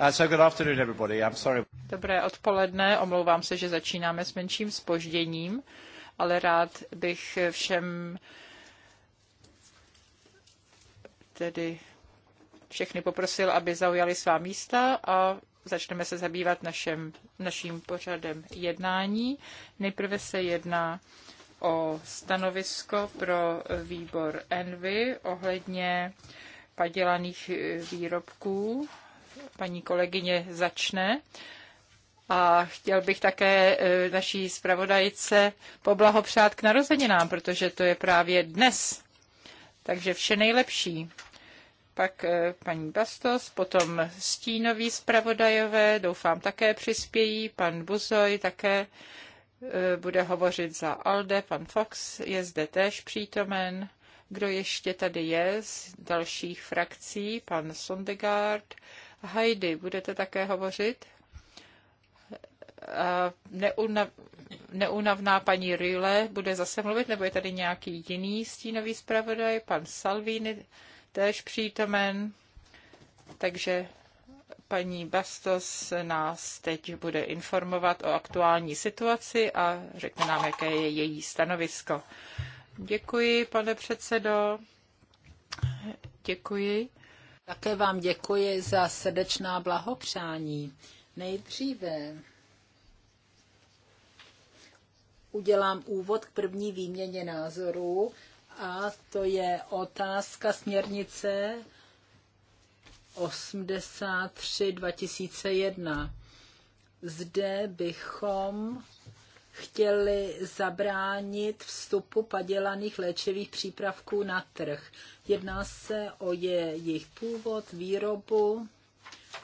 Uh, Dobré odpoledne, omlouvám se, že začínáme s menším spožděním, ale rád bych všem tedy všechny poprosil, aby zaujali svá místa a začneme se zabývat našem, naším pořadem jednání. Nejprve se jedná o stanovisko pro výbor Envy ohledně padělaných výrobků paní kolegyně začne. A chtěl bych také e, naší zpravodajce poblahopřát k narozeninám, protože to je právě dnes. Takže vše nejlepší. Pak e, paní Bastos, potom stínoví zpravodajové, doufám také přispějí, pan Buzoj také e, bude hovořit za Alde, pan Fox je zde též přítomen. Kdo ještě tady je z dalších frakcí? Pan Sondegard. Heidi, budete také hovořit? Neunav, neunavná paní Rýle, bude zase mluvit, nebo je tady nějaký jiný stínový zpravodaj, pan Salvini, též přítomen. Takže paní Bastos nás teď bude informovat o aktuální situaci a řekne nám, jaké je její stanovisko. Děkuji, pane předsedo. Děkuji. Také vám děkuji za srdečná blahopřání. Nejdříve udělám úvod k první výměně názorů a to je otázka směrnice 83 2001. Zde bychom chtěli zabránit vstupu padělaných léčivých přípravků na trh. Jedná se o jejich původ, výrobu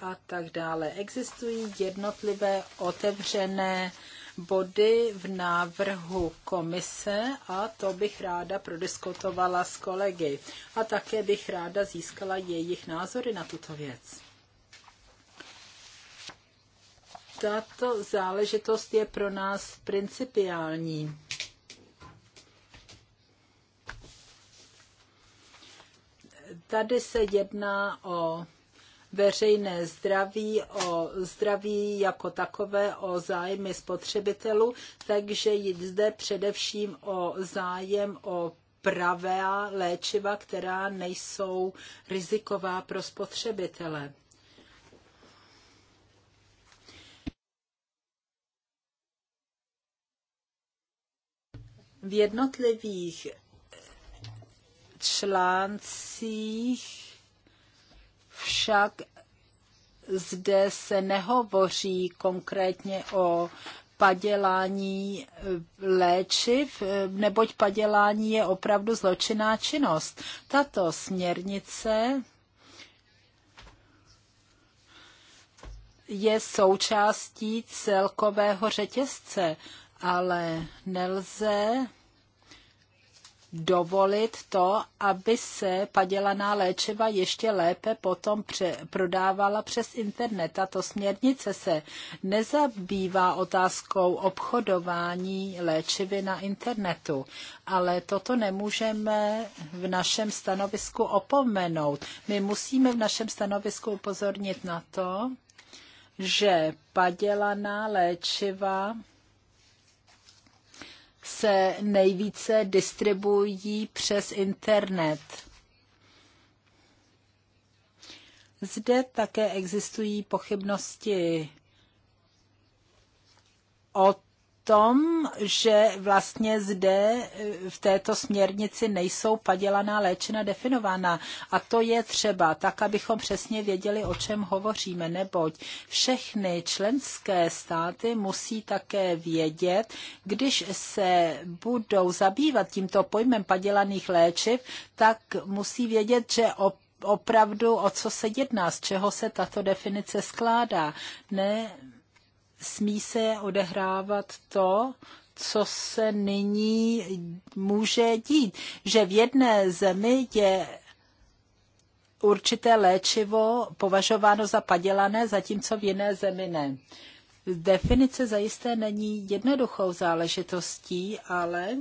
a tak dále. Existují jednotlivé otevřené body v návrhu komise a to bych ráda prodiskutovala s kolegy. A také bych ráda získala jejich názory na tuto věc. tato záležitost je pro nás principiální. Tady se jedná o veřejné zdraví, o zdraví jako takové, o zájmy spotřebitelů, takže jde především o zájem o pravé léčiva, která nejsou riziková pro spotřebitele. V jednotlivých článcích však zde se nehovoří konkrétně o padělání eh, léčiv, eh, neboť padělání je opravdu zločinná činnost. Tato směrnice je součástí celkového řetězce ale nelze dovolit to, aby se padělaná léčiva ještě lépe potom pře- prodávala přes internet. Tato směrnice se nezabývá otázkou obchodování léčivy na internetu, ale toto nemůžeme v našem stanovisku opomenout. My musíme v našem stanovisku upozornit na to, že padělaná léčiva se nejvíce distribuují přes internet. Zde také existují pochybnosti o tom, že vlastně zde eh, v této směrnici nejsou padělaná léčena definována. A to je třeba tak, abychom přesně věděli, o čem hovoříme, neboť všechny členské státy musí také vědět, když se budou zabývat tímto pojmem padělaných léčiv, tak musí vědět, že o opravdu, o co se jedná, z čeho se tato definice skládá. Ne, smí se odehrávat to, co se nyní může dít. Že v jedné zemi je určité léčivo považováno za padělané, zatímco v jiné zemi ne. Definice zajisté není jednoduchou záležitostí, ale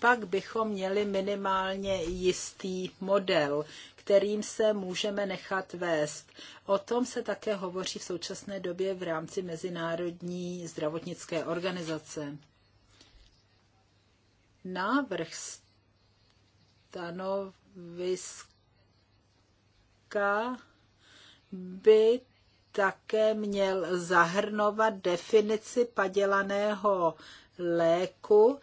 pak bychom měli minimálně jistý model, kterým se můžeme nechat vést. O tom se také hovoří v současné době v rámci Mezinárodní zdravotnické organizace. Návrh stanoviska by také měl zahrnovat definici padělaného léku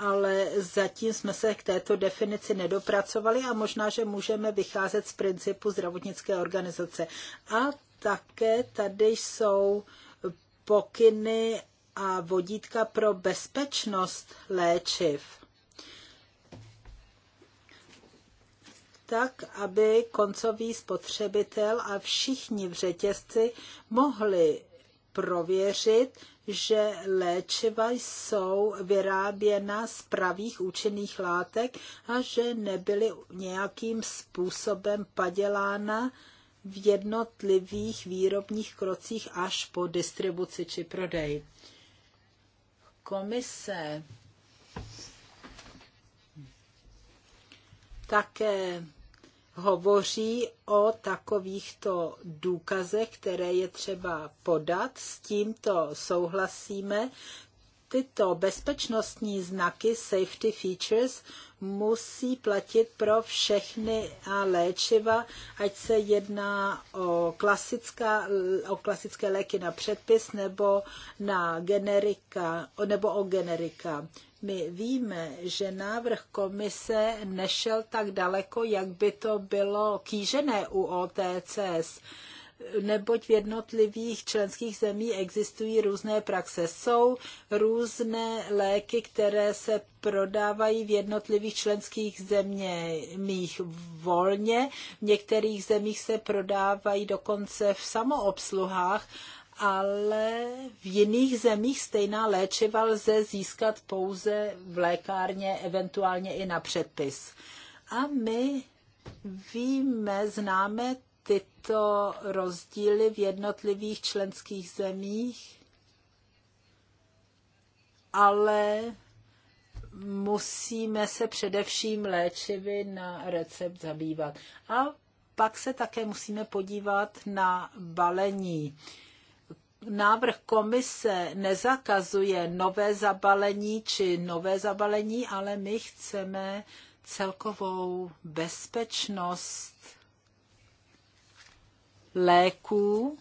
ale zatím jsme se k této definici nedopracovali a možná, že můžeme vycházet z principu zdravotnické organizace. A také tady jsou pokyny a vodítka pro bezpečnost léčiv. tak, aby koncový spotřebitel a všichni v řetězci mohli prověřit, že léčiva jsou vyráběna z pravých účinných látek a že nebyly nějakým způsobem padělána v jednotlivých výrobních krocích až po distribuci či prodej. Komise také hovoří o takovýchto důkazech, které je třeba podat. S tímto souhlasíme. Tyto bezpečnostní znaky, safety features, musí platit pro všechny a léčiva, ať se jedná o, klasická, o klasické léky na předpis nebo na generika, nebo o generika. My víme, že návrh komise nešel tak daleko, jak by to bylo kýžené u OTCS neboť v jednotlivých členských zemí existují různé praxe. Jsou různé léky, které se prodávají v jednotlivých členských zemích volně, v některých zemích se prodávají dokonce v samoobsluhách ale v jiných zemích stejná léčiva lze získat pouze v lékárně, eventuálně i na předpis. A my víme, známe tyto rozdíly v jednotlivých členských zemích, ale musíme se především léčivy na recept zabývat. A pak se také musíme podívat na balení návrh komise nezakazuje nové zabalení či nové zabalení, ale my chceme celkovou bezpečnost léků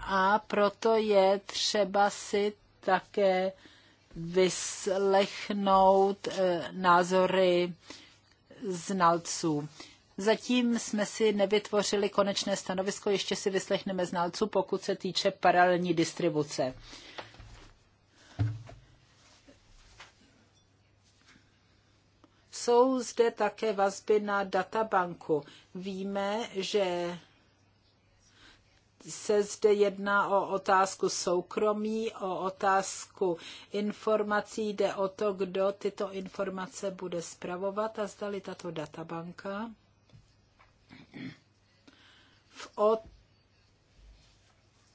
a proto je třeba si také vyslechnout eh, názory znalců. Zatím jsme si nevytvořili konečné stanovisko, ještě si vyslechneme znalců, pokud se týče paralelní distribuce. Jsou zde také vazby na databanku. Víme, že se zde jedná o otázku soukromí, o otázku informací. Jde o to, kdo tyto informace bude spravovat a zdali tato databanka v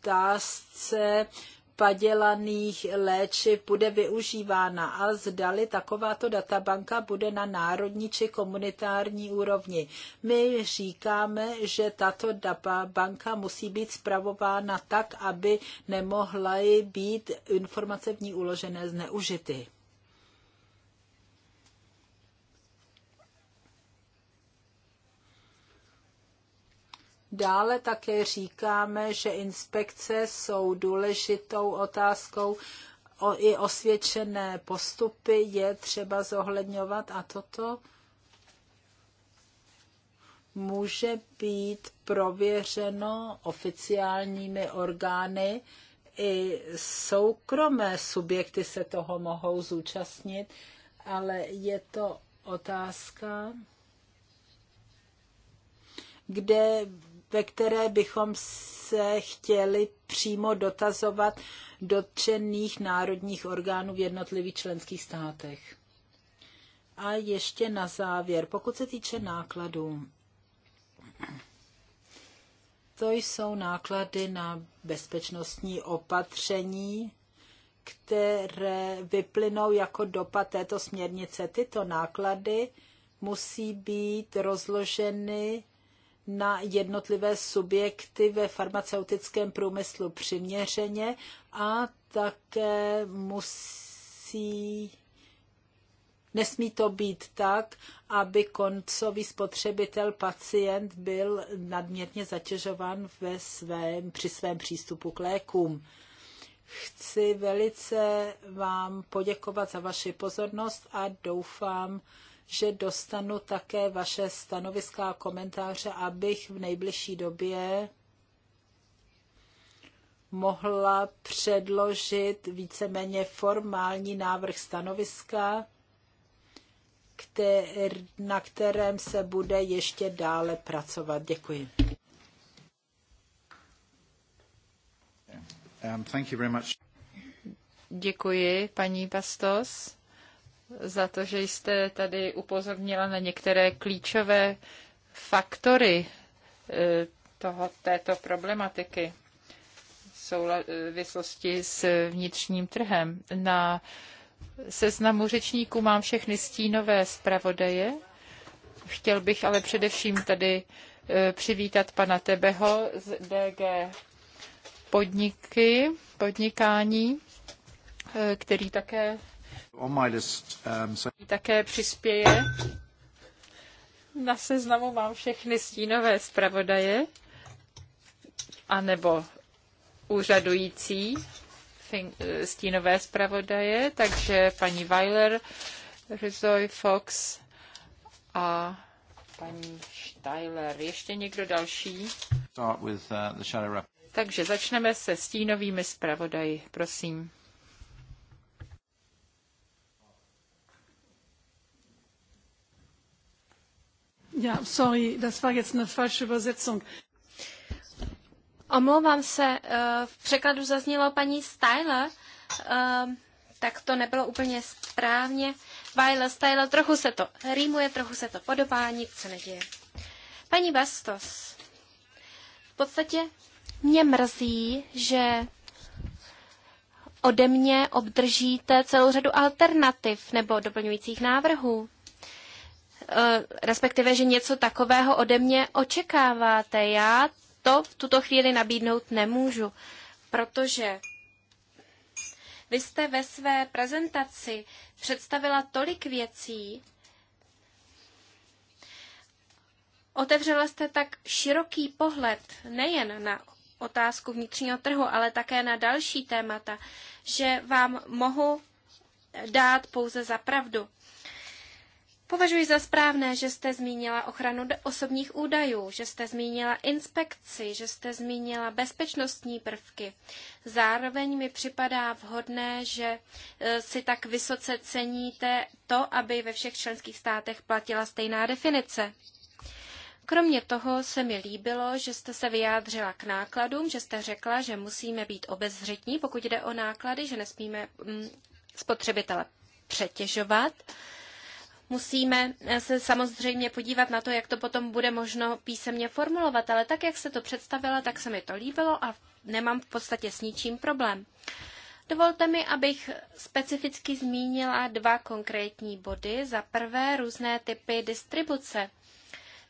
otázce padělaných léčiv bude využívána a zdali takováto databanka bude na národní či komunitární úrovni. My říkáme, že tato databanka musí být zpravována tak, aby nemohla být informace v ní uložené zneužity. Dále také říkáme, že inspekce jsou důležitou otázkou. O, I osvědčené postupy je třeba zohledňovat a toto může být prověřeno oficiálními orgány. I soukromé subjekty se toho mohou zúčastnit, ale je to otázka, kde ve které bychom se chtěli přímo dotazovat dotčených národních orgánů v jednotlivých členských státech. A ještě na závěr, pokud se týče nákladů, to jsou náklady na bezpečnostní opatření, které vyplynou jako dopad této směrnice. Tyto náklady musí být rozloženy na jednotlivé subjekty ve farmaceutickém průmyslu přiměřeně a také musí Nesmí to být tak, aby koncový spotřebitel, pacient byl nadměrně zatěžován ve svém, při svém přístupu k lékům. Chci velice vám poděkovat za vaši pozornost a doufám, že dostanu také vaše stanoviska a komentáře, abych v nejbližší době mohla předložit víceméně formální návrh stanoviska, který, na kterém se bude ještě dále pracovat. Děkuji. Um, thank you very much. Děkuji, paní Pastos za to, že jste tady upozornila na některé klíčové faktory e, toho, této problematiky souvislosti s vnitřním trhem. Na seznamu řečníků mám všechny stínové zpravodaje. Chtěl bych ale především tady e, přivítat pana Tebeho z DG podniky, podnikání, e, který také Um, také přispěje. Na seznamu mám všechny stínové zpravodaje, anebo úřadující stínové zpravodaje, takže paní Weiler, Rizoy Fox a paní Steiler. Ještě někdo další? Start with, uh, the Takže začneme se stínovými zpravodaji, prosím. sorry, Omlouvám se, eh, v překladu zaznělo paní Styler, eh, tak to nebylo úplně správně. Vajla, Styler, trochu se to rýmuje, trochu se to podobá, nic se neděje. Paní Bastos, v podstatě mě mrzí, že ode mě obdržíte celou řadu alternativ nebo doplňujících návrhů. Eh, respektive, že něco takového ode mě očekáváte. Já to v tuto chvíli nabídnout nemůžu, protože vy jste ve své prezentaci představila tolik věcí, otevřela jste tak široký pohled nejen na otázku vnitřního trhu, ale také na další témata, že vám mohu dát pouze za pravdu. Považuji za správné, že jste zmínila ochranu osobních údajů, že jste zmínila inspekci, že jste zmínila bezpečnostní prvky. Zároveň mi připadá vhodné, že e, si tak vysoce ceníte to, aby ve všech členských státech platila stejná definice. Kromě toho se mi líbilo, že jste se vyjádřila k nákladům, že jste řekla, že musíme být obezřetní, pokud jde o náklady, že nesmíme mm, spotřebitele přetěžovat. Musíme eh, se samozřejmě podívat na to, jak to potom bude možno písemně formulovat, ale tak, jak se to představila, tak se mi to líbilo a nemám v podstatě s ničím problém. Dovolte mi, abych specificky zmínila dva konkrétní body. Za prvé různé typy distribuce.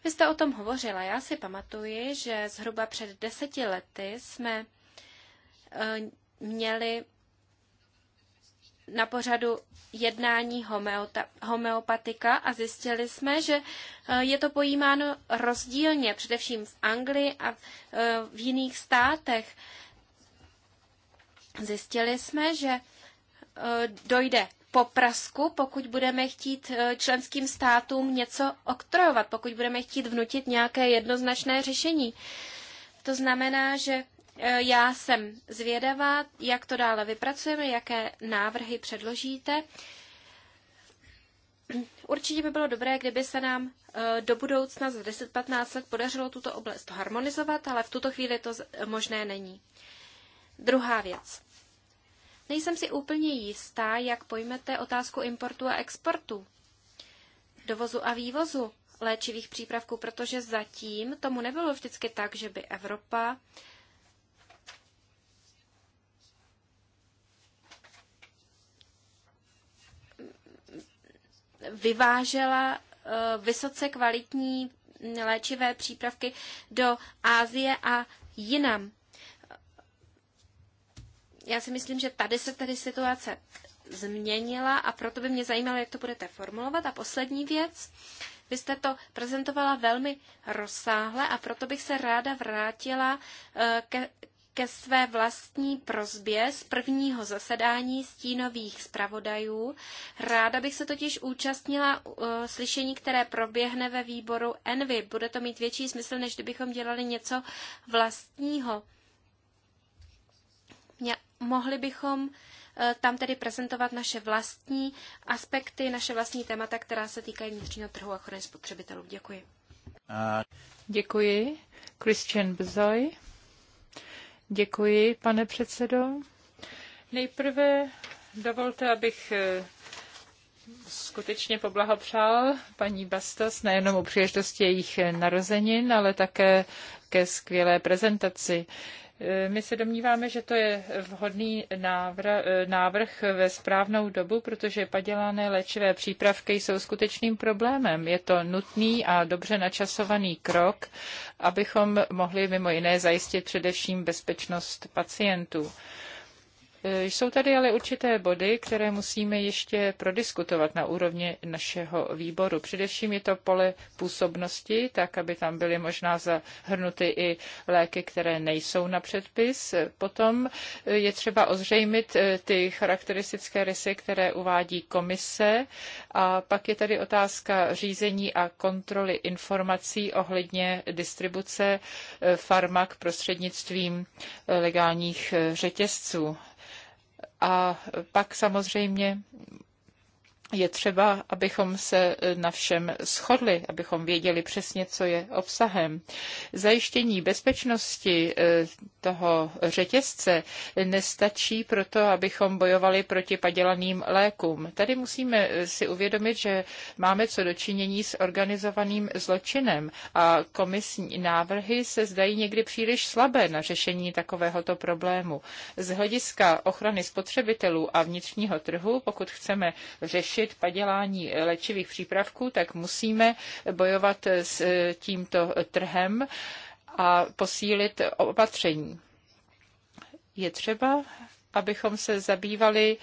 Vy jste o tom hovořila. Já si pamatuji, že zhruba před deseti lety jsme eh, měli na pořadu jednání homeopatika a zjistili jsme, že e, je to pojímáno rozdílně, především v Anglii a e, v jiných státech. Zjistili jsme, že e, dojde po Prasku, pokud budeme chtít členským státům něco oktrojovat, pokud budeme chtít vnutit nějaké jednoznačné řešení. To znamená, že Eh, já jsem zvědavá, jak to dále vypracujeme, jaké návrhy předložíte. Určitě by bylo dobré, kdyby se nám eh, do budoucna za 10-15 let podařilo tuto oblast harmonizovat, ale v tuto chvíli to možné není. Druhá věc. Nejsem si úplně jistá, jak pojmete otázku importu a exportu, dovozu a vývozu léčivých přípravků, protože zatím tomu nebylo vždycky tak, že by Evropa uh, vyvážela eh, vysoce kvalitní léčivé přípravky do Ázie a jinam. Já si myslím, že tady se tady situace změnila a proto by mě zajímalo, jak to budete formulovat. A poslední věc, vy jste to prezentovala velmi rozsáhle a proto bych se ráda vrátila eh, ke, ke své vlastní prozbě z prvního zasedání stínových zpravodajů. Ráda bych se totiž účastnila uh, slyšení, které proběhne ve výboru Envy. Bude to mít větší smysl, než kdybychom dělali něco vlastního. Mohli bychom uh, tam tedy prezentovat naše vlastní aspekty, naše vlastní témata, která se týkají vnitřního trhu a ochrany spotřebitelů. Děkuji. Děkuji. Christian Bzoj. Děkuji, pane předsedo. Nejprve dovolte, abych eh, skutečně poblahopřál paní Bastos nejenom u příležitosti jejich narozenin, ale také ke skvělé prezentaci. My se domníváme, že to je vhodný návrh, ve správnou dobu, protože padělané léčivé přípravky jsou skutečným problémem. Je to nutný a dobře načasovaný krok, abychom mohli mimo jiné zajistit především bezpečnost pacientů. Jsou tady ale určité body, které musíme ještě prodiskutovat na úrovni našeho výboru. Především je to pole působnosti, tak aby tam byly možná zahrnuty i léky, které nejsou na předpis. Potom je třeba ozřejmit eh, ty charakteristické rysy, které uvádí komise. A pak je tady otázka řízení a kontroly informací ohledně distribuce eh, farmak prostřednictvím eh, legálních řetězců. A pak samozřejmě je třeba, abychom se e, na všem shodli, abychom věděli přesně, co je obsahem. Zajištění bezpečnosti e, toho řetězce nestačí proto, abychom bojovali proti padělaným lékům. Tady musíme e, si uvědomit, že máme co dočinění s organizovaným zločinem a komisní návrhy se zdají někdy příliš slabé na řešení takovéhoto problému. Z hlediska ochrany spotřebitelů a vnitřního trhu, pokud chceme řešit zlepšit padělání léčivých přípravků, tak musíme bojovat s tímto trhem a posílit opatření. Je třeba, abychom se zabývali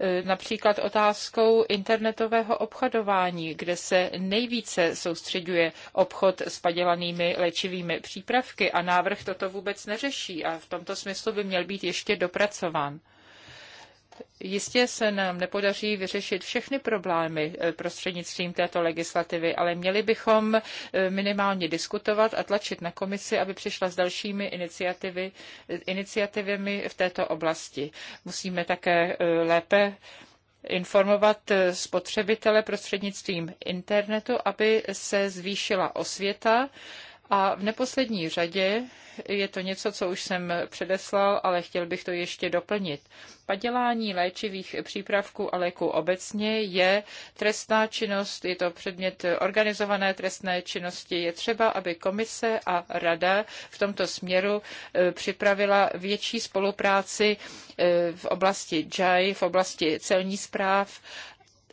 e, například otázkou internetového obchodování, kde se nejvíce soustředuje obchod s padělanými léčivými přípravky a návrh toto vůbec neřeší a v tomto smyslu by měl být ještě dopracován. Jistě se nám nepodaří vyřešit všechny problémy eh, prostřednictvím této legislativy, ale měli bychom eh, minimálně diskutovat a tlačit na komisi, aby přišla s dalšími iniciativy, eh, iniciativami v této oblasti. Musíme také lépe informovat spotřebitele prostřednictvím internetu, aby se zvýšila osvěta a v neposlední řadě je to něco, co už jsem předeslal, ale chtěl bych to ještě doplnit. Padělání léčivých přípravků a léků obecně je trestná činnost, je to předmět organizované trestné činnosti. Je třeba, aby komise a rada v tomto směru e, připravila větší spolupráci e, v oblasti JAI, v oblasti celní zpráv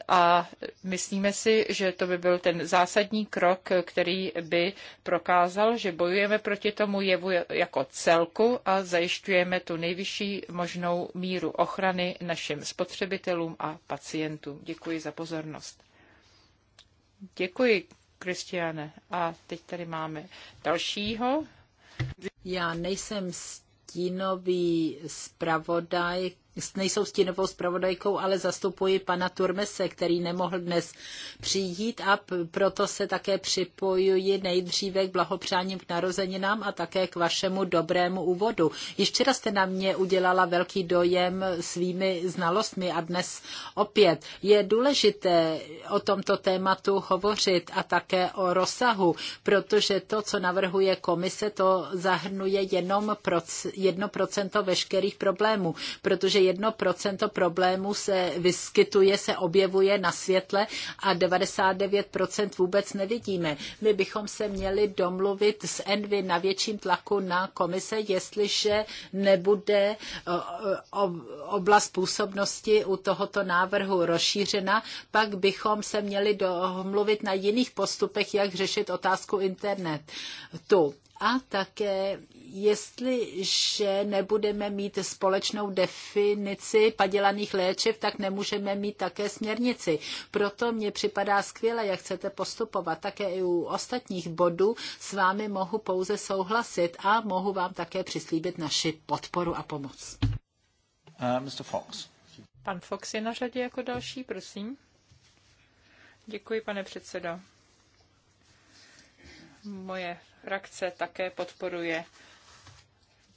a myslíme si, že to by byl ten zásadní krok, který by prokázal, že bojujeme proti tomu jevu jako celku a zajišťujeme tu nejvyšší možnou míru ochrany našim spotřebitelům a pacientům. Děkuji za pozornost. Děkuji, Kristiane. A teď tady máme dalšího. Já nejsem stínový zpravodaj nejsou stínovou zpravodajkou, ale zastupuji pana Turmese, který nemohl dnes přijít a proto se také připojuji nejdříve k blahopřáním k narozeninám a také k vašemu dobrému úvodu. Již včera jste na mě udělala velký dojem svými znalostmi a dnes opět. Je důležité o tomto tématu hovořit a také o rozsahu, protože to, co navrhuje komise, to zahrnuje jenom 1% veškerých problémů, protože 1% problémů se vyskytuje, se objevuje na světle a 99% vůbec nevidíme. My bychom se měli domluvit s Envy na větším tlaku na komise, jestliže nebude eh, oblast působnosti u tohoto návrhu rozšířena, pak bychom se měli domluvit na jiných postupech, jak řešit otázku internetu a také, jestliže nebudeme mít společnou definici padělaných léčiv, tak nemůžeme mít také směrnici. Proto mně připadá skvěle, jak chcete postupovat. Také i u ostatních bodů s vámi mohu pouze souhlasit a mohu vám také přislíbit naši podporu a pomoc. Uh, Mr. Fox. Pan Fox je na řadě jako další, prosím. Děkuji, pane předsedo. Moje frakce také podporuje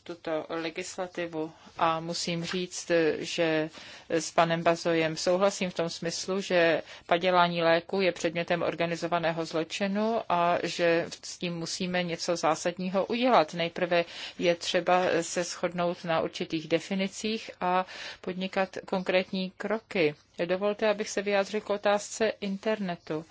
tuto legislativu a musím říct, že s panem Bazojem souhlasím v tom smyslu, že padělání léku je předmětem organizovaného zločinu a že s tím musíme něco zásadního udělat. Nejprve je třeba se shodnout na určitých definicích a podnikat konkrétní kroky. Dovolte, abych se vyjádřil k otázce internetu.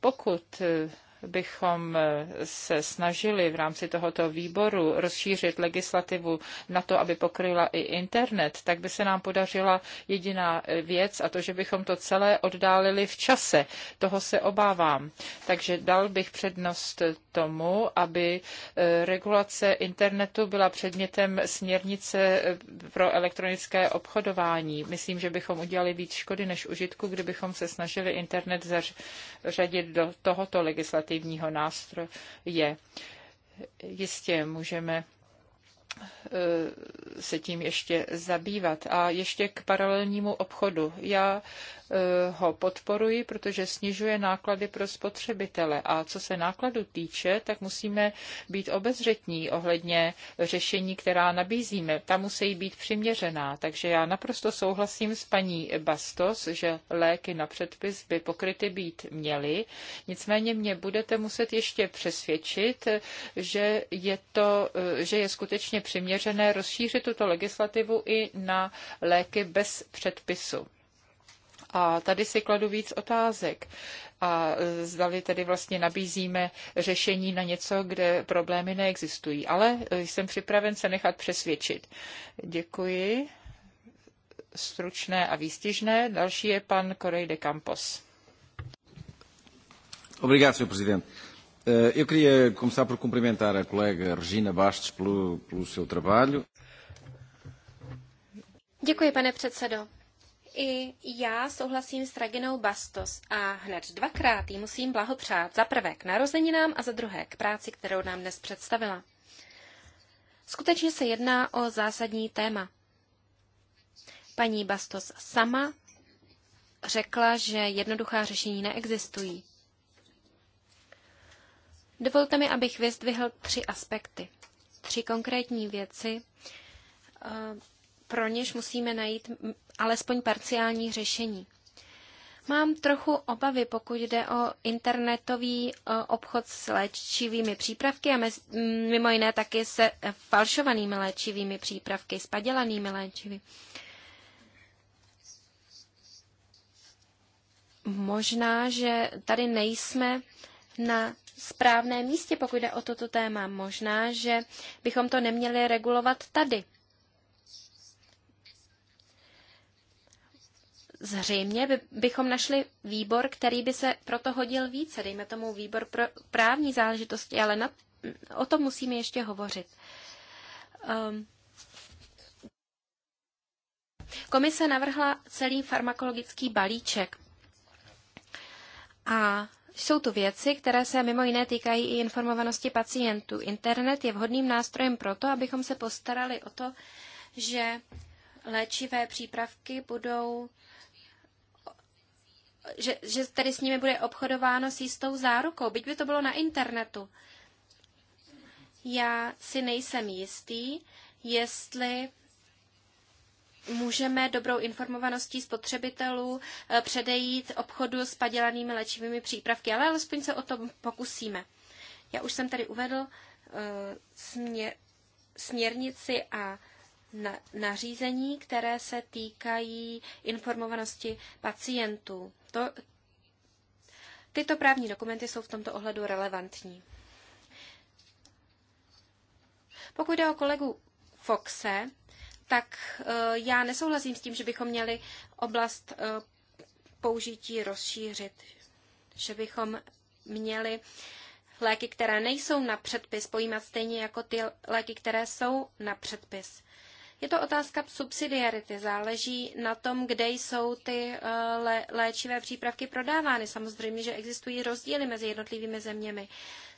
Pokud eh, bychom eh, se snažili v rámci tohoto výboru rozšířit legislativu na to, aby pokryla i internet, tak by se nám podařila jediná eh, věc a to, že bychom to celé oddálili v čase. Toho se obávám. Takže dal bych přednost tomu, aby eh, regulace internetu byla předmětem směrnice pro elektronické obchodování. Myslím, že bychom udělali víc škody než užitku, kdybychom se snažili internet zařadit do tohoto legislativy legislativního nástroje. Jistě můžeme Eh, se tím ještě zabývat. A ještě k paralelnímu obchodu. Já eh, ho podporuji, protože snižuje náklady pro spotřebitele. A co se nákladu týče, tak musíme být obezřetní ohledně řešení, která nabízíme. Ta musí být přiměřená. Takže já naprosto souhlasím s paní Bastos, že léky na předpis by pokryty být měly. Nicméně mě budete muset ještě přesvědčit, že je, to, eh, že je skutečně přiměřené rozšířit tuto legislativu i na léky bez předpisu. A tady si kladu víc otázek. A zdali tedy vlastně nabízíme řešení na něco, kde problémy neexistují. Ale jsem připraven se nechat přesvědčit. Děkuji. Stručné a výstižné. Další je pan Korej de Campos. Obrigado, senhor presidente. Eh, eu queria começar por cumprimentar a colega Regina Bastos pelo, pelo seu trabalho. Děkuji, pane předsedo. I já souhlasím s Reginou Bastos a hned dvakrát jí musím blahopřát za prvé k narozeninám a za druhé k práci, kterou nám dnes představila. Skutečně se jedná o zásadní téma. Paní Bastos sama řekla, že jednoduchá řešení neexistují. Dovolte mi, abych vyzdvihl tři aspekty, tři konkrétní věci, eh, pro něž musíme najít alespoň parciální řešení. Mám trochu obavy, pokud jde o internetový eh, obchod s léčivými přípravky a mez, mimo jiné taky se eh, falšovanými léčivými přípravky, s padělanými léčivy. Možná, že tady nejsme na správném místě, pokud jde o toto téma. Možná, že bychom to neměli regulovat tady. Zřejmě bychom našli výbor, který by se proto hodil více, dejme tomu výbor pro právní záležitosti, ale na, o tom musíme ještě hovořit. Um, komise navrhla celý farmakologický balíček. A jsou tu věci, které se mimo jiné týkají i informovanosti pacientů. Internet je vhodným nástrojem pro to, abychom se postarali o to, že léčivé přípravky budou že, že tedy s nimi bude obchodováno s jistou zárukou, byť by to bylo na internetu. Já si nejsem jistý, jestli můžeme dobrou informovaností spotřebitelů eh, předejít obchodu s padělanými léčivými přípravky, ale alespoň se o tom pokusíme. Já už jsem tady uvedl eh, směr, směrnici a na, nařízení, které se týkají informovanosti pacientů. To, tyto právní dokumenty jsou v tomto ohledu relevantní. Pokud jde o kolegu Foxe, tak eh, já nesouhlasím s tím, že bychom měli oblast eh, použití rozšířit, že bychom měli léky, které nejsou na předpis, pojímat stejně jako ty léky, které jsou na předpis. Je to otázka subsidiarity. Záleží na tom, kde jsou ty eh, léčivé přípravky prodávány. Samozřejmě, že existují rozdíly mezi jednotlivými zeměmi.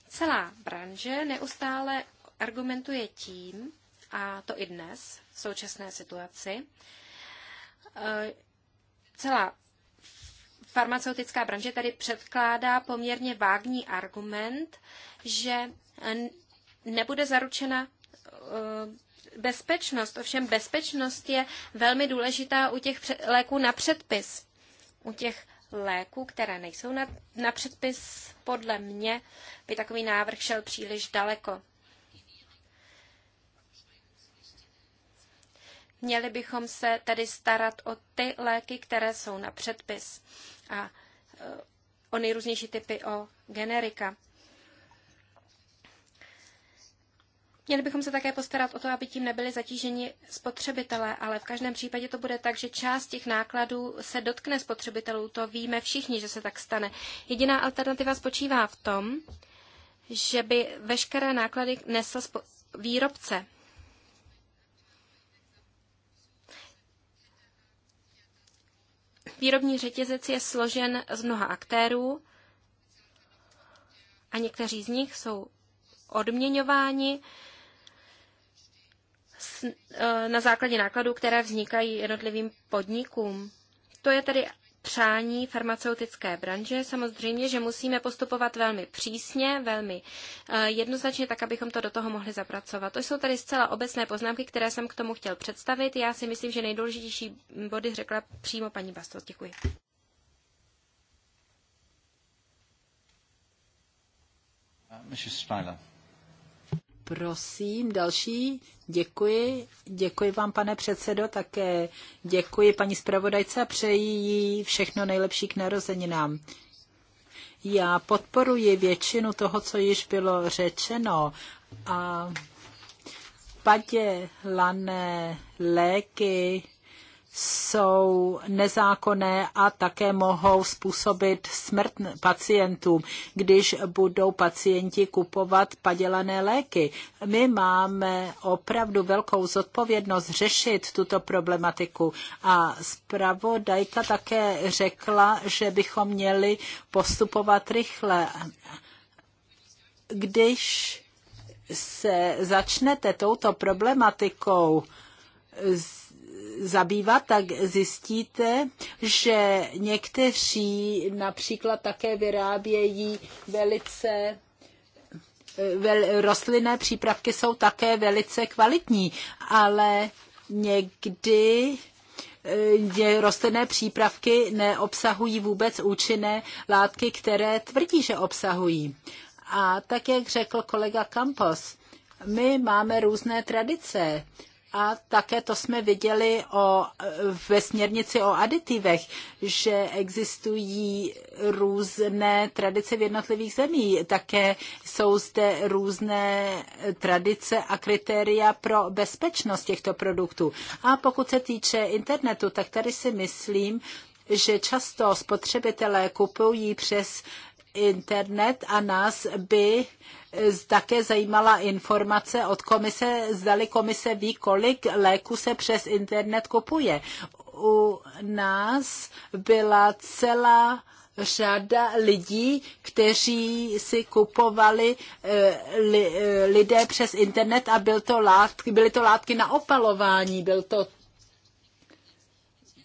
Celá branže neustále argumentuje tím, a to i dnes, současné situaci. Eh, celá farmaceutická branže tady předkládá poměrně vágní argument, že nebude zaručena eh, bezpečnost. Ovšem bezpečnost je velmi důležitá u těch léků na předpis. U těch léků, které nejsou na, na předpis, podle mě by takový návrh šel příliš daleko. Měli bychom se tedy starat o ty léky, které jsou na předpis a e, o nejrůznější typy o generika. Měli bychom se také postarat o to, aby tím nebyli zatíženi spotřebitelé, ale v každém případě to bude tak, že část těch nákladů se dotkne spotřebitelů. To víme všichni, že se tak stane. Jediná alternativa spočívá v tom, že by veškeré náklady nesl výrobce. Výrobní řetězec je složen z mnoha aktérů a někteří z nich jsou odměňováni e, na základě nákladů, které vznikají jednotlivým podnikům. To je tedy přání farmaceutické branže. Samozřejmě, že musíme postupovat velmi přísně, velmi eh, jednoznačně, tak abychom to do toho mohli zapracovat. To jsou tady zcela obecné poznámky, které jsem k tomu chtěl představit. Já si myslím, že nejdůležitější body řekla přímo paní Bastos. Děkuji. Uh, Mrs. Styler. Prosím, další. Děkuji. Děkuji vám, pane předsedo, také děkuji paní zpravodajce a přeji jí všechno nejlepší k narozeninám. Já podporuji většinu toho, co již bylo řečeno a padělané léky jsou nezákonné a také mohou způsobit smrt pacientům, když budou pacienti kupovat padělané léky. My máme opravdu velkou zodpovědnost řešit tuto problematiku a zpravodajka také řekla, že bychom měli postupovat rychle. Když se začnete touto problematikou, zabývat, tak zjistíte, že někteří například také vyrábějí velice vel, rostlinné přípravky jsou také velice kvalitní, ale někdy eh, rostlinné přípravky neobsahují vůbec účinné látky, které tvrdí, že obsahují. A tak, jak řekl kolega Campos, my máme různé tradice. A také to jsme viděli o, ve směrnici o aditivech, že existují různé tradice v jednotlivých zemí. Také jsou zde různé tradice a kritéria pro bezpečnost těchto produktů. A pokud se týče internetu, tak tady si myslím, že často spotřebitelé kupují přes internet a nás by eh, také zajímala informace od komise, zdali komise ví, kolik léku se přes internet kupuje. U nás byla celá řada lidí, kteří si kupovali eh, eh, lidé přes internet a byl to látky, byly to látky na opalování, byl to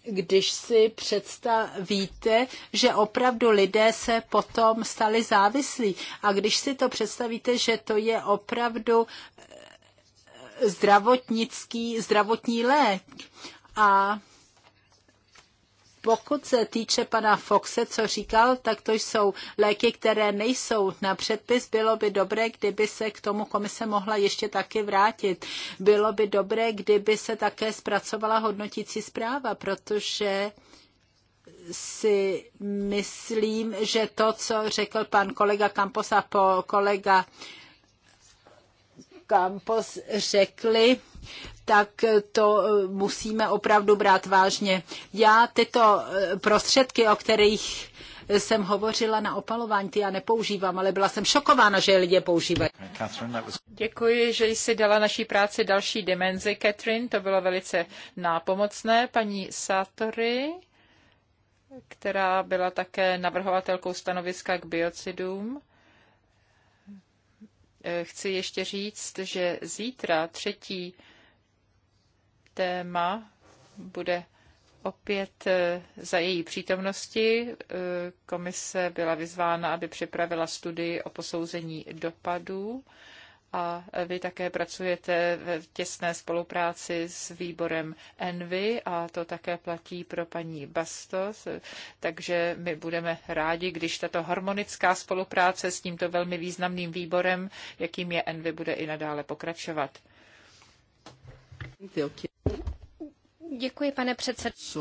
když si představíte, že opravdu lidé se potom stali závislí. A když si to představíte, že to je opravdu eh, zdravotnický, zdravotní lék. A pokud se týče pana Foxe, co říkal, tak to jsou léky, které nejsou na předpis. Bylo by dobré, kdyby se k tomu komise mohla ještě taky vrátit. Bylo by dobré, kdyby se také zpracovala hodnotící zpráva, protože si myslím, že to, co řekl pan kolega Campos a po kolega Campos řekli, tak to eh, musíme opravdu brát vážně. Já tyto eh, prostředky, o kterých jsem hovořila na opalování, ty já nepoužívám, ale byla jsem šokována, že je lidé používají. Děkuji, že jsi dala naší práci další dimenzi, Catherine, to bylo velice nápomocné. Paní Satory, která byla také navrhovatelkou stanoviska k biocidům. Eh, chci ještě říct, že zítra třetí téma bude opět e, za její přítomnosti. E, komise byla vyzvána, aby připravila studii o posouzení dopadů a vy také pracujete v těsné spolupráci s výborem Envy a to také platí pro paní Bastos, takže my budeme rádi, když tato harmonická spolupráce s tímto velmi významným výborem, jakým je Envy, bude i nadále pokračovat. Děkuji, pane předsedající.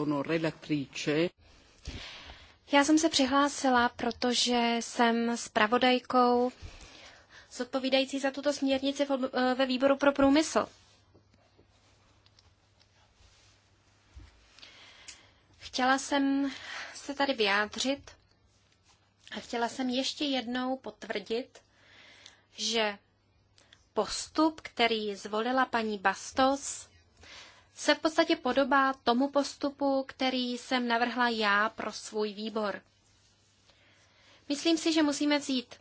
Já jsem se přihlásila, protože jsem zpravodajkou zodpovídající za tuto směrnici eh, ve výboru pro průmysl. Chtěla jsem se tady vyjádřit a chtěla jsem ještě jednou potvrdit, že postup, který zvolila paní Bastos, se v podstatě podobá tomu postupu, který jsem navrhla já pro svůj výbor. Myslím si, že musíme vzít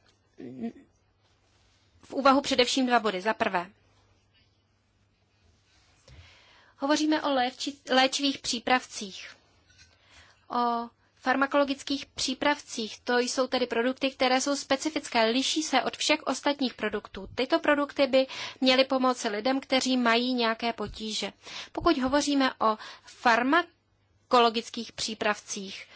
v úvahu především dva body. Za prvé, hovoříme o léči, léčivých přípravcích, o farmakologických přípravcích. To jsou tedy produkty, které jsou specifické, liší se od všech ostatních produktů. Tyto produkty by měly pomoci lidem, kteří mají nějaké potíže. Pokud hovoříme o farmakologických přípravcích,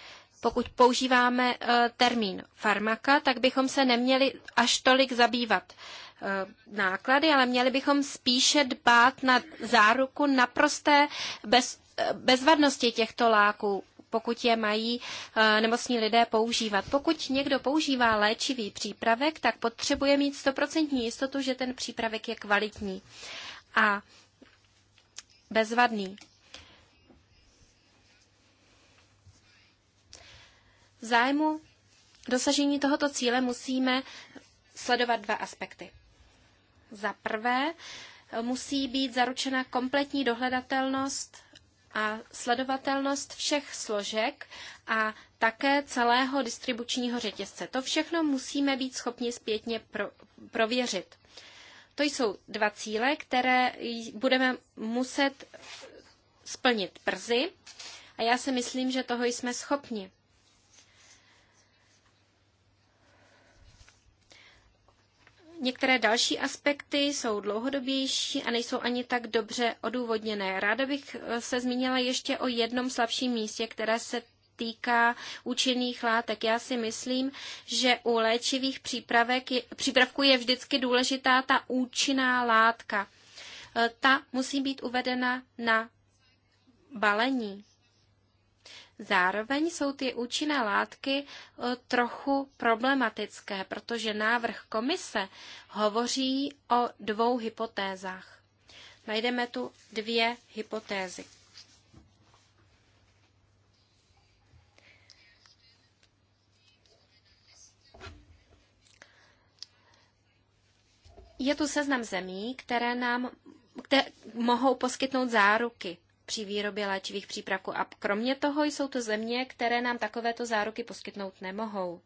pokud používáme eh, termín farmaka, tak bychom se neměli až tolik zabývat eh, náklady, ale měli bychom spíše dbát na záruku naprosté bez, eh, bezvadnosti těchto láků, pokud je mají eh, nemocní lidé používat. Pokud někdo používá léčivý přípravek, tak potřebuje mít stoprocentní jistotu, že ten přípravek je kvalitní a bezvadný. V zájmu dosažení tohoto cíle musíme sledovat dva aspekty. Za prvé, musí být zaručena kompletní dohledatelnost a sledovatelnost všech složek a také celého distribučního řetězce. To všechno musíme být schopni zpětně pro, prověřit. To jsou dva cíle, které budeme muset splnit brzy a já si myslím, že toho jsme schopni. Některé další aspekty jsou dlouhodobější a nejsou ani tak dobře odůvodněné. Ráda bych eh, se zmínila ještě o jednom slabším místě, které se týká účinných látek. Já si myslím, že u léčivých přípravek je, přípravků je vždycky důležitá ta účinná látka. Eh, ta musí být uvedena na balení. Zároveň jsou ty účinné látky e, trochu problematické, protože návrh komise hovoří o dvou hypotézách. Najdeme tu dvě hypotézy. Je tu seznam zemí, které nám které mohou poskytnout záruky při výrobě léčivých přípravků. A kromě toho jsou to země, které nám takovéto záruky poskytnout nemohou.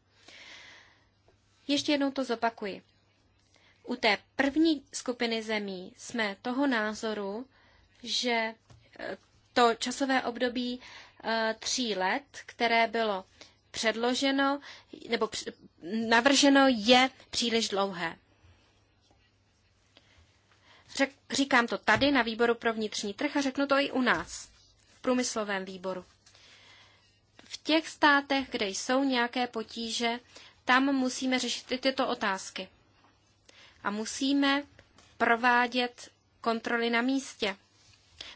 Ještě jednou to zopakuji. U té první skupiny zemí jsme toho názoru, že e, to časové období e, tří let, které bylo předloženo nebo navrženo, je příliš dlouhé. Řek, říkám to tady na výboru pro vnitřní trh a řeknu to i u nás, v průmyslovém výboru. V těch státech, kde jsou nějaké potíže, tam musíme řešit i tyto otázky. A musíme provádět kontroly na místě.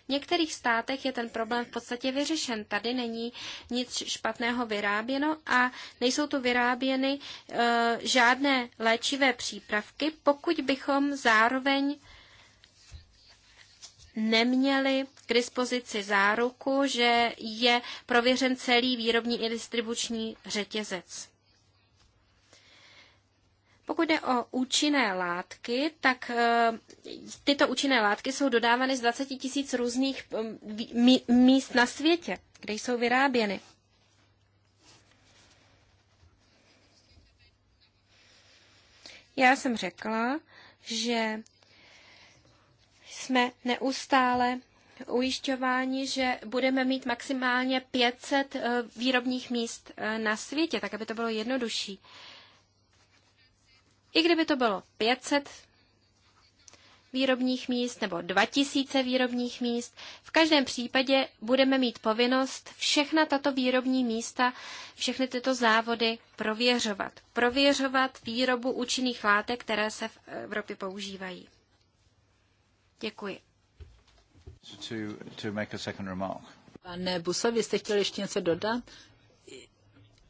V některých státech je ten problém v podstatě vyřešen. Tady není nic špatného vyráběno a nejsou tu vyráběny e, žádné léčivé přípravky, pokud bychom zároveň neměli k dispozici záruku, že je prověřen celý výrobní i distribuční řetězec. Pokud jde o účinné látky, tak eh, tyto účinné látky jsou dodávány z 20 tisíc různých mm, míst na světě, kde jsou vyráběny. Já jsem řekla, že jsme neustále ujišťováni, že budeme mít maximálně 500 eh, výrobních míst eh, na světě, tak aby to bylo jednodušší. I kdyby to bylo 500 výrobních míst nebo 2000 výrobních míst. V každém případě budeme mít povinnost všechna tato výrobní místa, všechny tyto závody prověřovat. Prověřovat výrobu účinných látek, které se v Evropě používají. Děkuji. To, to make a second remark. Pane Buso, vy jste chtěl ještě něco dodat?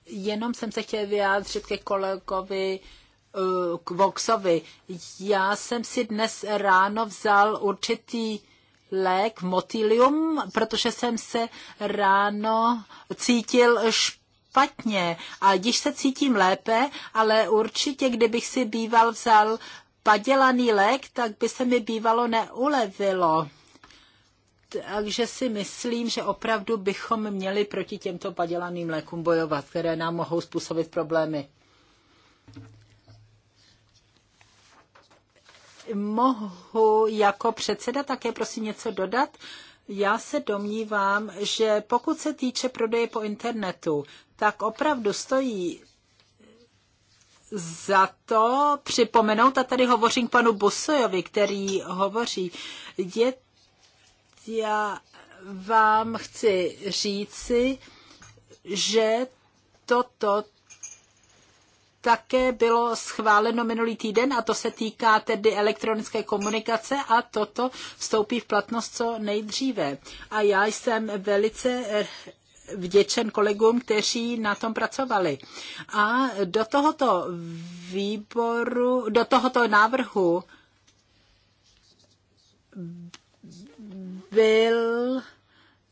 Jenom jsem se chtěl vyjádřit ke kolegovi eh, k Voxovi. Já jsem si dnes ráno vzal určitý lék motilium, protože jsem se ráno cítil špatně. A když se cítím lépe, ale určitě, kdybych si býval vzal padělaný lék, tak by se mi bývalo neulevilo. Takže si myslím, že opravdu bychom měli proti těmto padělaným lékům bojovat, které nám mohou způsobit problémy. Mohu jako předseda také prosím něco dodat? Já se domnívám, že pokud se týče prodeje po internetu, tak opravdu stojí za to připomenout, a tady hovořím k panu Busojovi, který hovoří, je, já vám chci říci, že toto také bylo schváleno minulý týden a to se týká tedy elektronické komunikace a toto vstoupí v platnost co nejdříve. A já jsem velice vděčen kolegům, kteří na tom pracovali. A do tohoto výboru, do tohoto návrhu byl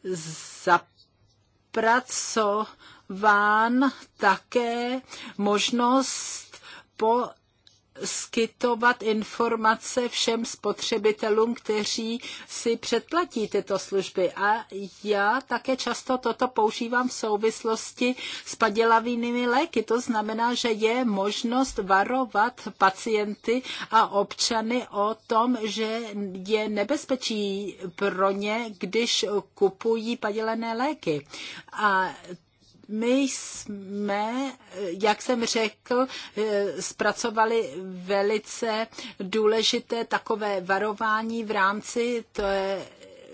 zapracován také možnost po skytovat informace všem spotřebitelům, kteří si předplatí tyto služby. A já také často toto používám v souvislosti s padělavými léky. To znamená, že je možnost varovat pacienty a občany o tom, že je nebezpečí pro ně, když kupují padělené léky. A my jsme, jak jsem řekl, eh, zpracovali velice důležité takové varování v rámci je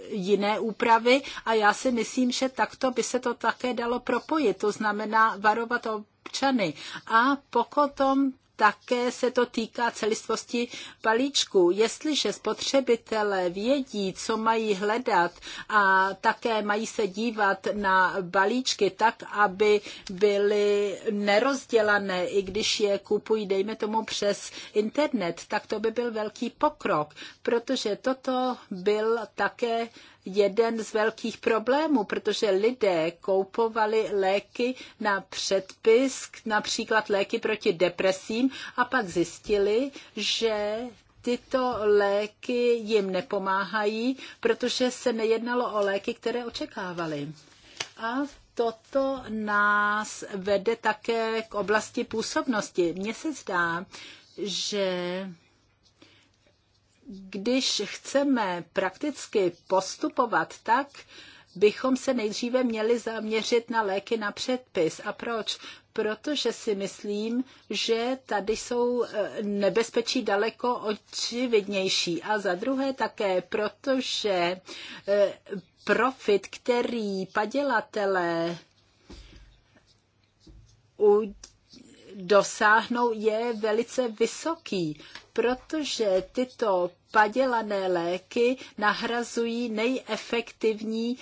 jiné úpravy a já si myslím, že takto by se to také dalo propojit, to znamená varovat občany. A potom také se to týká celistvosti balíčku. Jestliže spotřebitelé vědí, co mají hledat a také mají se dívat na balíčky tak, aby byly nerozdělané, i když je kupují, dejme tomu, přes internet, tak to by byl velký pokrok, protože toto byl také jeden z velkých problémů, protože lidé koupovali léky na předpis, například léky proti depresím a pak zjistili, že tyto léky jim nepomáhají, protože se nejednalo o léky, které očekávali. A toto nás vede také k oblasti působnosti. Mně se zdá, že když chceme prakticky postupovat tak, bychom se nejdříve měli zaměřit na léky na předpis. A proč? Protože si myslím, že tady jsou eh, nebezpečí daleko očividnější. A za druhé také, protože eh, profit, který padělatelé dosáhnou, je velice vysoký, protože tyto padělané léky nahrazují nejefektivní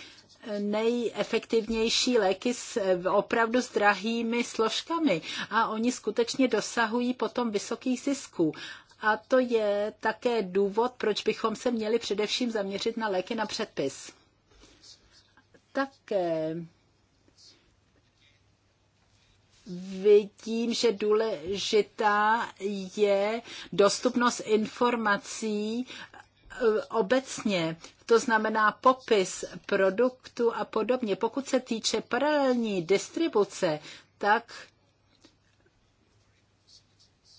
nejefektivnější léky s opravdu s drahými složkami a oni skutečně dosahují potom vysokých zisků. A to je také důvod, proč bychom se měli především zaměřit na léky na předpis. Také vidím, že důležitá je dostupnost informací eh, obecně, to znamená popis produktu a podobně. Pokud se týče paralelní distribuce, tak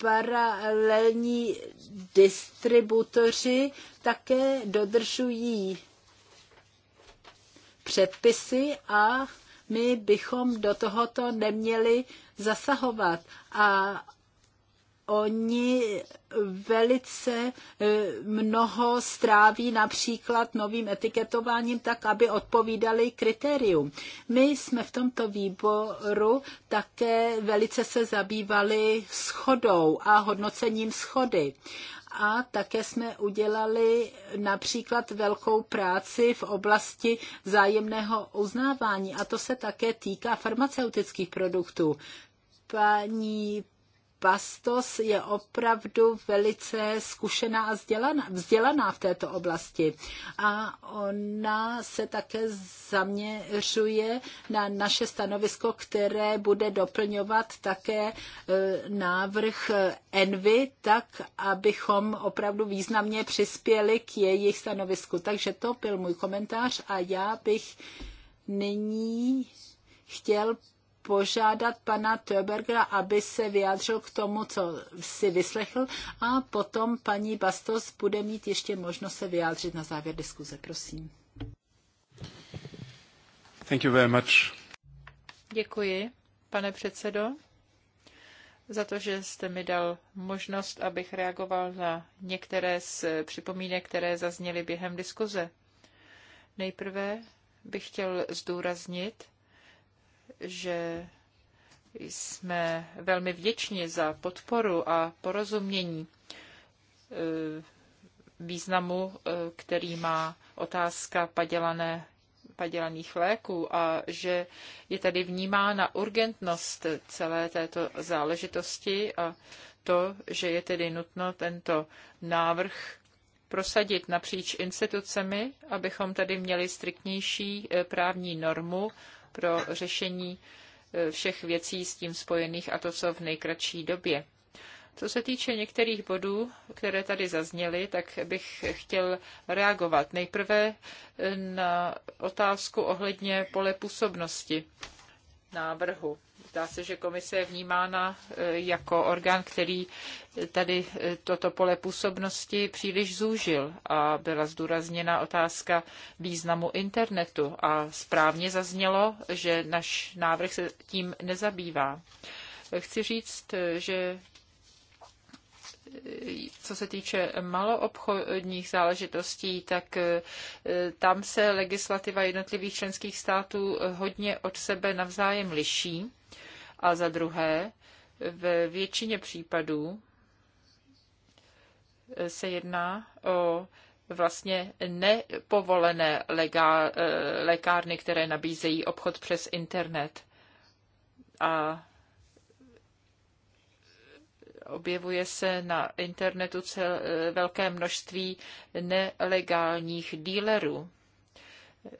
paralelní distributoři také dodržují předpisy a my bychom do tohoto neměli zasahovat a oni velice e, mnoho stráví například novým etiketováním tak, aby odpovídali kritérium. My jsme v tomto výboru také velice se zabývali schodou a hodnocením schody a také jsme udělali například velkou práci v oblasti vzájemného uznávání a to se také týká farmaceutických produktů. Paní Bastos je opravdu velice zkušená a vzdělaná, vzdělaná v této oblasti. A ona se také zaměřuje na naše stanovisko, které bude doplňovat také e, návrh e, Envy, tak abychom opravdu významně přispěli k jejich stanovisku. Takže to byl můj komentář a já bych nyní chtěl požádat pana Töbergera, aby se vyjádřil k tomu, co si vyslechl a potom paní Bastos bude mít ještě možnost se vyjádřit na závěr diskuze. Prosím. Thank you very much. Děkuji, pane předsedo, za to, že jste mi dal možnost, abych reagoval na některé z připomínek, které zazněly během diskuze. Nejprve bych chtěl zdůraznit, že jsme velmi vděční za podporu a porozumění e, významu, e, který má otázka padělané padělaných léků a že je tady vnímána urgentnost celé této záležitosti a to, že je tedy nutno tento návrh prosadit napříč institucemi, abychom tady měli striktnější e, právní normu pro řešení e, všech věcí s tím spojených a to, co v nejkratší době. Co se týče některých bodů, které tady zazněly, tak bych chtěl reagovat nejprve e, na otázku ohledně pole působnosti návrhu. Zdá se, že komise je vnímána e, jako orgán, který e, tady e, toto pole působnosti příliš zúžil a byla zdůrazněna otázka významu internetu a správně zaznělo, že náš návrh se tím nezabývá. Chci říct, že co se týče maloobchodních záležitostí, tak tam se legislativa jednotlivých členských států hodně od sebe navzájem liší. A za druhé, ve většině případů se jedná o vlastně nepovolené legá, eh, lékárny, které nabízejí obchod přes internet. A objevuje se na internetu cel, eh, velké množství nelegálních dílerů.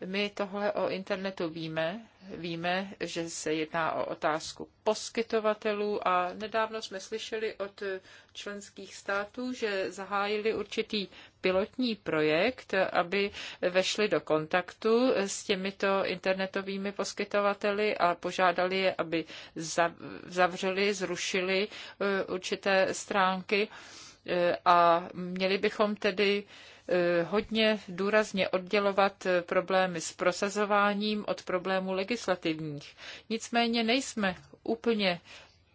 My tohle o internetu víme, Víme, že se jedná o otázku poskytovatelů a nedávno jsme slyšeli od členských států, že zahájili určitý pilotní projekt, aby vešli do kontaktu s těmito internetovými poskytovateli a požádali je, aby zavřeli, zrušili eh, určité stránky eh, a měli bychom tedy Eh, hodně důrazně oddělovat eh, problémy s prosazováním od problémů legislativních. Nicméně nejsme úplně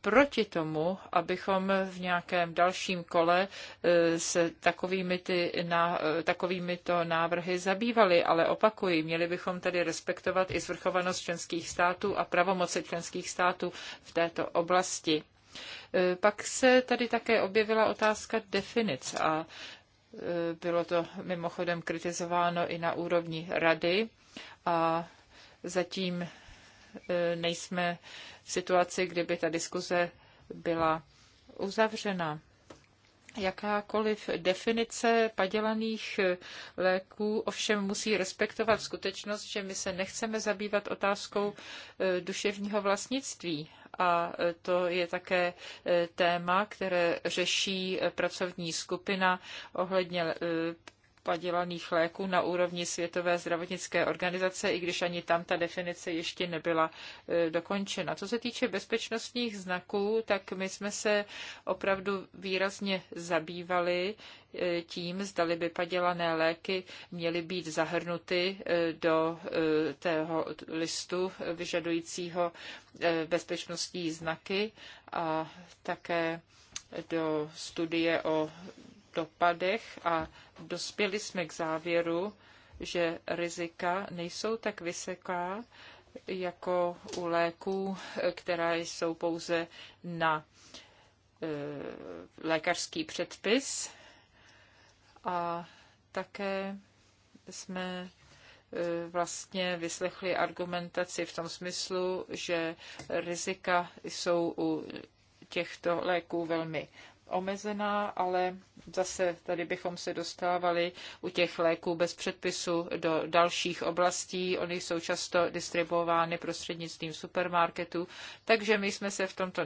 proti tomu, abychom v nějakém dalším kole eh, se takovými, ty, na, takovými to návrhy zabývali, ale opakuji, měli bychom tedy respektovat i zvrchovanost členských států a pravomoci členských států v této oblasti. Pak se tady také objevila otázka definic a bylo to mimochodem kritizováno i na úrovni rady a zatím e, nejsme v situaci, kdyby ta diskuze byla uzavřena. Jakákoliv definice padělaných e, léků ovšem musí respektovat skutečnost, že my se nechceme zabývat otázkou e, duševního vlastnictví a to je také e, téma, které řeší pracovní skupina ohledně e, padělaných léků na úrovni Světové zdravotnické organizace, i když ani tam ta definice ještě nebyla e, dokončena. Co se týče bezpečnostních znaků, tak my jsme se opravdu výrazně zabývali e, tím, zdali by padělané léky měly být zahrnuty e, do tého listu vyžadujícího bezpečnostní znaky a také do studie o dopadech a dospěli jsme k závěru, že rizika nejsou tak vysoká jako u léků, která jsou pouze na e, lékařský předpis. A také jsme e, vlastně vyslechli argumentaci v tom smyslu, že rizika jsou u těchto léků velmi omezená, ale zase tady bychom se dostávali u těch léků bez předpisu do dalších oblastí. Ony jsou často distribuovány prostřednictvím supermarketu, takže my jsme se v tomto,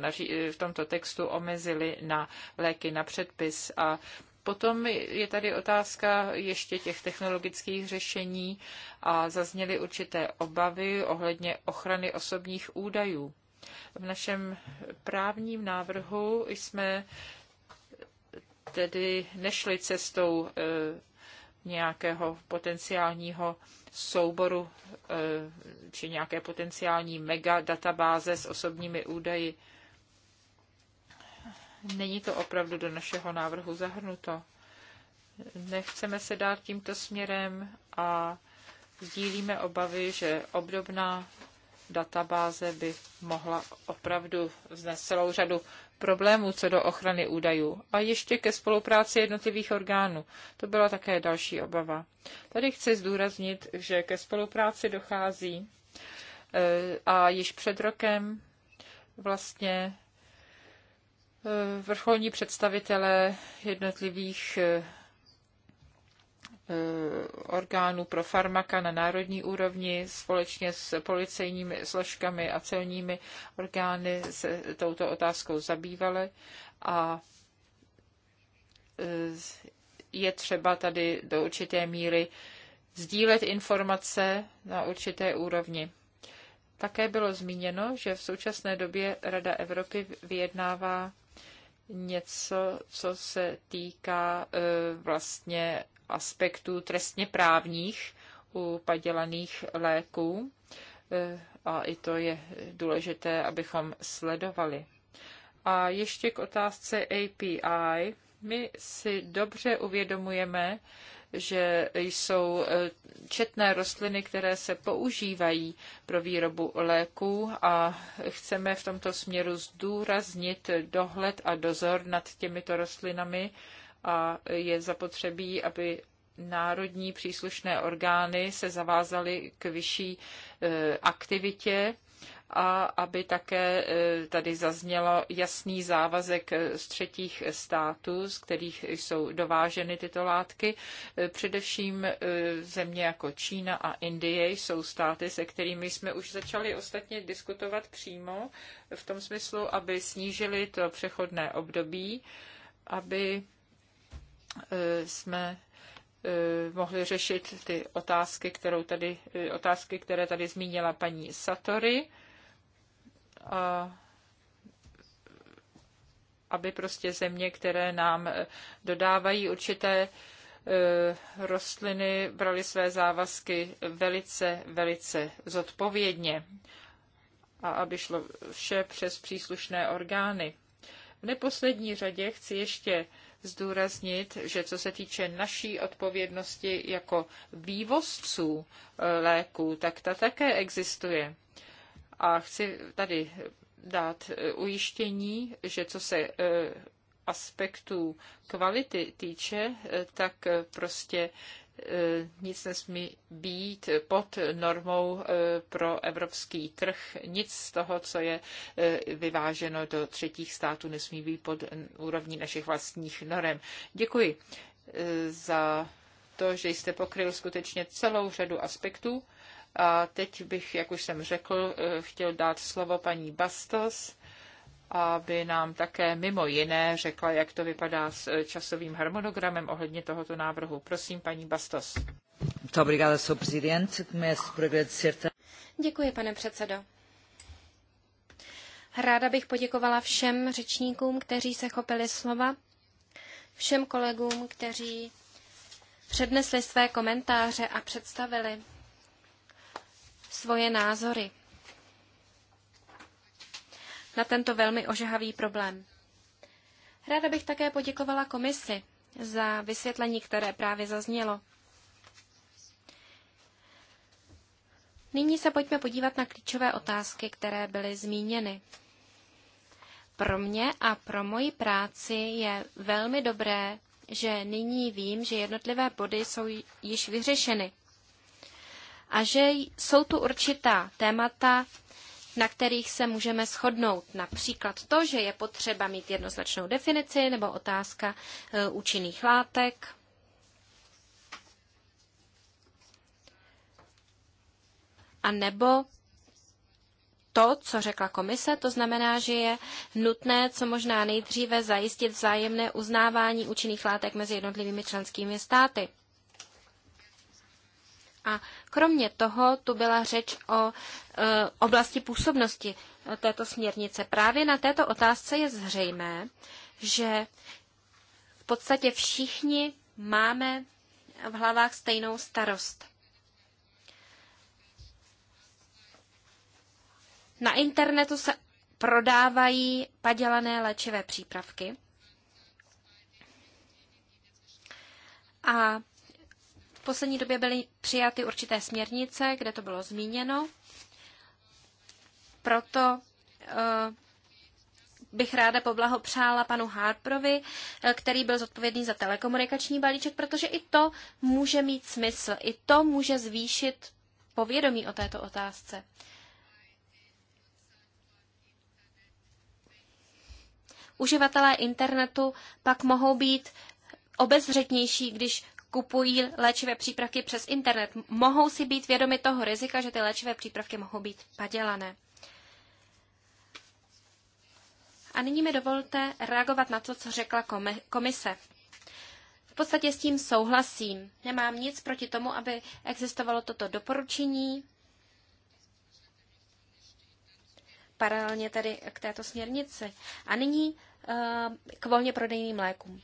v tomto textu omezili na léky na předpis a Potom je tady otázka ještě těch technologických řešení a zazněly určité obavy ohledně ochrany osobních údajů. V našem právním návrhu jsme tedy nešli cestou eh, nějakého potenciálního souboru eh, či nějaké potenciální mega databáze s osobními údaji. Není to opravdu do našeho návrhu zahrnuto. Nechceme se dát tímto směrem a sdílíme obavy, že obdobná databáze by mohla opravdu vznést celou řadu problémů co do ochrany údajů. A ještě ke spolupráci jednotlivých orgánů. To byla také další obava. Tady chci zdůraznit, že ke spolupráci dochází eh, a již před rokem vlastně eh, vrcholní představitelé jednotlivých eh, Eh, orgánů pro farmaka na národní úrovni společně s policejními složkami a celními orgány se touto otázkou zabývaly a eh, je třeba tady do určité míry sdílet informace na určité úrovni. Také bylo zmíněno, že v současné době Rada Evropy vyjednává něco, co se týká eh, vlastně aspektů trestně právních u padělaných léků e, a i to je důležité, abychom sledovali. A ještě k otázce API. My si dobře uvědomujeme, že jsou e, četné rostliny, které se používají pro výrobu léků a chceme v tomto směru zdůraznit dohled a dozor nad těmito rostlinami, a je zapotřebí, aby národní příslušné orgány se zavázaly k vyšší e, aktivitě a aby také e, tady zaznělo jasný závazek z třetích států, z kterých jsou dováženy tyto látky. E, především země jako Čína a Indie jsou státy, se kterými jsme už začali ostatně diskutovat přímo v tom smyslu, aby snížili to přechodné období, aby Eh, jsme eh, mohli řešit ty otázky, kterou tady, eh, otázky, které tady zmínila paní Satory. A aby prostě země, které nám dodávají určité rostliny, brali své závazky velice, velice zodpovědně a aby šlo vše přes příslušné orgány. V neposlední řadě chci ještě zdůraznit, že co se týče naší odpovědnosti jako vývozců eh, léků, tak ta také existuje. A chci tady dát eh, ujištění, že co se eh, aspektů kvality týče, tak prostě E, nic nesmí být pod normou e, pro evropský trh. Nic z toho, co je e, vyváženo do třetích států, nesmí být pod úrovní našich vlastních norem. Děkuji za to, že jste pokryl skutečně celou řadu aspektů. A teď bych, jak už jsem řekl, chtěl dát slovo paní Bastos aby nám také mimo jiné řekla, jak to vypadá s eh, časovým harmonogramem ohledně tohoto návrhu. Prosím, paní Bastos. Děkuji, pane předsedo. Ráda bych poděkovala všem řečníkům, kteří se chopili slova, všem kolegům, kteří přednesli své komentáře a představili svoje názory na tento velmi ožehavý problém. Ráda bych také poděkovala komisi za vysvětlení, které právě zaznělo. Nyní se pojďme podívat na klíčové otázky, které byly zmíněny. Pro mě a pro moji práci je velmi dobré, že nyní vím, že jednotlivé body jsou již vyřešeny a že jsou tu určitá témata, na kterých se můžeme shodnout. Například to, že je potřeba mít jednoznačnou definici nebo otázka e, účinných látek. A nebo to, co řekla komise, to znamená, že je nutné co možná nejdříve zajistit vzájemné uznávání účinných látek mezi jednotlivými členskými státy. A kromě toho tu byla řeč o e, oblasti působnosti této směrnice. Právě na této otázce je zřejmé, že v podstatě všichni máme v hlavách stejnou starost. Na internetu se prodávají padělané léčivé přípravky. A v poslední době byly přijaty určité směrnice, kde to bylo zmíněno. Proto eh, bych ráda poblahopřála panu Harprovi, eh, který byl zodpovědný za telekomunikační balíček, protože i to může mít smysl, i to může zvýšit povědomí o této otázce. Uživatelé internetu pak mohou být obezřetnější, když kupují léčivé přípravky přes internet. Mohou si být vědomi toho rizika, že ty léčivé přípravky mohou být padělané. A nyní mi dovolte reagovat na to, co řekla komise. V podstatě s tím souhlasím. Nemám nic proti tomu, aby existovalo toto doporučení. Paralelně tedy k této směrnici. A nyní eh, k volně prodejným lékům.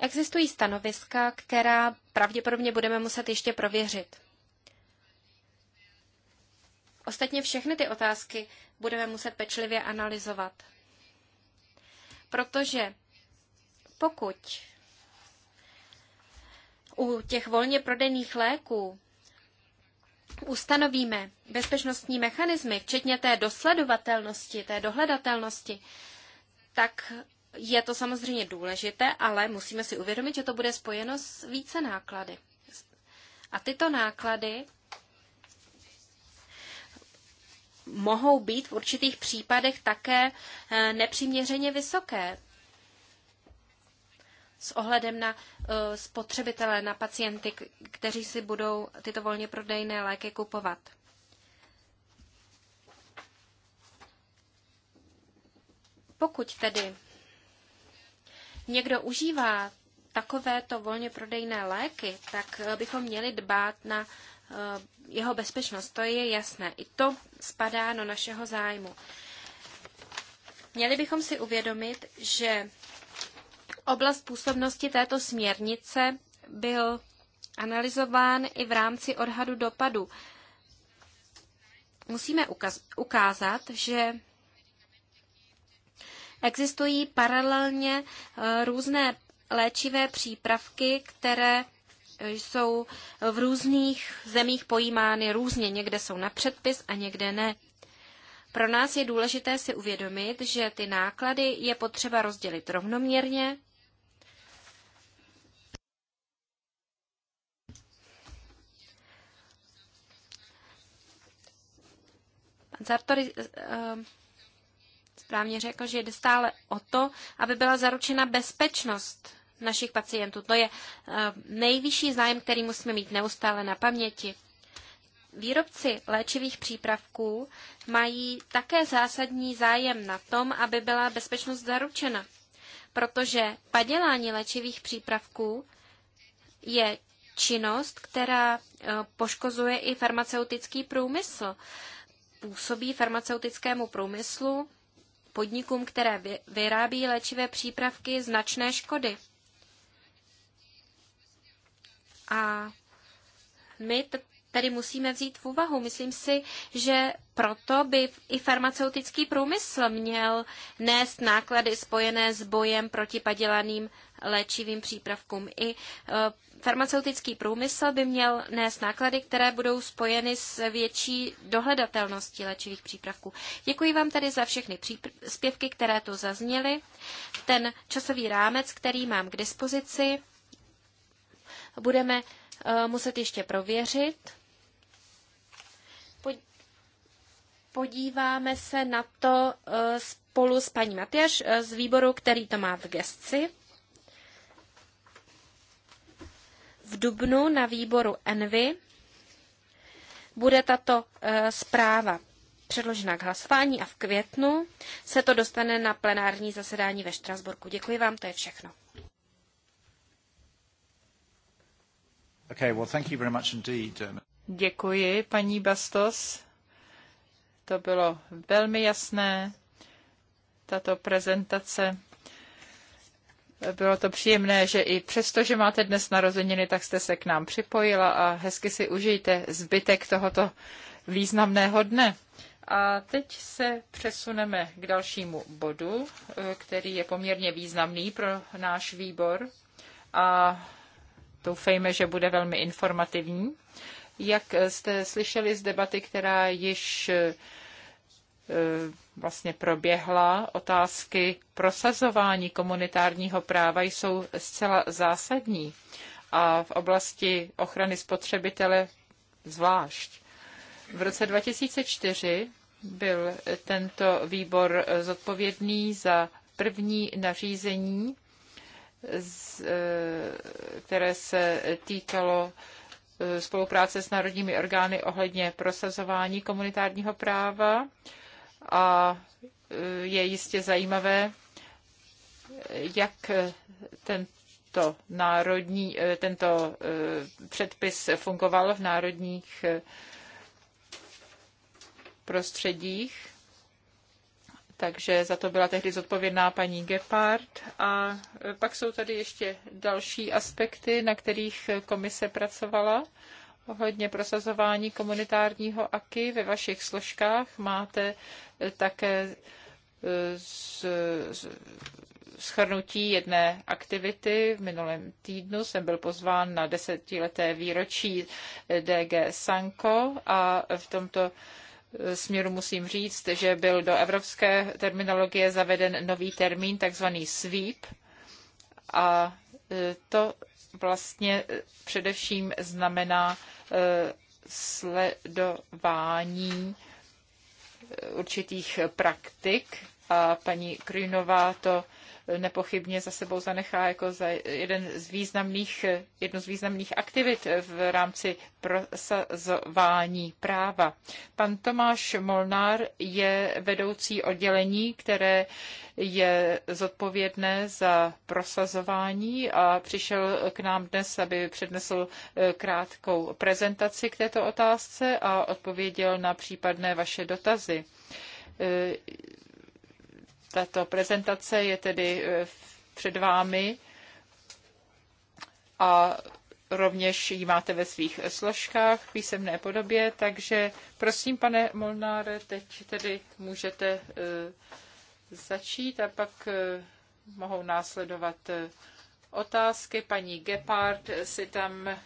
Existují stanoviska, která pravděpodobně budeme muset ještě prověřit. Ostatně všechny ty otázky budeme muset pečlivě analyzovat. Protože pokud u těch volně prodejných léků ustanovíme bezpečnostní mechanismy, včetně té dosledovatelnosti, té dohledatelnosti, tak je to samozřejmě důležité, ale musíme si uvědomit, že to bude spojeno s více náklady. A tyto náklady mohou být v určitých případech také eh, nepřiměřeně vysoké s ohledem na eh, spotřebitele, na pacienty, kteří si budou tyto volně prodejné léky kupovat. Pokud tedy někdo užívá takovéto volně prodejné léky, tak eh, bychom měli dbát na eh, jeho bezpečnost. To je jasné. I to spadá do našeho zájmu. Měli bychom si uvědomit, že oblast působnosti této směrnice byl analyzován i v rámci odhadu dopadu. Musíme ukaz- ukázat, že Existují paralelně eh, různé léčivé přípravky, které eh, jsou v různých zemích pojímány různě. Někde jsou na předpis a někde ne. Pro nás je důležité si uvědomit, že ty náklady je potřeba rozdělit rovnoměrně. Pan Sartori eh, správně řekl, že jde stále o to, aby byla zaručena bezpečnost našich pacientů. To je eh, nejvyšší zájem, který musíme mít neustále na paměti. Výrobci léčivých přípravků mají také zásadní zájem na tom, aby byla bezpečnost zaručena, protože padělání léčivých přípravků je činnost, která eh, poškozuje i farmaceutický průmysl. Působí farmaceutickému průmyslu podnikům, které vyrábí léčivé přípravky, značné škody. A my tady musíme vzít v úvahu. Myslím si, že proto by i farmaceutický průmysl měl nést náklady spojené s bojem proti padělaným léčivým přípravkům. I e, farmaceutický průmysl by měl nést náklady, které budou spojeny s větší dohledatelností léčivých přípravků. Děkuji vám tedy za všechny příspěvky, které tu zazněly. Ten časový rámec, který mám k dispozici, budeme e, muset ještě prověřit. podíváme se na to eh, spolu s paní Matyáš eh, z výboru, který to má v gesci. V dubnu na výboru Envy bude tato eh, zpráva předložena k hlasování a v květnu se to dostane na plenární zasedání ve Štrasburku. Děkuji vám, to je všechno. Okay, well, thank you very much indeed. Um, Děkuji, paní Bastos. To bylo velmi jasné, tato prezentace. Bylo to příjemné, že i přesto, že máte dnes narozeniny, tak jste se k nám připojila a hezky si užijte zbytek tohoto významného dne. A teď se přesuneme k dalšímu bodu, který je poměrně významný pro náš výbor a doufejme, že bude velmi informativní. Jak jste slyšeli z debaty, která již Eh, vlastně proběhla. Otázky prosazování komunitárního práva jsou zcela zásadní a v oblasti ochrany spotřebitele zvlášť. V roce 2004 byl tento výbor zodpovědný za první nařízení, eh, které se týkalo eh, spolupráce s národními orgány ohledně prosazování komunitárního práva a e, je jistě zajímavé, jak e, tento národní, e, tento předpis fungoval v národních prostředích. Takže za to byla tehdy zodpovědná paní Gepard. A pak jsou tady ještě další aspekty, na kterých komise pracovala ohledně prosazování komunitárního AKI ve vašich složkách. Máte eh, také eh, z, z, schrnutí jedné aktivity. V minulém týdnu jsem byl pozván na desetileté výročí eh, DG Sanko a v tomto směru musím říct, že byl do evropské terminologie zaveden nový termín, takzvaný sweep. A to vlastně eh, především znamená eh, sledování eh, určitých praktik a paní Krynová to nepochybně za sebou zanechá jako za jeden z významných, jednu z významných aktivit v rámci prosazování práva. Pan Tomáš Molnár je vedoucí oddělení, které je zodpovědné za prosazování a přišel k nám dnes, aby přednesl eh, krátkou prezentaci k této otázce a odpověděl na případné vaše dotazy eh, tato prezentace je tedy e, před vámi a rovněž ji máte ve svých složkách v písemné podobě, takže prosím, pane Molnáre, teď tedy můžete e, začít a pak e, mohou následovat otázky. Paní Gepard si tam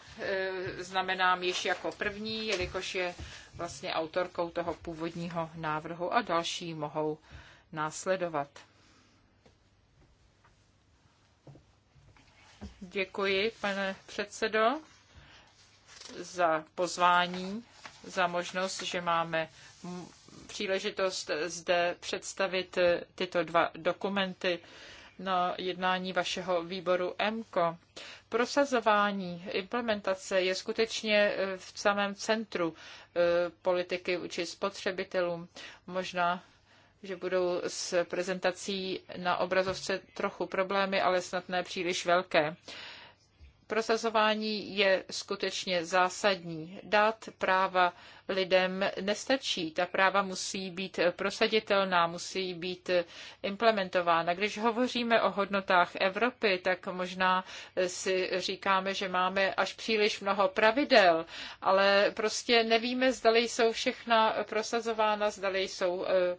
znamenám již jako první, jelikož je vlastně autorkou toho původního návrhu a další mohou následovat. Děkuji, pane předsedo, za pozvání, za možnost, že máme příležitost zde představit eh, tyto dva dokumenty na jednání vašeho výboru EMCO. Prosazování implementace je skutečně eh, v samém centru eh, politiky vůči spotřebitelům. Možná že budou s prezentací na obrazovce trochu problémy, ale snad ne příliš velké. Prosazování je skutečně zásadní. Dát práva lidem nestačí. Ta práva musí být prosaditelná, musí být implementována. Když hovoříme o hodnotách Evropy, tak možná si říkáme, že máme až příliš mnoho pravidel, ale prostě nevíme, zdali jsou všechna prosazována, zdali jsou eh,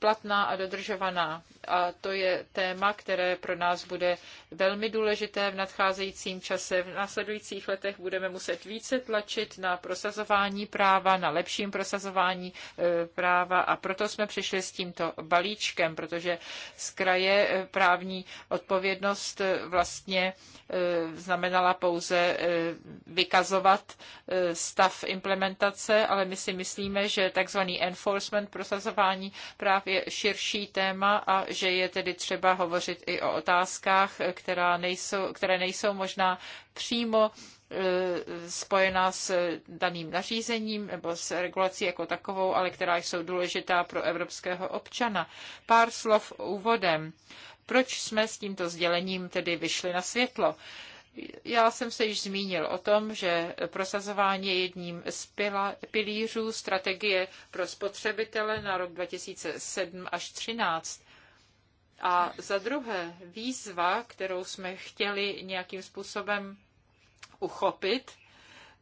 platná a dodržovaná. A to je téma, které pro nás bude velmi důležité v nadcházejícím čase. V následujících letech budeme muset více tlačit na prosazování práva, na lepším prosazování e, práva a proto jsme přišli s tímto balíčkem, protože z kraje e, právní odpovědnost e, vlastně znamenala pouze vykazovat stav implementace, ale my si myslíme, že takzvaný enforcement prosazování práv je širší téma a že je tedy třeba hovořit i o otázkách, která nejsou, které nejsou možná přímo e, spojená s daným nařízením nebo s regulací jako takovou, ale která jsou důležitá pro evropského občana. Pár slov úvodem. Proč jsme s tímto sdělením tedy vyšli na světlo? Já jsem se již zmínil o tom, že prosazování je jedním z pilířů strategie pro spotřebitele na rok 2007 až 2013. A za druhé, výzva, kterou jsme chtěli nějakým způsobem uchopit,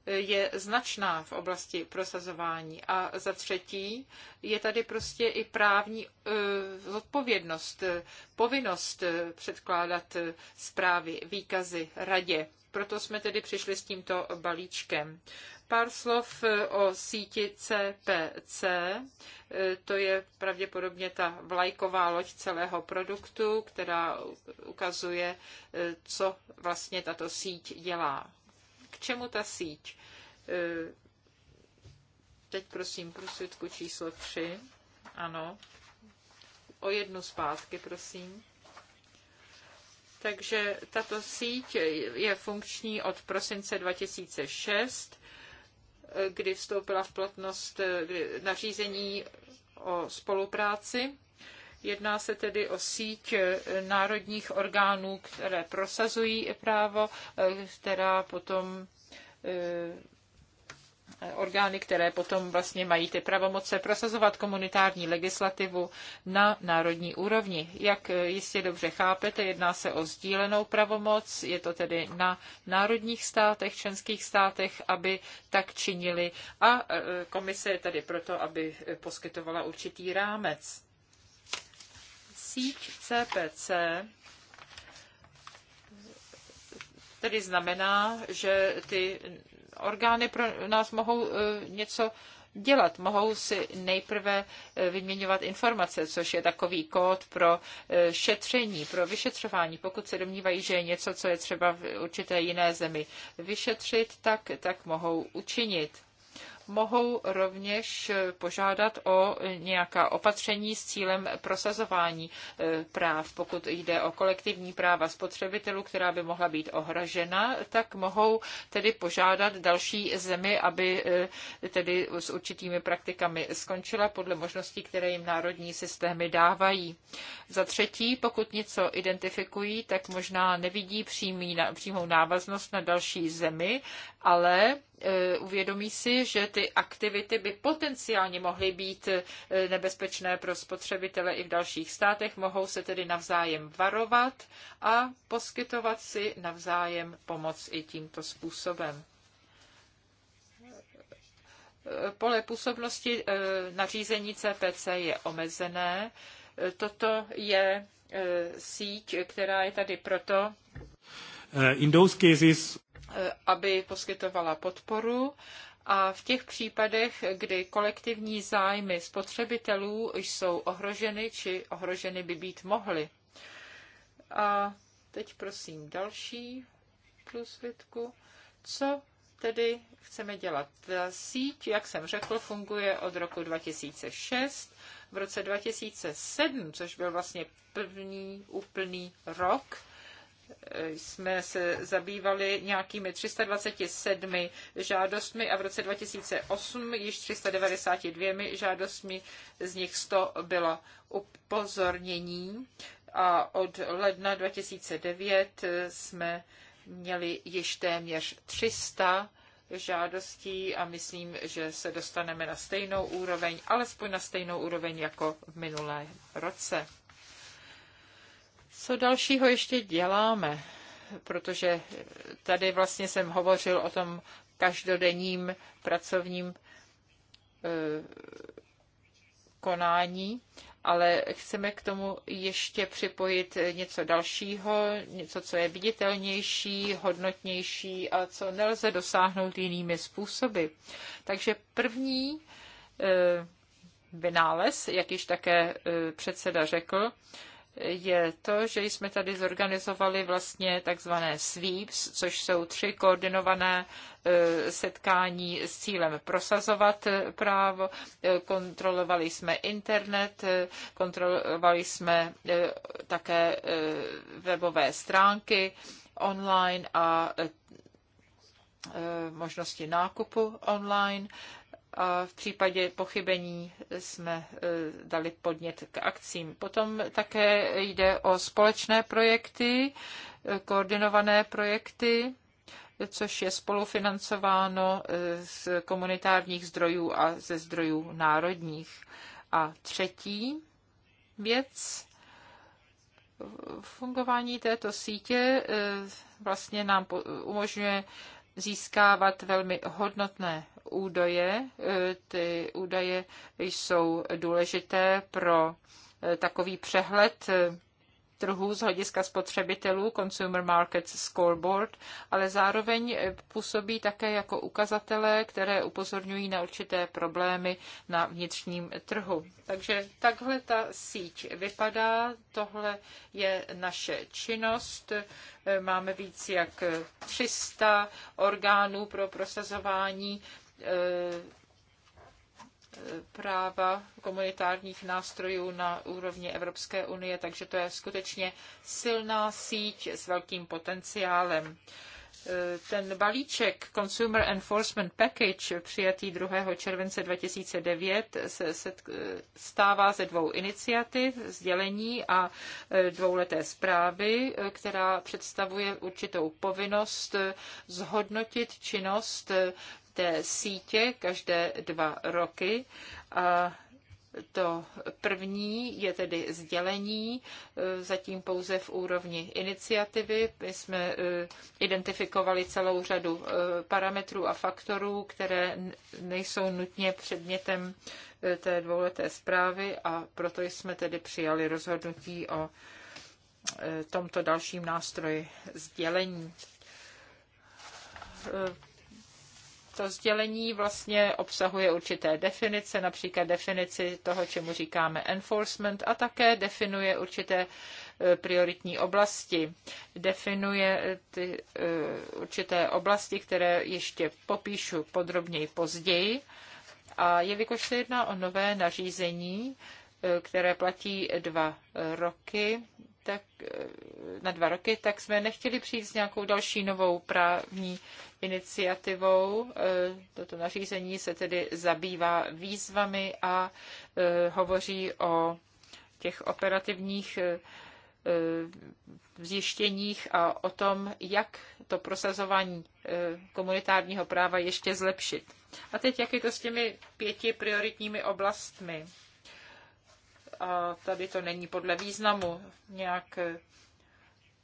je značná v oblasti prosazování. A za třetí je tady prostě i právní e, zodpovědnost, e, povinnost e, předkládat zprávy, výkazy radě. Proto jsme tedy přišli s tímto balíčkem. Pár slov o síti CPC. To je pravděpodobně ta vlajková loď celého produktu, která ukazuje, co vlastně tato síť dělá. K čemu ta síť? E, teď prosím prosvědku číslo 3. Ano. O jednu zpátky, prosím. Takže tato síť je funkční od prosince 2006, kdy vstoupila v platnost e, nařízení o spolupráci Jedná se tedy o síť e, národních orgánů, které prosazují právo, e, která potom e, orgány, které potom vlastně mají ty pravomoce prosazovat komunitární legislativu na národní úrovni. Jak jistě dobře chápete, jedná se o sdílenou pravomoc, je to tedy na národních státech, členských státech, aby tak činili a komise je tady proto, aby poskytovala určitý rámec síť CPC tedy znamená, že ty orgány pro nás mohou eh, něco dělat. Mohou si nejprve eh, vyměňovat informace, což je takový kód pro eh, šetření, pro vyšetřování. Pokud se domnívají, že je něco, co je třeba v určité jiné zemi vyšetřit, tak, tak mohou učinit mohou rovněž eh, požádat o nějaká opatření s cílem prosazování eh, práv. Pokud jde o kolektivní práva spotřebitelů, která by mohla být ohrožena, tak mohou tedy požádat další zemi, aby eh, tedy s určitými praktikami skončila podle možností, které jim národní systémy dávají. Za třetí, pokud něco identifikují, tak možná nevidí přímý, přímou návaznost na další zemi, ale uvědomí si, že ty ty aktivity by potenciálně mohly být eh, nebezpečné pro spotřebitele i v dalších státech, mohou se tedy navzájem varovat a poskytovat si navzájem pomoc i tímto způsobem eh, pole působnosti eh, nařízení CPC je omezené. Toto je síť, která je tady proto, In those cases... aby poskytovala podporu a v těch případech, kdy kolektivní zájmy spotřebitelů jsou ohroženy či ohroženy by být mohly. A teď prosím další průsvitku. Co tedy chceme dělat? Ta síť, jak jsem řekl, funguje od roku 2006. V roce 2007, což byl vlastně první úplný rok, jsme se zabývali nějakými 327 žádostmi a v roce 2008 již 392 žádostmi, z nich 100 bylo upozornění a od ledna 2009 jsme měli již téměř 300 žádostí a myslím, že se dostaneme na stejnou úroveň, alespoň na stejnou úroveň jako v minulém roce. Co dalšího ještě děláme? Protože tady vlastně jsem hovořil o tom každodenním pracovním e, konání, ale chceme k tomu ještě připojit něco dalšího, něco, co je viditelnější, hodnotnější a co nelze dosáhnout jinými způsoby. Takže první e, vynález, jak již také e, předseda řekl, je to, že jsme tady zorganizovali vlastně takzvané sweeps, což jsou tři koordinované e, setkání s cílem prosazovat právo. E, kontrolovali jsme internet, e, kontrolovali jsme také webové stránky online a možnosti nákupu online a v případě pochybení jsme e, dali podnět k akcím. Potom také jde o společné projekty, e, koordinované projekty, což je spolufinancováno e, z komunitárních zdrojů a ze zdrojů národních. A třetí věc, fungování této sítě vlastně nám umožňuje získávat velmi hodnotné údaje. Eh, ty údaje jsou důležité pro eh, takový přehled eh, trhu z hlediska spotřebitelů, Consumer Market Scoreboard, ale zároveň působí také jako ukazatele, které upozorňují na určité problémy na vnitřním trhu. Takže takhle ta síť vypadá, tohle je naše činnost. Máme víc jak 300 orgánů pro prosazování Eh, práva komunitárních nástrojů na úrovni Evropské unie, takže to je skutečně silná síť s velkým potenciálem. Eh, ten balíček Consumer Enforcement Package přijatý 2. července 2009 se eh, stává ze dvou iniciativ, sdělení a dvouleté zprávy, která představuje určitou povinnost zhodnotit činnost té sítě každé dva roky a to první je tedy sdělení, e, zatím pouze v úrovni iniciativy. My jsme e, identifikovali celou řadu e, parametrů a faktorů, které nejsou nutně předmětem té dvouleté zprávy a proto jsme tedy přijali rozhodnutí o tomto dalším nástroji sdělení to sdělení vlastně obsahuje určité definice, například definici toho, čemu říkáme enforcement a také definuje určité e, prioritní oblasti. Definuje ty e, určité oblasti, které ještě popíšu podrobněji později. A jelikož se jedná o nové nařízení, e, které platí dva roky, tak, eh, na dva roky, tak jsme nechtěli přijít s nějakou další novou právní iniciativou. Eh, toto nařízení se tedy zabývá výzvami a eh, hovoří o těch operativních zjištěních a o tom, jak to prosazování komunitárního práva ještě zlepšit. A teď, jak je to s těmi pěti prioritními oblastmi? a tady to není podle významu nějak eh,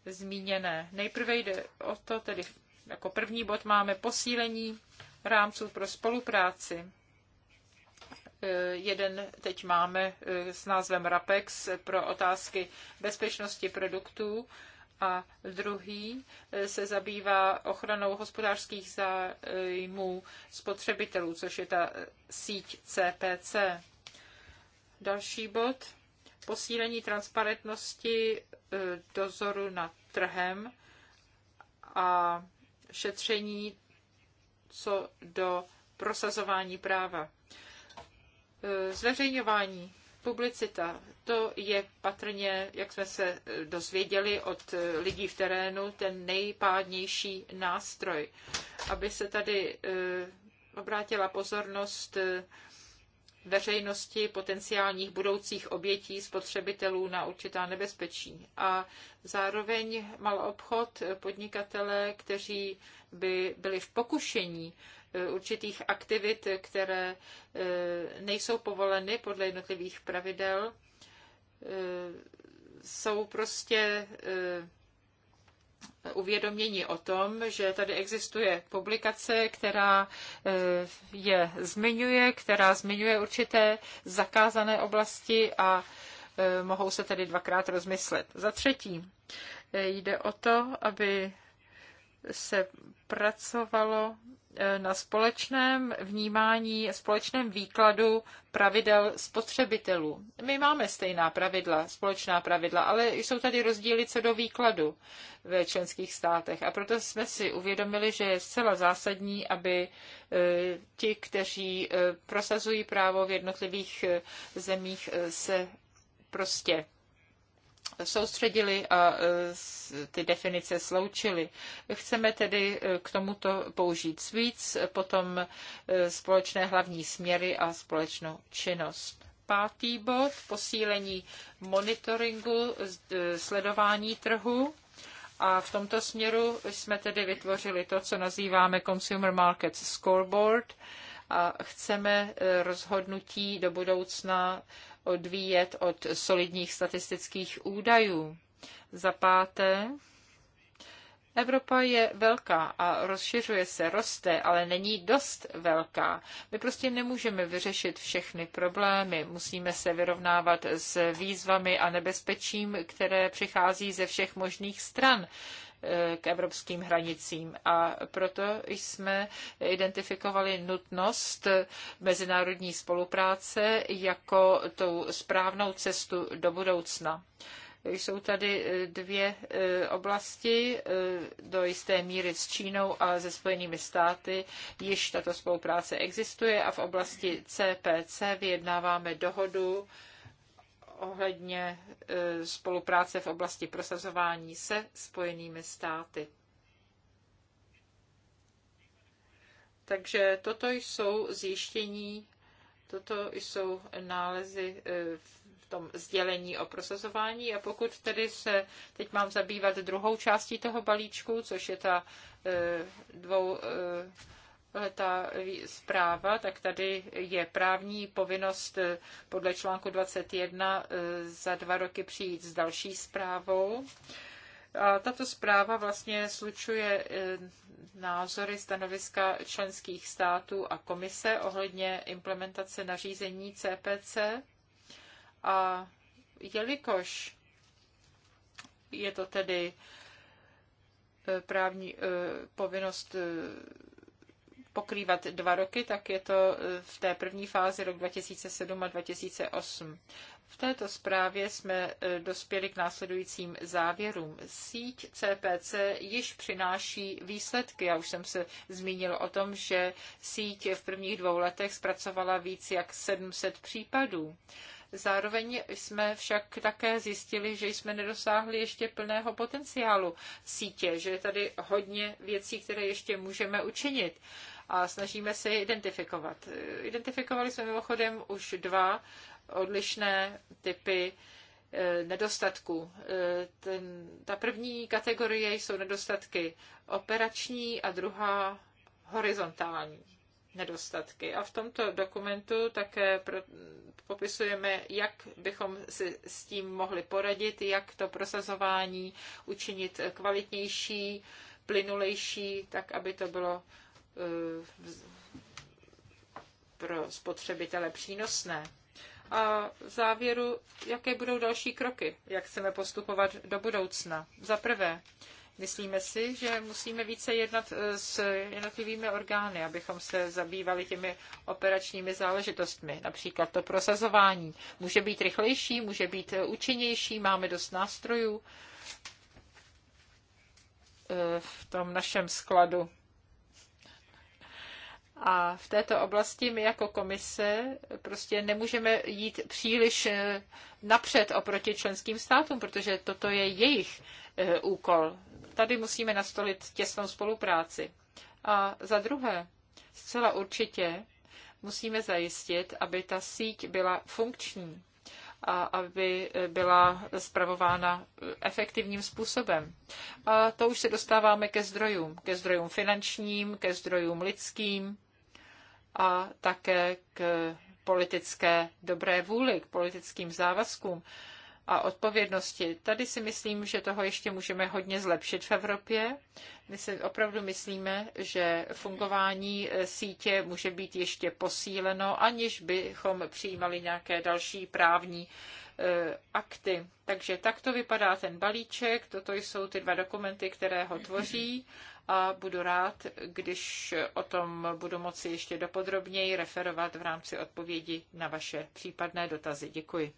zmíněné. Nejprve jde o to, tedy jako první bod máme posílení rámců pro spolupráci. Eh, jeden teď máme eh, s názvem RAPEX pro otázky bezpečnosti produktů a druhý se zabývá ochranou hospodářských zájmů spotřebitelů, což je ta síť CPC. Další bod. Posílení transparentnosti e, dozoru nad trhem a šetření co do prosazování práva. E, zveřejňování, publicita, to je patrně, jak jsme se e, dozvěděli od lidí v terénu, ten nejpádnější nástroj, aby se tady obrátila pozornost veřejnosti potenciálních budoucích obětí spotřebitelů na určitá nebezpečí. A zároveň mal obchod podnikatele, kteří by byli v pokušení e, určitých aktivit, které e, nejsou povoleny podle jednotlivých pravidel, e, jsou prostě uvědomění o tom, že tady existuje publikace, která eh, je zmiňuje, která zmiňuje určité zakázané oblasti a eh, mohou se tedy dvakrát rozmyslet. Za třetí, eh, jde o to, aby se pracovalo Eh, na společném vnímání, společném výkladu pravidel spotřebitelů. My máme stejná pravidla, společná pravidla, ale jsou tady rozdíly co do výkladu ve členských státech. A proto jsme si uvědomili, že je zcela zásadní, aby eh, ti, kteří eh, prosazují právo v jednotlivých zemích, se prostě soustředili a e, ty definice sloučili. Chceme tedy e, k tomuto použít svíc, potom e, společné hlavní směry a společnou činnost. Pátý bod, posílení monitoringu, sledování trhu. A v tomto směru jsme tedy vytvořili to, co nazýváme Consumer Market Scoreboard a chceme rozhodnutí do budoucna odvíjet od solidních statistických údajů. Za páté, Evropa je velká a rozšiřuje se, roste, ale není dost velká. My prostě nemůžeme vyřešit všechny problémy. Musíme se vyrovnávat s výzvami a nebezpečím, které přichází ze všech možných stran k evropským hranicím. A proto jsme identifikovali nutnost mezinárodní spolupráce jako tou správnou cestu do budoucna. Jsou tady e, dvě e, oblasti, e, do jisté míry s Čínou a se Spojenými státy. Již tato spolupráce existuje a v oblasti CPC vyjednáváme dohodu ohledně e, spolupráce v oblasti prosazování se spojenými státy. Takže toto jsou zjištění, toto jsou nálezy e, v tom sdělení o prosazování a pokud tedy se teď mám zabývat druhou částí toho balíčku, což je ta e, dvou Eh, ta eh, zpráva, tak tady je právní povinnost eh, podle článku 21 za dva roky přijít s další zprávou. A tato zpráva vlastně slučuje názory stanoviska členských států a komise ohledně implementace nařízení CPC. A jelikož je to tedy právní povinnost pokrývat dva roky, tak je to e, v té první fázi rok 2007 a 2008. V této zprávě jsme e, dospěli k následujícím závěrům. Síť CPC již přináší výsledky. Já už jsem se zmínil o tom, že síť v prvních dvou letech zpracovala víc jak 700 případů. Zároveň jsme však také zjistili, že jsme nedosáhli ještě plného potenciálu sítě, že je tady hodně věcí, které ještě můžeme učinit a snažíme se je identifikovat. Identifikovali jsme mimochodem už dva odlišné typy eh, nedostatků. Eh, ten, ta první kategorie jsou nedostatky operační a druhá horizontální nedostatky. A v tomto dokumentu také pro, popisujeme, jak bychom si s tím mohli poradit, jak to prosazování učinit kvalitnější, plynulejší, tak aby to bylo Eh, pro spotřebitele přínosné. A v závěru, jaké budou další kroky, jak chceme postupovat do budoucna. Za prvé, Myslíme si, že musíme více jednat eh, s jednotlivými orgány, abychom se zabývali těmi operačními záležitostmi. Například to prosazování může být rychlejší, může být eh, účinnější, máme dost nástrojů v tom našem skladu a v této oblasti my jako komise prostě nemůžeme jít příliš eh, napřed oproti členským státům, protože toto je jejich eh, úkol. Tady musíme nastolit těsnou spolupráci. A za druhé, zcela určitě musíme zajistit, aby ta síť byla funkční a aby eh, byla spravována efektivním způsobem. A to už se dostáváme ke zdrojům, ke zdrojům finančním, ke zdrojům lidským, a také k politické dobré vůli, k politickým závazkům a odpovědnosti. Tady si myslím, že toho ještě můžeme hodně zlepšit v Evropě. My si opravdu myslíme, že fungování eh, sítě může být ještě posíleno, aniž bychom přijímali nějaké další právní eh, akty. Takže takto vypadá ten balíček, toto jsou ty dva dokumenty, které ho tvoří a budu rád, když o tom budu moci ještě dopodrobněji referovat v rámci odpovědi na vaše případné dotazy. Děkuji.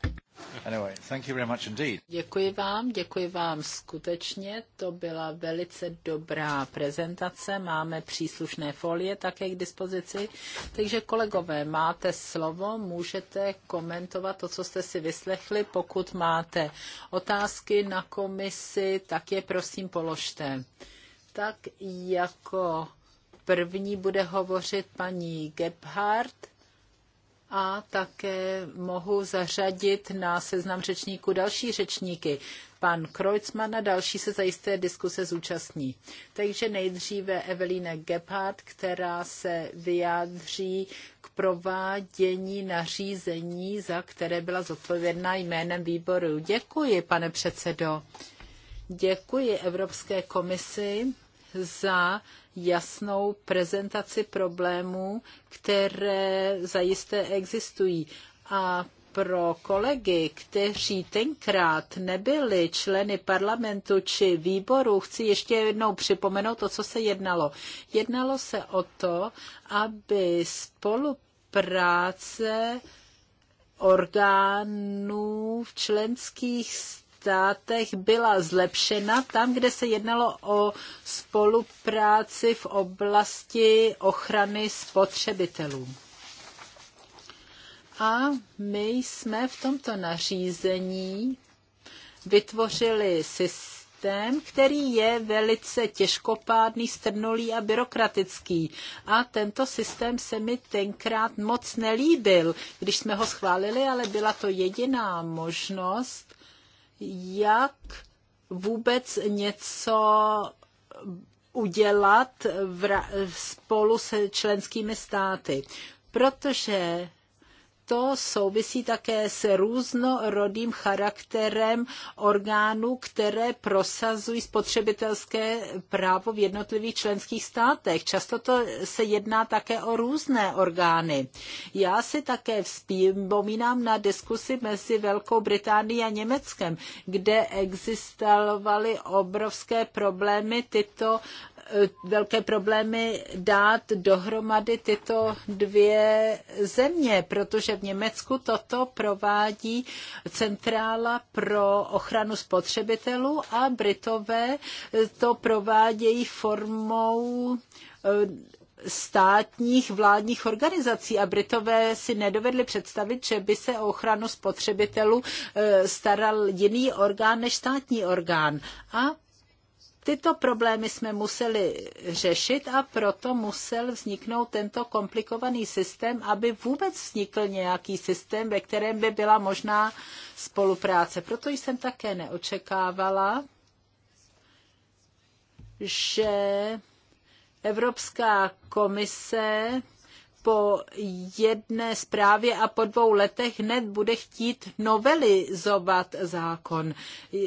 Anyway, thank you very much indeed. Děkuji vám, děkuji vám skutečně. To byla velice dobrá prezentace. Máme příslušné folie také k dispozici. Takže kolegové, máte slovo, můžete komentovat to, co jste si vyslechli. Pokud máte otázky na komisi, tak je prosím položte tak jako první bude hovořit paní Gebhardt a také mohu zařadit na seznam řečníků další řečníky. Pan Kreuzmann a další se zajisté diskuse zúčastní. Takže nejdříve Evelina Gebhardt, která se vyjádří k provádění nařízení, za které byla zodpovědná jménem výboru. Děkuji, pane předsedo. Děkuji Evropské komisi za jasnou prezentaci problémů, které zajisté existují. A pro kolegy, kteří tenkrát nebyli členy parlamentu či výboru, chci ještě jednou připomenout to, co se jednalo. Jednalo se o to, aby spolupráce orgánů v členských státech byla zlepšena tam, kde se jednalo o spolupráci v oblasti ochrany spotřebitelů. A my jsme v tomto nařízení vytvořili systém, který je velice těžkopádný, strnulý a byrokratický. A tento systém se mi tenkrát moc nelíbil, když jsme ho schválili, ale byla to jediná možnost, jak vůbec něco udělat v, spolu se členskými státy. Protože to souvisí také s různorodým charakterem orgánů, které prosazují spotřebitelské právo v jednotlivých členských státech. Často to se jedná také o různé orgány. Já si také vzpomínám na diskusi mezi Velkou Británií a Německem, kde existovaly obrovské problémy tyto Eh, velké problémy dát dohromady tyto dvě země, protože v Německu toto provádí Centrála pro ochranu spotřebitelů a Britové to provádějí formou eh, státních vládních organizací a Britové si nedovedli představit, že by se o ochranu spotřebitelů eh, staral jiný orgán než státní orgán. A Tyto problémy jsme museli řešit a proto musel vzniknout tento komplikovaný systém, aby vůbec vznikl nějaký systém, ve kterém by byla možná spolupráce. Proto jsem také neočekávala, že Evropská komise po jedné zprávě a po dvou letech hned bude chtít novelizovat zákon.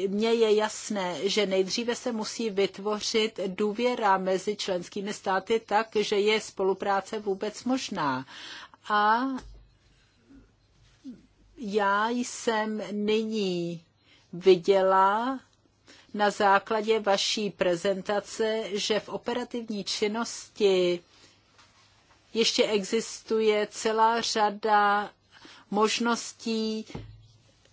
Mně je jasné, že nejdříve se musí vytvořit důvěra mezi členskými státy tak, že je spolupráce vůbec možná. A já jsem nyní viděla na základě vaší prezentace, že v operativní činnosti ještě existuje celá řada možností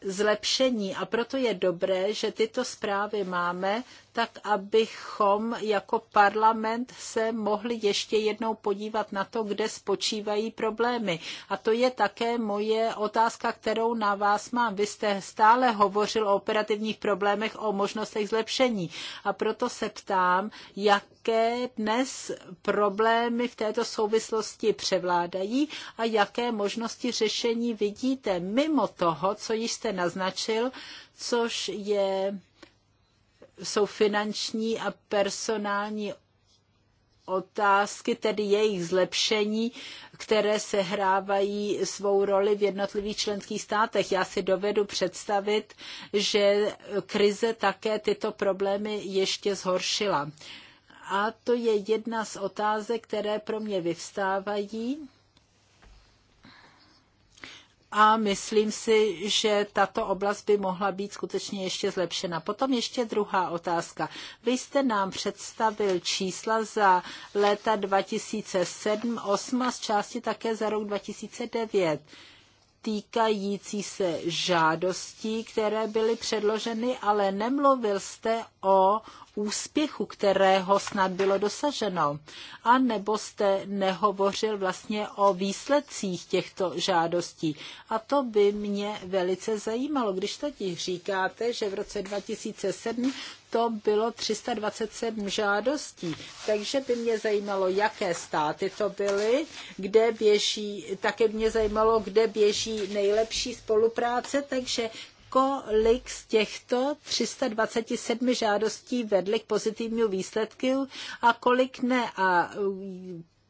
zlepšení a proto je dobré, že tyto zprávy máme, tak abychom jako parlament se mohli ještě jednou podívat na to, kde spočívají problémy. A to je také moje otázka, kterou na vás mám. Vy jste stále hovořil o operativních problémech, o možnostech zlepšení. A proto se ptám, jaké dnes problémy v této souvislosti převládají a jaké možnosti řešení vidíte mimo toho, co již jste naznačil, což je jsou finanční a personální otázky, tedy jejich zlepšení, které sehrávají svou roli v jednotlivých členských státech. Já si dovedu představit, že krize také tyto problémy ještě zhoršila. A to je jedna z otázek, které pro mě vyvstávají a myslím si, že tato oblast by mohla být skutečně ještě zlepšena. Potom ještě druhá otázka. Vy jste nám představil čísla za léta 2007, 8 a z části také za rok 2009 týkající se žádostí, které byly předloženy, ale nemluvil jste o úspěchu, kterého snad bylo dosaženo. A nebo jste nehovořil vlastně o výsledcích těchto žádostí. A to by mě velice zajímalo, když teď říkáte, že v roce 2007 to bylo 327 žádostí. Takže by mě zajímalo, jaké státy to byly, kde běží, také by mě zajímalo, kde běží nejlepší spolupráce, takže kolik z těchto 327 žádostí vedlo k pozitivnímu výsledku a kolik ne. A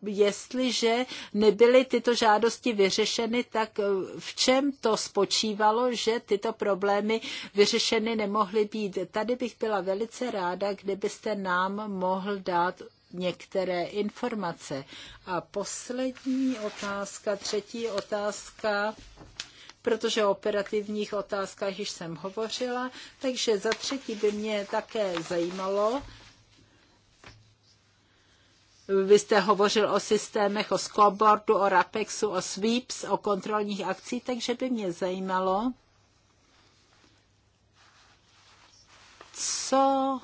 jestliže nebyly tyto žádosti vyřešeny, tak eh, v čem to spočívalo, že tyto problémy vyřešeny nemohly být. Tady bych byla velice ráda, kdybyste nám mohl dát některé informace. A poslední otázka, třetí otázka, protože o operativních otázkách již jsem hovořila, takže za třetí by mě také zajímalo, vy jste hovořil o systémech, o scoreboardu, o RAPEXu, o SWEEPS, o kontrolních akcích, takže by mě zajímalo, co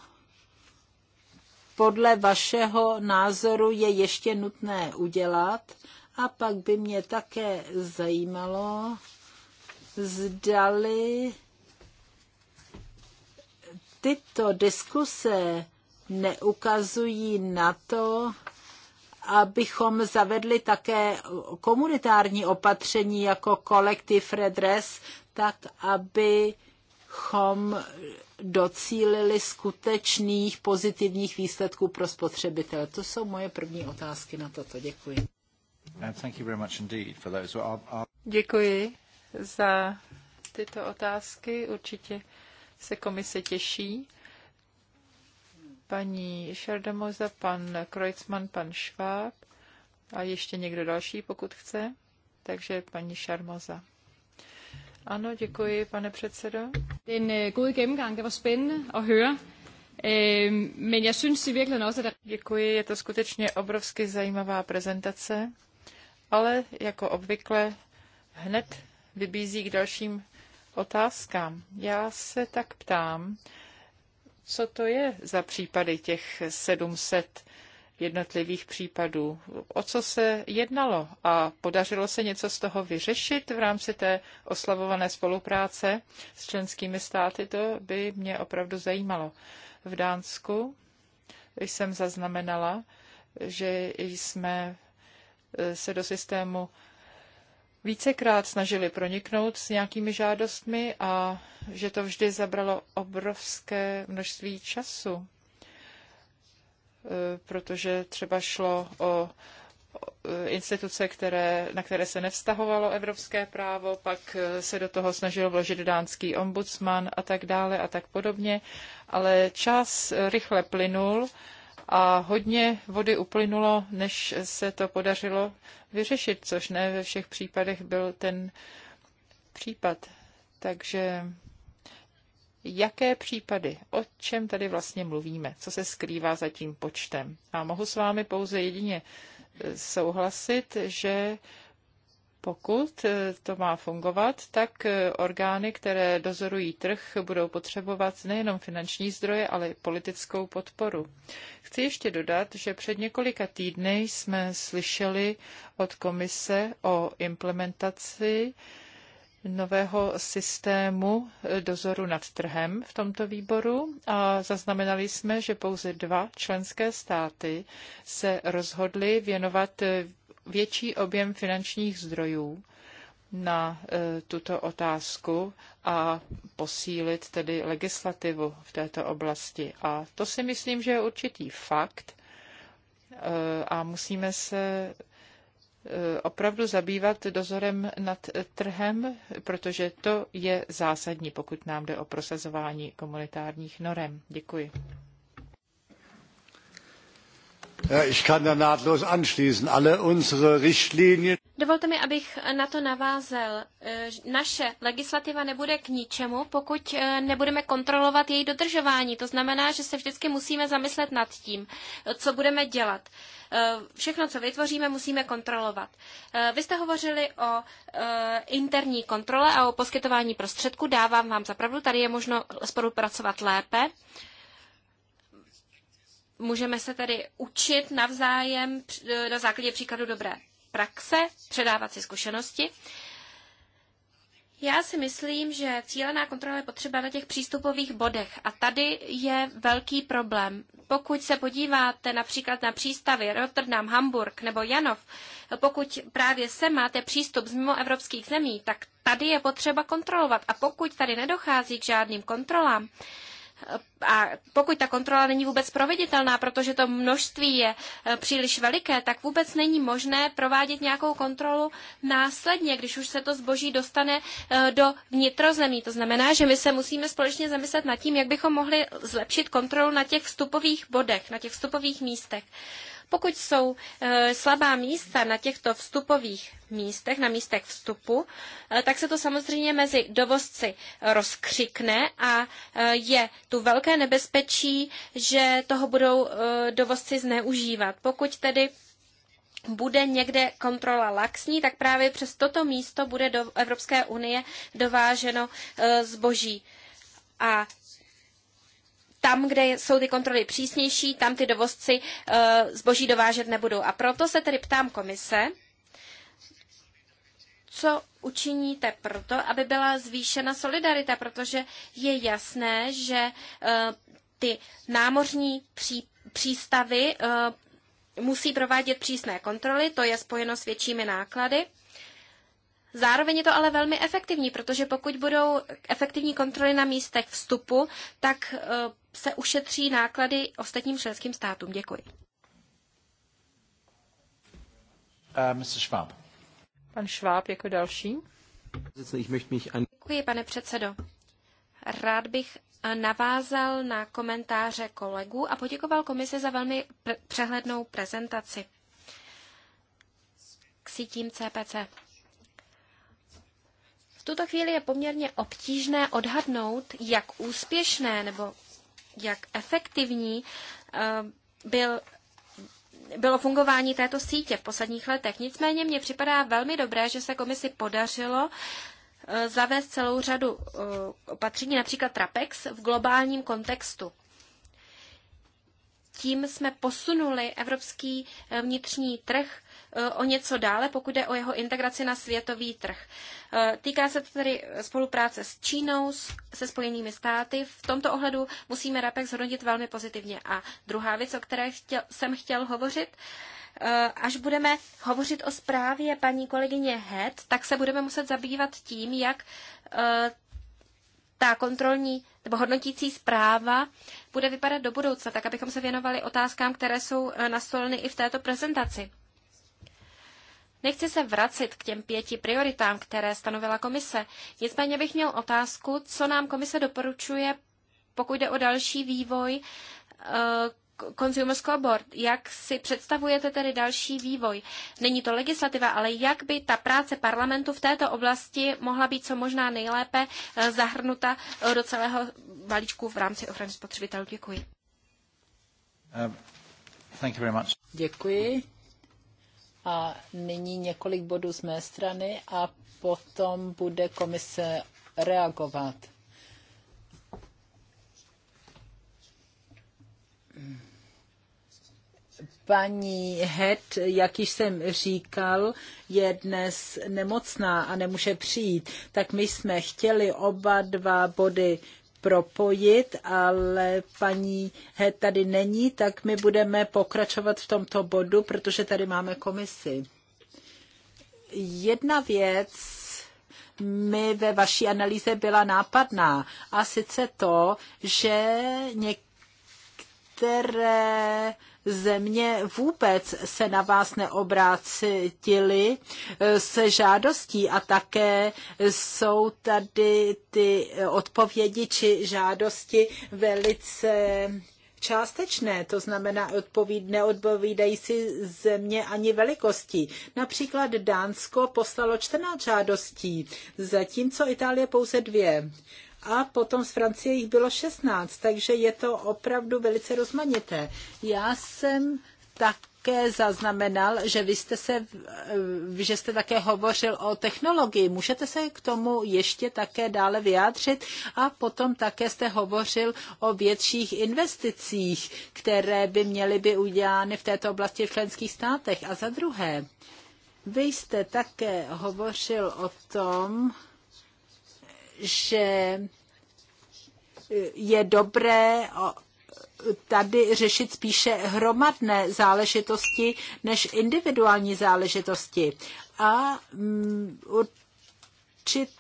podle vašeho názoru je ještě nutné udělat. A pak by mě také zajímalo, zdali tyto diskuse neukazují na to, abychom zavedli také komunitární opatření jako kolektiv redress, tak abychom docílili skutečných pozitivních výsledků pro spotřebitele. To jsou moje první otázky na toto. Děkuji. Uh, Děkuji za tyto otázky. Určitě se komise těší paní Šardamoza, pan Kreutzmann, pan Schwab a ještě někdo další, pokud chce. Takže paní Šarmoza. Ano, děkuji, pane předsedo. Den øh, god gennemgang, det var spændende at høre. Men jeg synes i virkeligheden også, at... Děkuji, je to skutečně obrovsky zajímavá prezentace, ale jako obvykle hned vybízí k dalším otázkám. Já se tak ptám, co to je za případy těch 700 jednotlivých případů. O co se jednalo a podařilo se něco z toho vyřešit v rámci té oslavované spolupráce s členskými státy, to by mě opravdu zajímalo. V Dánsku jsem zaznamenala, že jsme se do systému vícekrát snažili proniknout s nějakými žádostmi a že to vždy zabralo obrovské množství času, e, protože třeba šlo o instituce, které, na které se nevztahovalo evropské právo, pak e, se do toho snažil vložit dánský ombudsman a tak dále a tak podobně, ale čas rychle plynul a hodně vody uplynulo, než se to podařilo vyřešit, což ne ve všech případech byl ten případ. Takže jaké případy, o čem tady vlastně mluvíme, co se skrývá za tím počtem. A mohu s vámi pouze jedině souhlasit, že pokud eh, to má fungovat, tak eh, orgány, které dozorují trh, budou potřebovat nejenom finanční zdroje, ale i politickou podporu. Chci ještě dodat, že před několika týdny jsme slyšeli od komise o implementaci nového systému eh, dozoru nad trhem v tomto výboru a zaznamenali jsme, že pouze dva členské státy se rozhodly věnovat větší objem finančních zdrojů na e, tuto otázku a posílit tedy legislativu v této oblasti. A to si myslím, že je určitý fakt e, a musíme se e, opravdu zabývat dozorem nad trhem, protože to je zásadní, pokud nám jde o prosazování komunitárních norem. Děkuji. Dovolte mi, abych na to navázel. E, naše legislativa nebude k ničemu, pokud e, nebudeme kontrolovat její dodržování. To znamená, že se vždycky musíme zamyslet nad tím, co budeme dělat. E, všechno, co vytvoříme, musíme kontrolovat. Vy jste hovořili o interní kontrole a o poskytování prostředků. Dávám vám zapravdu, tady je možno spolupracovat lépe. Můžeme se tedy učit navzájem na základě příkladu dobré praxe, předávat si zkušenosti. Já si myslím, že cílená kontrola je potřeba na těch přístupových bodech a tady je velký problém. Pokud se podíváte například na přístavy Rotterdam, Hamburg nebo Janov, pokud právě se máte přístup z mimo evropských zemí, tak tady je potřeba kontrolovat. A pokud tady nedochází k žádným kontrolám, a pokud ta kontrola není vůbec proveditelná, protože to množství je eh, příliš veliké, tak vůbec není možné provádět nějakou kontrolu následně, když už se to zboží dostane eh, do vnitrozemí. To znamená, že my se musíme společně zamyslet nad tím, jak bychom mohli zlepšit kontrolu na těch vstupových bodech, na těch vstupových místech. Pokud jsou e, slabá místa na těchto vstupových místech, na místech vstupu, e, tak se to samozřejmě mezi dovozci rozkřikne a e, je tu velké nebezpečí, že toho budou dovozci zneužívat. Pokud tedy bude někde kontrola laxní, tak právě přes toto místo bude do Evropské unie dováženo zboží. A tam, kde jsou ty kontroly přísnější, tam ty dovozci eh, zboží dovážet nebudou. A proto se tedy ptám komise, co učiníte proto, aby byla zvýšena solidarita, protože je jasné, že eh, ty námořní pří, přístavy eh, musí provádět přísné kontroly, to je spojeno s většími náklady. Zároveň je to ale velmi efektivní, protože pokud budou efektivní kontroly na místech vstupu, tak se ušetří náklady ostatním členským státům. Děkuji. Uh, Mr. Schwab. Pan Schwab jako další. Děkuji, pane předsedo. Rád bych navázal na komentáře kolegů a poděkoval komisi za velmi pr- přehlednou prezentaci k sítím CPC. V tuto chvíli je poměrně obtížné odhadnout, jak úspěšné nebo jak efektivní eh, byl bylo fungování této sítě v posledních letech. Nicméně mně připadá velmi dobré, že se komisi podařilo eh, zavést celou řadu eh, opatření, například TRAPEX, v globálním kontextu. Tím jsme posunuli evropský vnitřní trh Eh, o něco dále, pokud jde o jeho integraci na světový trh. Eh, týká se to tedy spolupráce s Čínou, se spojenými státy. V tomto ohledu musíme RAPEX hodnotit velmi pozitivně. A druhá věc, o které chtěl, jsem chtěl hovořit, eh, až budeme hovořit o zprávě paní kolegyně Het, tak se budeme muset zabývat tím, jak ta kontrolní nebo hodnotící zpráva bude vypadat do budoucna, tak abychom se věnovali otázkám, které jsou nastoleny i v této prezentaci. Nechci se vracet k těm pěti prioritám, které stanovila komise. Nicméně bych měl otázku, co nám komise doporučuje, pokud jde o další vývoj eh, Consumer Scoreboard. Jak si představujete tedy další vývoj? Není to legislativa, ale jak by ta práce parlamentu v této oblasti mohla být co možná nejlépe eh, zahrnuta eh, do celého balíčku v rámci ochrany spotřebitelů? Děkuji. Um, thank you very much. Děkuji. A nyní několik bodů z mé strany a potom bude komise reagovat. Paní Het, jak již jsem říkal, je dnes nemocná a nemůže přijít, tak my jsme chtěli oba dva body propojit, ale paní He tady není, tak my budeme pokračovat v tomto bodu, protože tady máme komisi. Jedna věc mi ve vaší analýze byla nápadná, a sice to, že některé země vůbec se na vás neobrátili eh, se žádostí a také jsou tady ty odpovědi či žádosti velice částečné, to znamená odpovíd, neodpovídají si země ani velikostí. Například Dánsko poslalo 14 žádostí, zatímco Itálie pouze dvě a potom z Francie jich bylo 16, takže je to opravdu velice rozmanité. Já jsem tak také zaznamenal, že vy jste se, že jste také hovořil o technologii. Můžete se k tomu ještě také dále vyjádřit a potom také jste hovořil o větších investicích, které by měly by udělány v této oblasti v členských státech. A za druhé, vy jste také hovořil o tom, že je dobré tady řešit spíše hromadné záležitosti než individuální záležitosti. A mm, určitě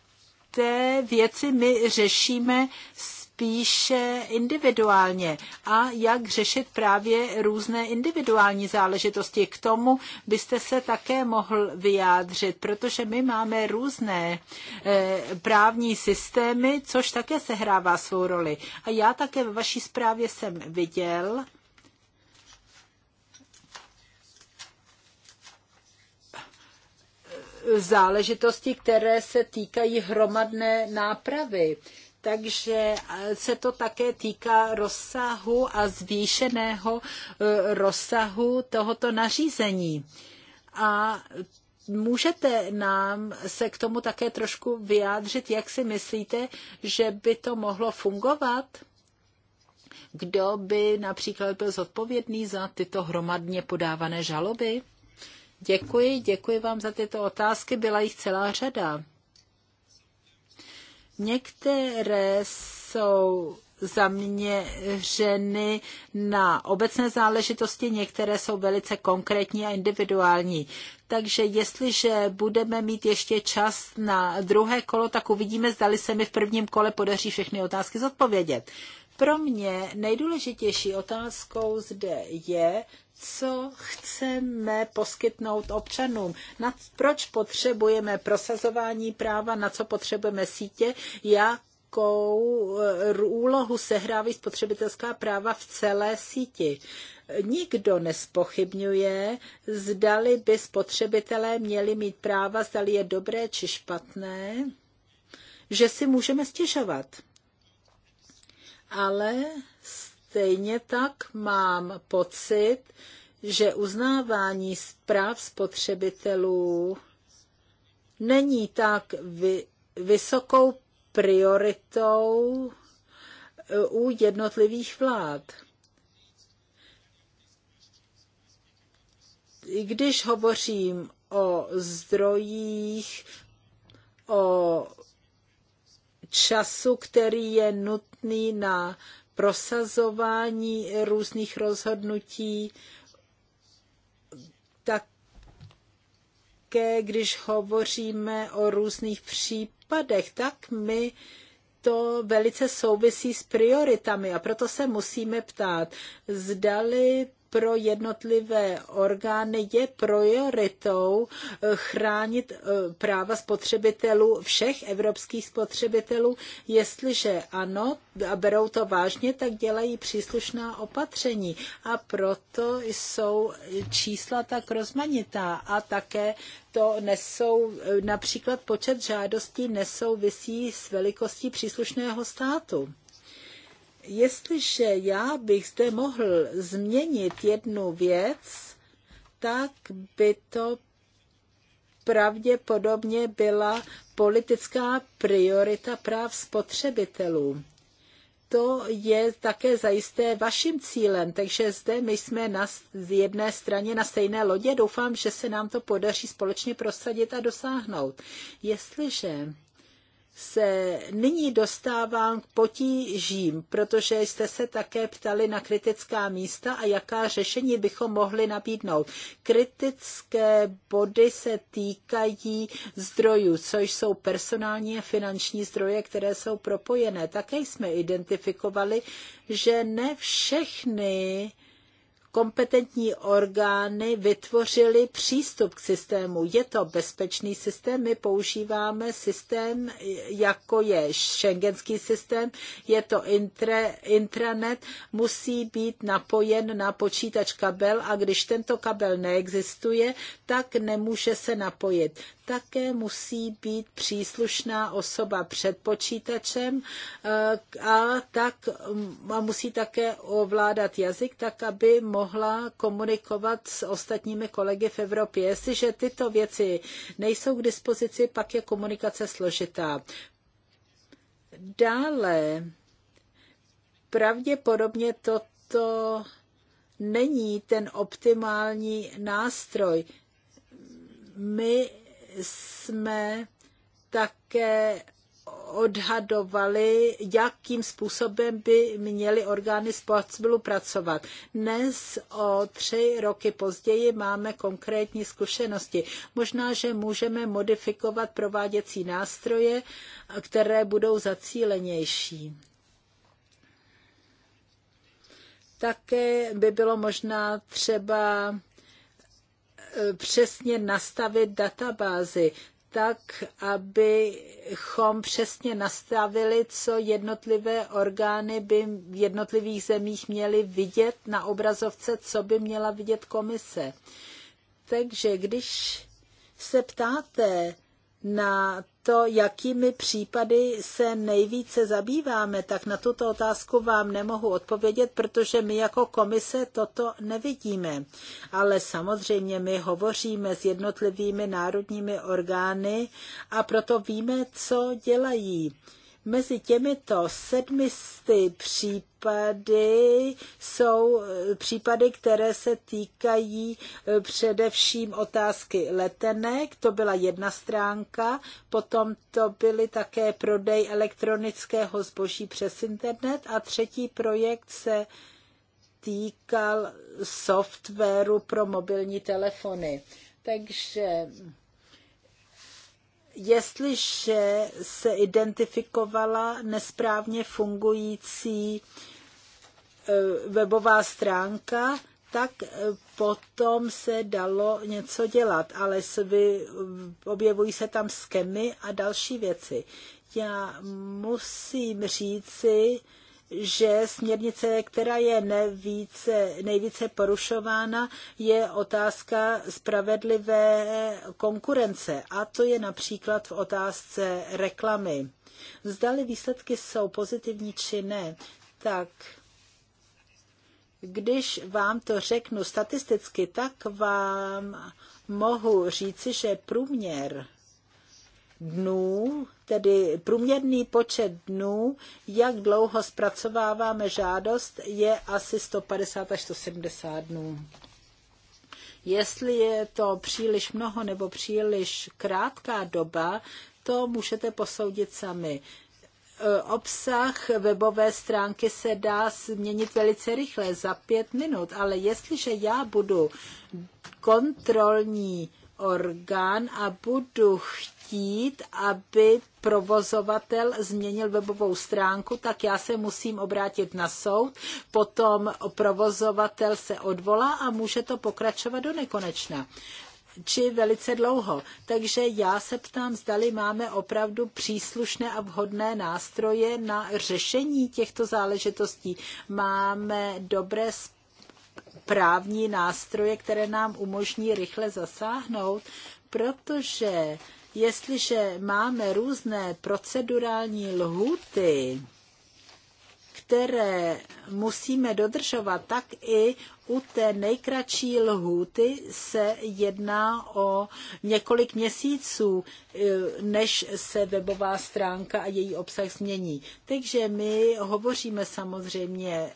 věci my řešíme s spíše individuálně a jak řešit právě různé individuální záležitosti. K tomu byste se také mohl vyjádřit, protože my máme různé eh, právní systémy, což také sehrává svou roli. A já také ve vaší zprávě jsem viděl, eh, záležitosti, které se týkají hromadné nápravy takže se to také týká rozsahu a zvýšeného e, rozsahu tohoto nařízení. A Můžete nám se k tomu také trošku vyjádřit, jak si myslíte, že by to mohlo fungovat? Kdo by například byl zodpovědný za tyto hromadně podávané žaloby? Děkuji, děkuji vám za tyto otázky, byla jich celá řada. Některé jsou zaměřeny na obecné záležitosti, některé jsou velice konkrétní a individuální. Takže jestliže budeme mít ještě čas na druhé kolo, tak uvidíme, zdali se mi v prvním kole podaří všechny otázky zodpovědět. Pro mě nejdůležitější otázkou zde je, co chceme poskytnout občanům, na, proč potřebujeme prosazování práva, na co potřebujeme sítě, jakou eh, úlohu sehrávají spotřebitelská práva v celé síti. Nikdo nespochybňuje, zdali by spotřebitelé měli mít práva, zdali je dobré či špatné, že si můžeme stěžovat. Ale s Stejně tak mám pocit, že uznávání zpráv spotřebitelů není tak vy, vysokou prioritou eh, u jednotlivých vlád. I když hovořím o zdrojích, o času, který je nutný na prosazování různých rozhodnutí, také když hovoříme o různých případech, tak my to velice souvisí s prioritami a proto se musíme ptát, zdali pro jednotlivé orgány je prioritou eh, chránit eh, práva spotřebitelů, všech evropských spotřebitelů. Jestliže ano a berou to vážně, tak dělají příslušná opatření. A proto jsou čísla tak rozmanitá a také to nesou, eh, například počet žádostí nesouvisí s velikostí příslušného státu. Jestliže já bych zde mohl změnit jednu věc, tak by to pravděpodobně byla politická priorita práv spotřebitelů. To je také zajisté vaším cílem, takže zde my jsme na z jedné straně na stejné lodě. Doufám, že se nám to podaří společně prosadit a dosáhnout. Jestliže se nyní dostávám k potížím, protože jste se také ptali na kritická místa a jaká řešení bychom mohli nabídnout. Kritické body se týkají zdrojů, což jsou personální a finanční zdroje, které jsou propojené. Také jsme identifikovali, že ne všechny kompetentní orgány vytvořily přístup k systému. Je to bezpečný systém, my používáme systém, jako je šengenský systém, je to intre, intranet, musí být napojen na počítač kabel a když tento kabel neexistuje, tak nemůže se napojit. Také musí být příslušná osoba před počítačem eh, a, tak, mm, a musí také ovládat jazyk, tak aby mohl mohla komunikovat s ostatními kolegy v Evropě. Jestliže tyto věci nejsou k dispozici, pak je komunikace složitá. Dále pravděpodobně toto není ten optimální nástroj. My jsme také odhadovali, jakým způsobem by měly orgány spolupracovat. Dnes o tři roky později máme konkrétní zkušenosti. Možná, že můžeme modifikovat prováděcí nástroje, které budou zacílenější. Také by bylo možná třeba eh, přesně nastavit databázy tak, abychom přesně nastavili, co jednotlivé orgány by v jednotlivých zemích měly vidět na obrazovce, co by měla vidět komise. Takže když se ptáte, na to, jakými případy se nejvíce zabýváme, tak na tuto otázku vám nemohu odpovědět, protože my jako komise toto nevidíme. Ale samozřejmě my hovoříme s jednotlivými národními orgány a proto víme, co dělají. Mezi těmito 700 případy jsou eh, případy, které se týkají eh, především otázky letenek, to byla jedna stránka, potom to byly také prodej elektronického zboží přes internet a třetí projekt se týkal softwaru pro mobilní telefony. Takže jestliže se identifikovala nesprávně fungující e, webová stránka, tak e, potom se dalo něco dělat, ale objevují se tam skemy a další věci. Já musím říci, že směrnice, která je nejvíce, nejvíce porušována, je otázka spravedlivé konkurence. A to je například v otázce reklamy. Zdali výsledky jsou pozitivní či ne, tak když vám to řeknu statisticky, tak vám mohu říci, že průměr dnů tedy průměrný počet dnů, jak dlouho zpracováváme žádost, je asi 150 až 170 dnů. Jestli je to příliš mnoho nebo příliš krátká doba, to můžete posoudit sami e, obsah webové stránky se dá změnit velice rychle, za pět minut, ale jestliže já budu kontrolní orgán a budu chtít, aby provozovatel změnil webovou stránku, tak já se musím obrátit na soud, potom provozovatel se odvolá a může to pokračovat do nekonečna či velice dlouho. Takže já se ptám, zdali máme opravdu příslušné a vhodné nástroje na řešení těchto záležitostí. Máme dobré právní nástroje, které nám umožní rychle zasáhnout, protože Jestliže máme různé procedurální lhuty, které musíme dodržovat, tak i u té nejkratší lhůty se jedná o několik měsíců, e, než se webová stránka a její obsah změní. Takže my hovoříme samozřejmě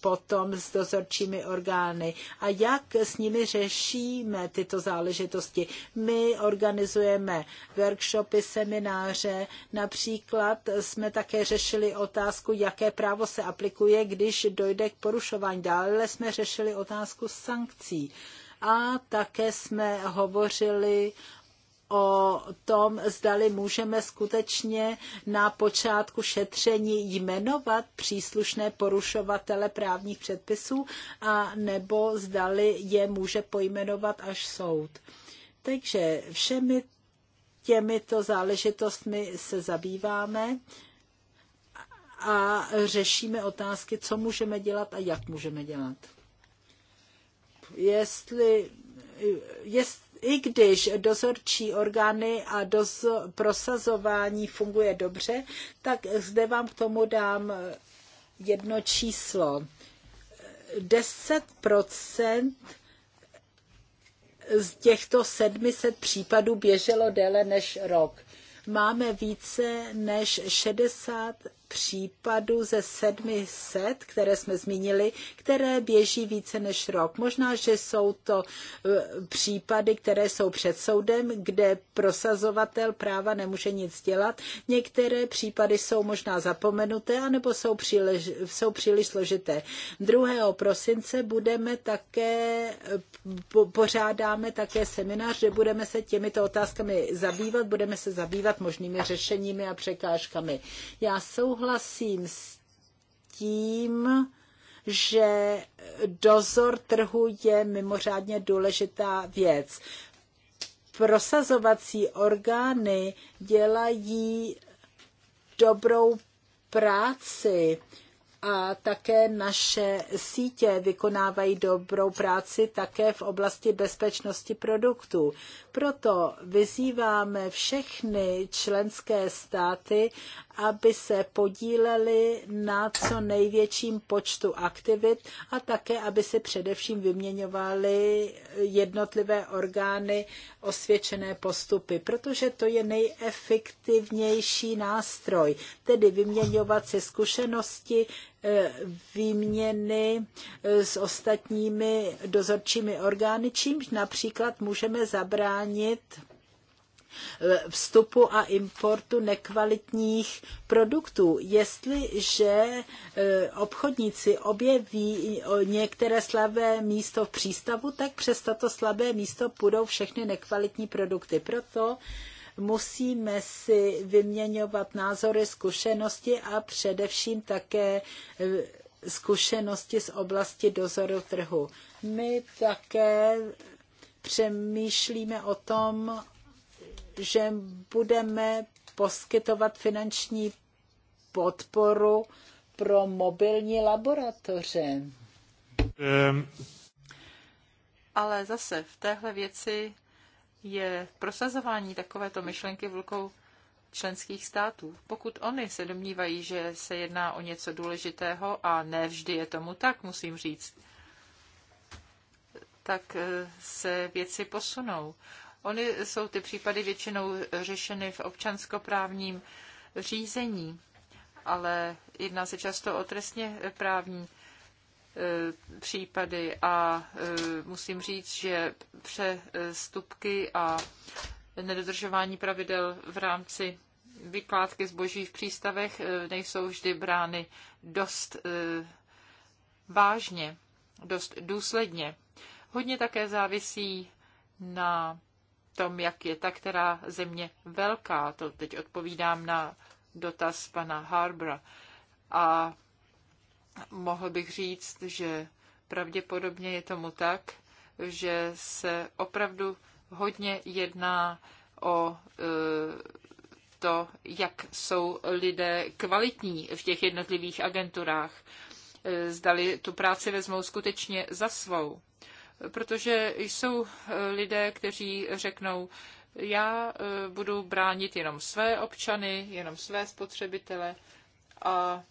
potom s dozorčími orgány a jak s nimi řešíme tyto záležitosti. My organizujeme workshopy, semináře, například jsme také řešili otázku, jaké právo se aplikuje, když dojde k porušování. Dále jsme řešili otázku sankcí a také jsme hovořili o tom, zdali můžeme skutečně na počátku šetření jmenovat příslušné porušovatele právních předpisů a nebo zdali je může pojmenovat až soud. Takže všemi těmito záležitostmi se zabýváme a řešíme otázky, co můžeme dělat a jak můžeme dělat. Jestli, jestli i když dozorčí orgány a doz, prosazování funguje dobře, tak zde vám k tomu dám eh, jedno číslo. 10 z těchto 700 případů běželo déle než rok. Máme více než 60 případů ze 700, které jsme zmínili, které běží více než rok. Možná, že jsou to e, případy, které jsou před soudem, kde prosazovatel práva nemůže nic dělat. Některé případy jsou možná zapomenuté, anebo jsou příliš, jsou příliš složité. 2. prosince budeme také, pořádáme také seminář, kde budeme se těmito otázkami zabývat, budeme se zabývat možnými řešeními a překážkami. Já souhlasím souhlasím s tím, že dozor trhu je mimořádně důležitá věc. Prosazovací orgány dělají dobrou práci a také naše sítě vykonávají dobrou práci také v oblasti bezpečnosti produktů. Proto vyzýváme všechny členské státy, aby se podíleli na co největším počtu aktivit a také, aby se především vyměňovaly jednotlivé orgány osvědčené postupy, protože to je nejefektivnější nástroj, tedy vyměňovat si zkušenosti, E, výměny e, s ostatními dozorčími orgány, čímž například můžeme zabránit e, vstupu a importu nekvalitních produktů. Jestliže obchodníci objeví některé slabé místo v přístavu, tak přes toto slabé místo půjdou všechny nekvalitní produkty. Proto Musíme si vyměňovat názory, zkušenosti a především také eh, zkušenosti z oblasti dozoru trhu. My také přemýšlíme o tom, že budeme poskytovat finanční podporu pro mobilní laboratoře. Um. Ale zase v téhle věci je prosazování takovéto myšlenky v členských států. Pokud oni se domnívají, že se jedná o něco důležitého, a ne vždy je tomu tak, musím říct, tak eh, se věci posunou. Ony jsou ty případy většinou řešeny v občanskoprávním řízení, ale jedná se často o trestně právní Eh, případy a eh, musím říct, že přestupky a nedodržování pravidel v rámci vykládky zboží v přístavech eh, nejsou vždy brány dost vážně, dost důsledně. Hodně také závisí na tom, jak je ta která země velká. To teď odpovídám na dotaz pana Harbra. A mohl bych říct, že pravděpodobně je tomu tak, že se opravdu hodně jedná o e, to, jak jsou lidé kvalitní v těch jednotlivých agenturách. E, zdali tu práci vezmou skutečně za svou. Protože jsou e, lidé, kteří řeknou, já budu bránit jenom své občany, jenom své spotřebitele a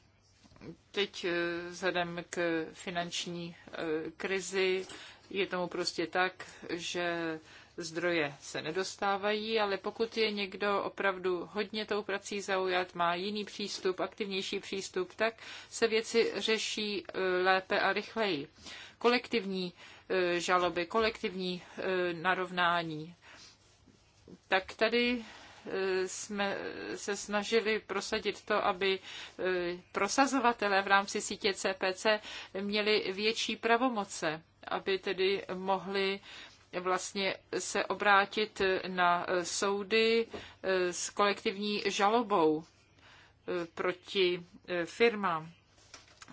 Teď eh, vzhledem k finanční eh, krizi je tomu prostě tak, že zdroje se nedostávají, ale pokud je někdo opravdu hodně tou prací zaujat, má jiný přístup, aktivnější přístup, tak se věci řeší eh, lépe a rychleji. Kolektivní žaloby, kolektivní narovnání. Tak tady jsme se snažili prosadit to, aby e, prosazovatelé v rámci sítě CPC měli větší pravomoce, aby tedy mohli vlastně se obrátit na soudy e, s kolektivní žalobou e, proti firmám.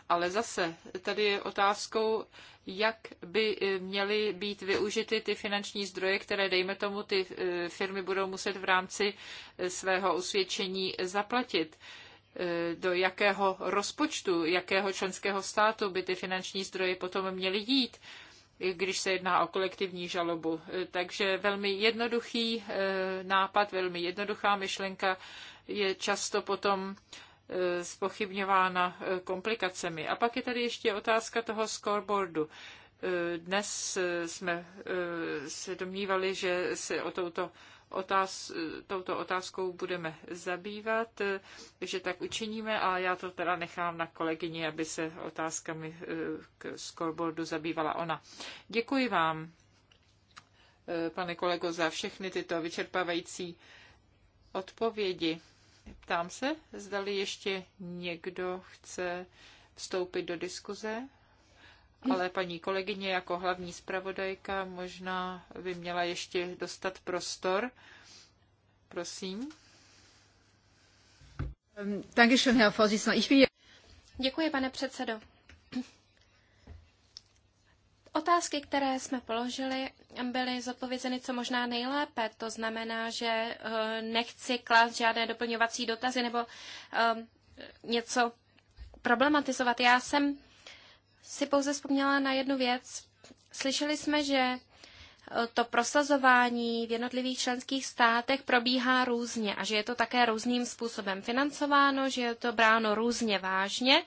Ale zase tady je otázkou, jak by e, měly být využity ty finanční zdroje, které, dejme tomu, ty e, firmy budou muset v rámci e, svého osvědčení zaplatit do jakého rozpočtu, jakého členského státu by ty finanční zdroje potom měly jít, když se jedná o kolektivní žalobu. Takže velmi jednoduchý nápad, velmi jednoduchá myšlenka je často potom E, spochybňována e, komplikacemi. A pak je tady ještě otázka toho scoreboardu. E, dnes jsme se domnívali, že se o touto otáz, touto otázkou budeme zabývat, že tak učiníme a já to teda nechám na kolegyni, aby se otázkami k scoreboardu zabývala ona. Děkuji vám, pane kolego, za všechny tyto vyčerpávající odpovědi. Ptám se, zdali ještě někdo chce vstoupit do diskuze, ale paní kolegyně jako hlavní zpravodajka možná by měla ještě dostat prostor. Prosím. Děkuji, pane předsedo. Otázky, které jsme položili, byly zodpovězeny co možná nejlépe. To znamená, že eh, nechci klást žádné doplňovací dotazy nebo eh, něco problematizovat. Já jsem si pouze vzpomněla na jednu věc. Slyšeli jsme, že eh, to prosazování v jednotlivých členských státech probíhá různě a že je to také různým způsobem financováno, že je to bráno různě vážně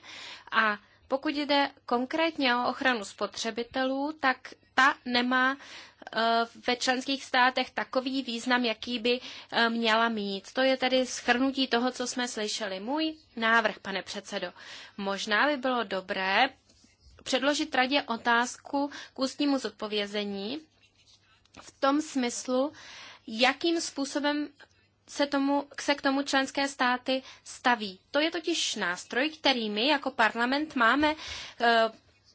a pokud jde konkrétně o ochranu spotřebitelů, tak ta nemá eh, ve členských státech takový význam, jaký by eh, měla mít. To je tedy schrnutí toho, co jsme slyšeli. Můj návrh, pane předsedo. Možná by bylo dobré předložit radě otázku k ústnímu zodpovězení v tom smyslu, jakým způsobem se, tomu, se k tomu členské státy staví. To je totiž nástroj, který my jako parlament máme eh,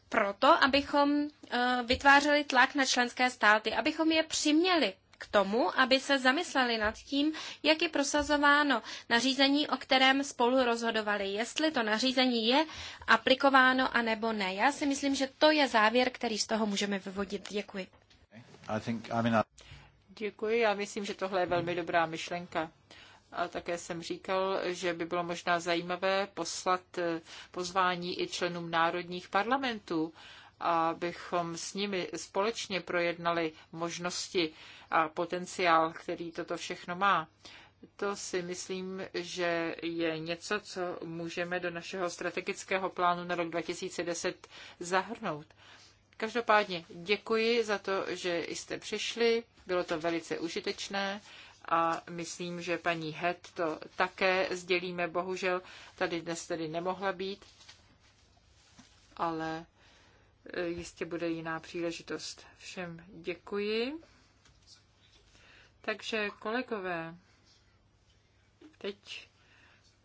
proto, abychom eh, vytvářeli tlak na členské státy, abychom je přiměli k tomu, aby se zamysleli nad tím, jak je prosazováno nařízení, o kterém spolu rozhodovali, jestli to nařízení je aplikováno a nebo ne. Já si myslím, že to je závěr, který z toho můžeme vyvodit. Děkuji. I think, I mean, I... Děkuji, já myslím, že tohle je velmi dobrá myšlenka. A také jsem říkal, že by bylo možná zajímavé poslat eh, pozvání i členům národních parlamentů, abychom s nimi společně projednali možnosti a potenciál, který toto všechno má. To si myslím, že je něco, co můžeme do našeho strategického plánu na rok 2010 zahrnout. Každopádně děkuji za to, že jste přišli, bylo to velice užitečné a myslím, že paní Het to také sdělíme. Bohužel tady dnes tedy nemohla být, ale e, jistě bude jiná příležitost. Všem děkuji. Takže kolegové, teď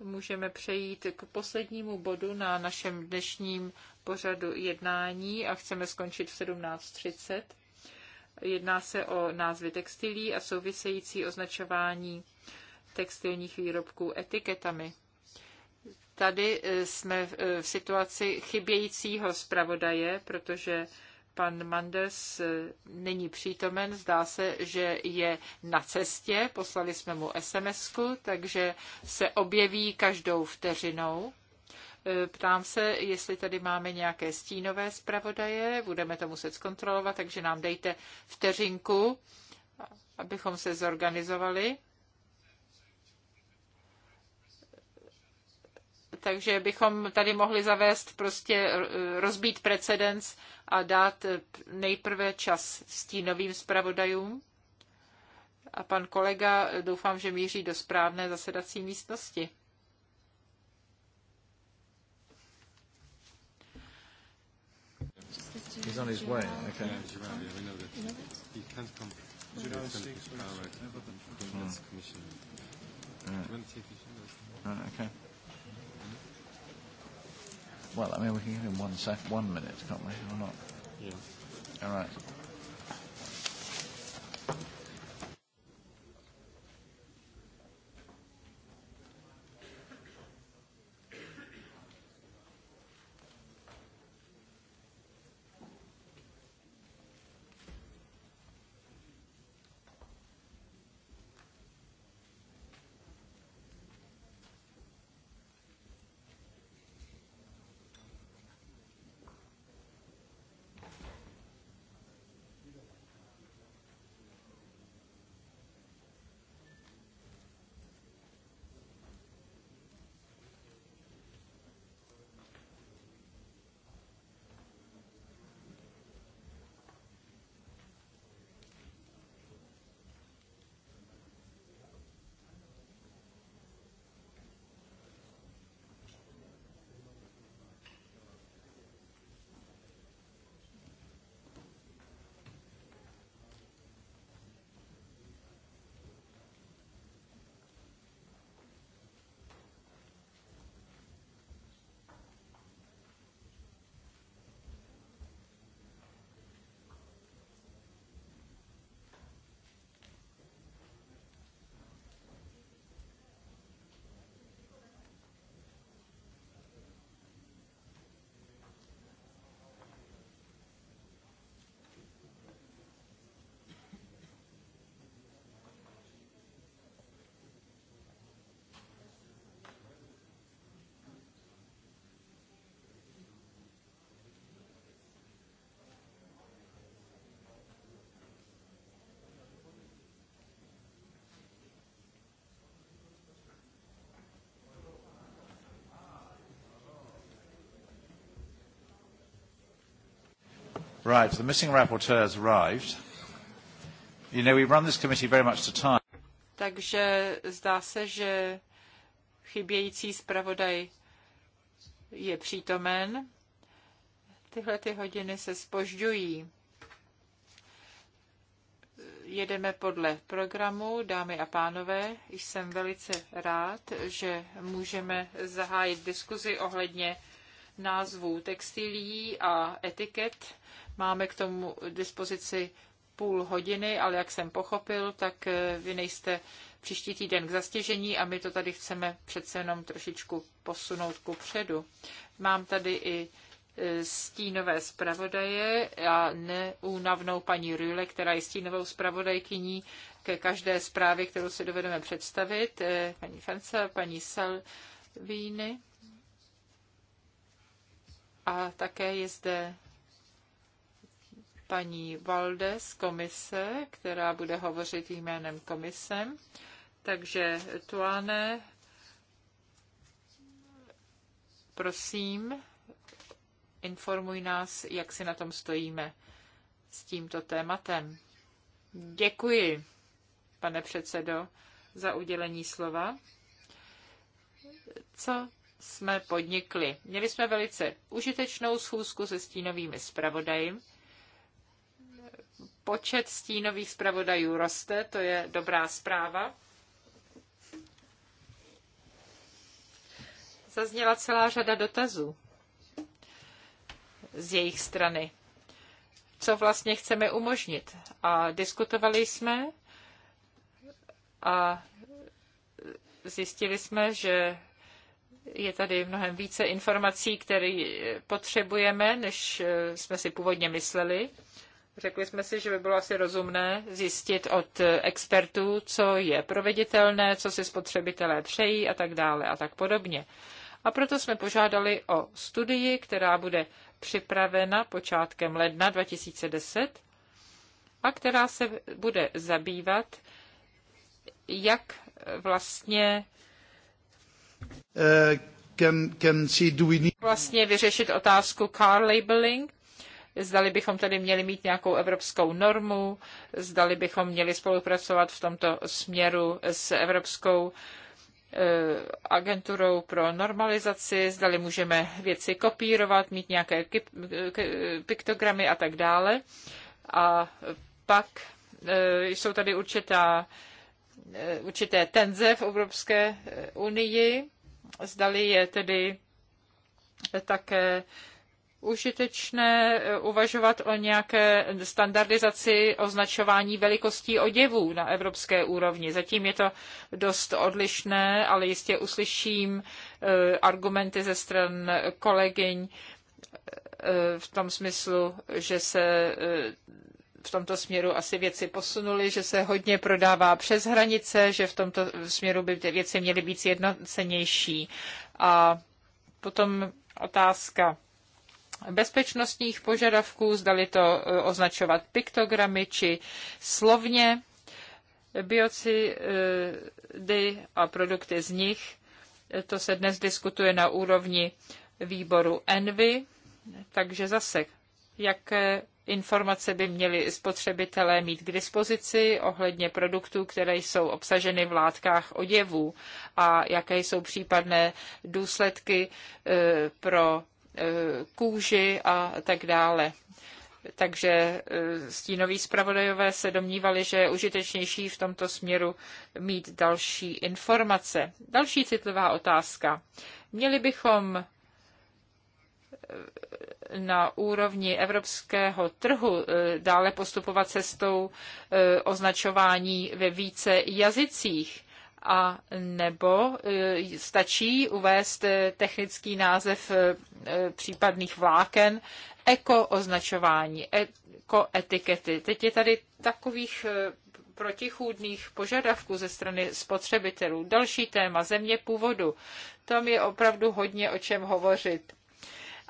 můžeme přejít k poslednímu bodu na našem dnešním pořadu jednání a chceme skončit v 17.30. Jedná se o názvy textilí a související označování textilních výrobků etiketami. Tady eh, jsme eh, v situaci chybějícího zpravodaje, protože Pan Manders eh, není přítomen, zdá se, že je na cestě, poslali jsme mu sms takže se objeví každou vteřinou. Eh, ptám se, jestli tady máme nějaké stínové zpravodaje, budeme to muset zkontrolovat, takže nám dejte vteřinku, abychom se zorganizovali. takže bychom tady mohli zavést prostě eh, rozbít precedens a dát eh, nejprve čas stínovým zpravodajům. A pan kolega, eh, doufám, že míří do správné zasedací místnosti. He's on his way. Okay. Hmm. Okay. Well, I mean, we can give him one sec, one minute, can't we, or not? Yeah. All right. Right, the missing rapporteur has arrived. You know, we run this committee very much to time. Takže zdá se, že chybějící zpravodaj je přítomen. Tyhle ty hodiny se spožďují. Jedeme podle programu, dámy a pánové. Jsem velice rád, že můžeme zahájit diskuzi ohledně názvů textilií a etiket. Máme k tomu dispozici půl hodiny, ale jak jsem pochopil, tak eh, vy nejste příští týden k zastěžení a my to tady chceme přece jenom trošičku posunout ku předu. Mám tady i eh, stínové zpravodaje a neúnavnou paní Rüle, která je stínovou zpravodajkyní ke každé zprávě, kterou si dovedeme představit, eh, paní Fence, paní Salvini a také je zde paní Valde z komise, která bude hovořit jménem komisem. Takže Tuane, prosím, informuj nás, jak si na tom stojíme s tímto tématem. Děkuji, pane předsedo, za udělení slova. Co jsme podnikli. Měli jsme velice užitečnou schůzku se stínovými zpravodaji. Počet stínových zpravodajů roste, to je dobrá zpráva. Zazněla celá řada dotazů z jejich strany, co vlastně chceme umožnit. A diskutovali jsme a zjistili jsme, že je tady mnohem více informací, které potřebujeme, než eh, jsme si původně mysleli. Řekli jsme si, že by bylo asi rozumné zjistit od eh, expertů, co je proveditelné, co si spotřebitelé přejí a tak dále a tak podobně. A proto jsme požádali o studii, která bude připravena počátkem ledna 2010 a která se bude zabývat, jak vlastně Can, can see, do we need... Vlastně vyřešit otázku car labeling, zdali bychom tady měli mít nějakou evropskou normu, zdali bychom měli spolupracovat v tomto směru s Evropskou eh, agenturou pro normalizaci, zdali můžeme věci kopírovat, mít nějaké piktogramy a tak dále. A pak eh, jsou tady určitá Eh, určité tenze v Evropské eh, unii. Zdali je tedy také užitečné eh, uvažovat o nějaké standardizaci označování velikostí oděvů na evropské úrovni. Zatím je to dost odlišné, ale jistě uslyším argumenty ze stran kolegyň v tom smyslu, že se v tomto směru asi věci posunuly, že se hodně prodává přes hranice, že v tomto směru by ty věci měly být jednocenější. A potom otázka bezpečnostních požadavků, zdali to e, označovat piktogramy či slovně, biocidy a produkty z nich. E, to se dnes diskutuje na úrovni výboru ENVY, takže zase, jaké Informace by měli spotřebitelé mít k dispozici ohledně produktů, které jsou obsaženy v látkách oděvů a jaké jsou případné důsledky e, pro e, kůži a tak dále. Takže e, stínoví zpravodajové se domnívali, že je užitečnější v tomto směru mít další informace. Další citlivá otázka. Měli bychom na úrovni evropského trhu eh, dále postupovat cestou eh, označování ve více jazycích a nebo eh, stačí uvést technický název případných vláken ekooznačování, ekoetikety. Teď je tady takových protichůdných požadavků ze strany spotřebitelů. Další téma, země původu. Tam je opravdu hodně o čem hovořit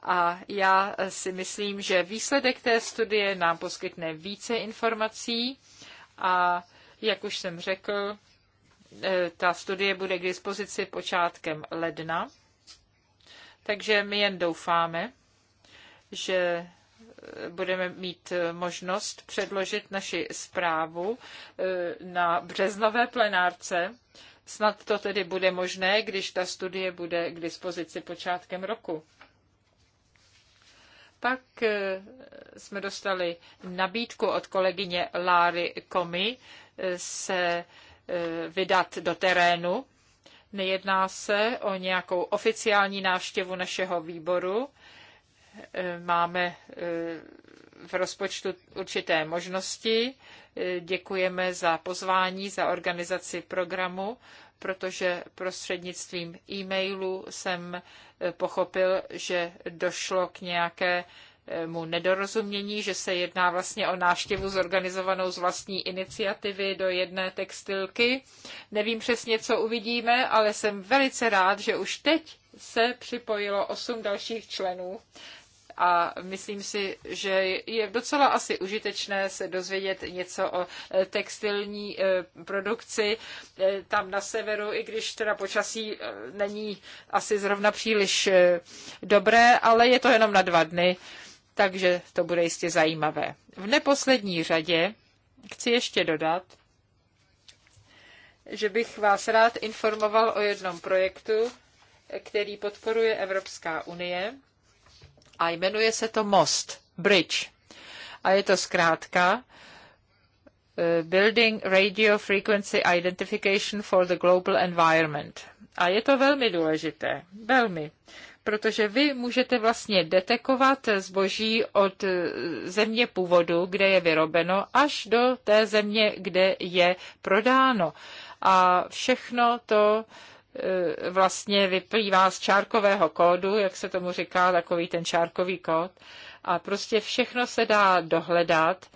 a já si myslím, že výsledek té studie nám poskytne více informací a jak už jsem řekl, eh, ta studie bude k dispozici počátkem ledna, takže my jen doufáme, že eh, budeme mít možnost předložit naši zprávu eh, na březnové plenárce. Snad to tedy bude možné, když ta studie bude k dispozici počátkem roku. Pak eh, jsme dostali nabídku od kolegyně Láry Komy eh, se eh, vydat do terénu. Nejedná se o nějakou oficiální návštěvu našeho výboru, Eh, máme eh, v rozpočtu určité možnosti. Eh, děkujeme za pozvání, za organizaci programu, protože prostřednictvím e-mailu jsem pochopil, že došlo k nějaké mu nedorozumění, že se jedná vlastně o náštěvu zorganizovanou z vlastní iniciativy do jedné textilky. Nevím přesně, co uvidíme, ale jsem velice rád, že už teď se připojilo osm dalších členů a myslím si, že je docela asi užitečné se dozvědět něco o eh, textilní eh, produkci eh, tam na severu, i když teda počasí není asi zrovna příliš dobré, ale je to jenom na dva dny, takže to bude jistě zajímavé. V neposlední řadě chci ještě dodat, že bych vás rád informoval o jednom projektu, který podporuje Evropská unie a jmenuje se to most, bridge. A je to zkrátka eh, Building Radio Frequency Identification for the Global Environment. A je to velmi důležité, velmi, protože vy můžete vlastně detekovat zboží od eh, země původu, kde je vyrobeno, až do té země, kde je prodáno. A všechno to E, vlastně vyplývá z čárkového kódu, jak se tomu říká, takový ten čárkový kód. A prostě všechno se dá dohledat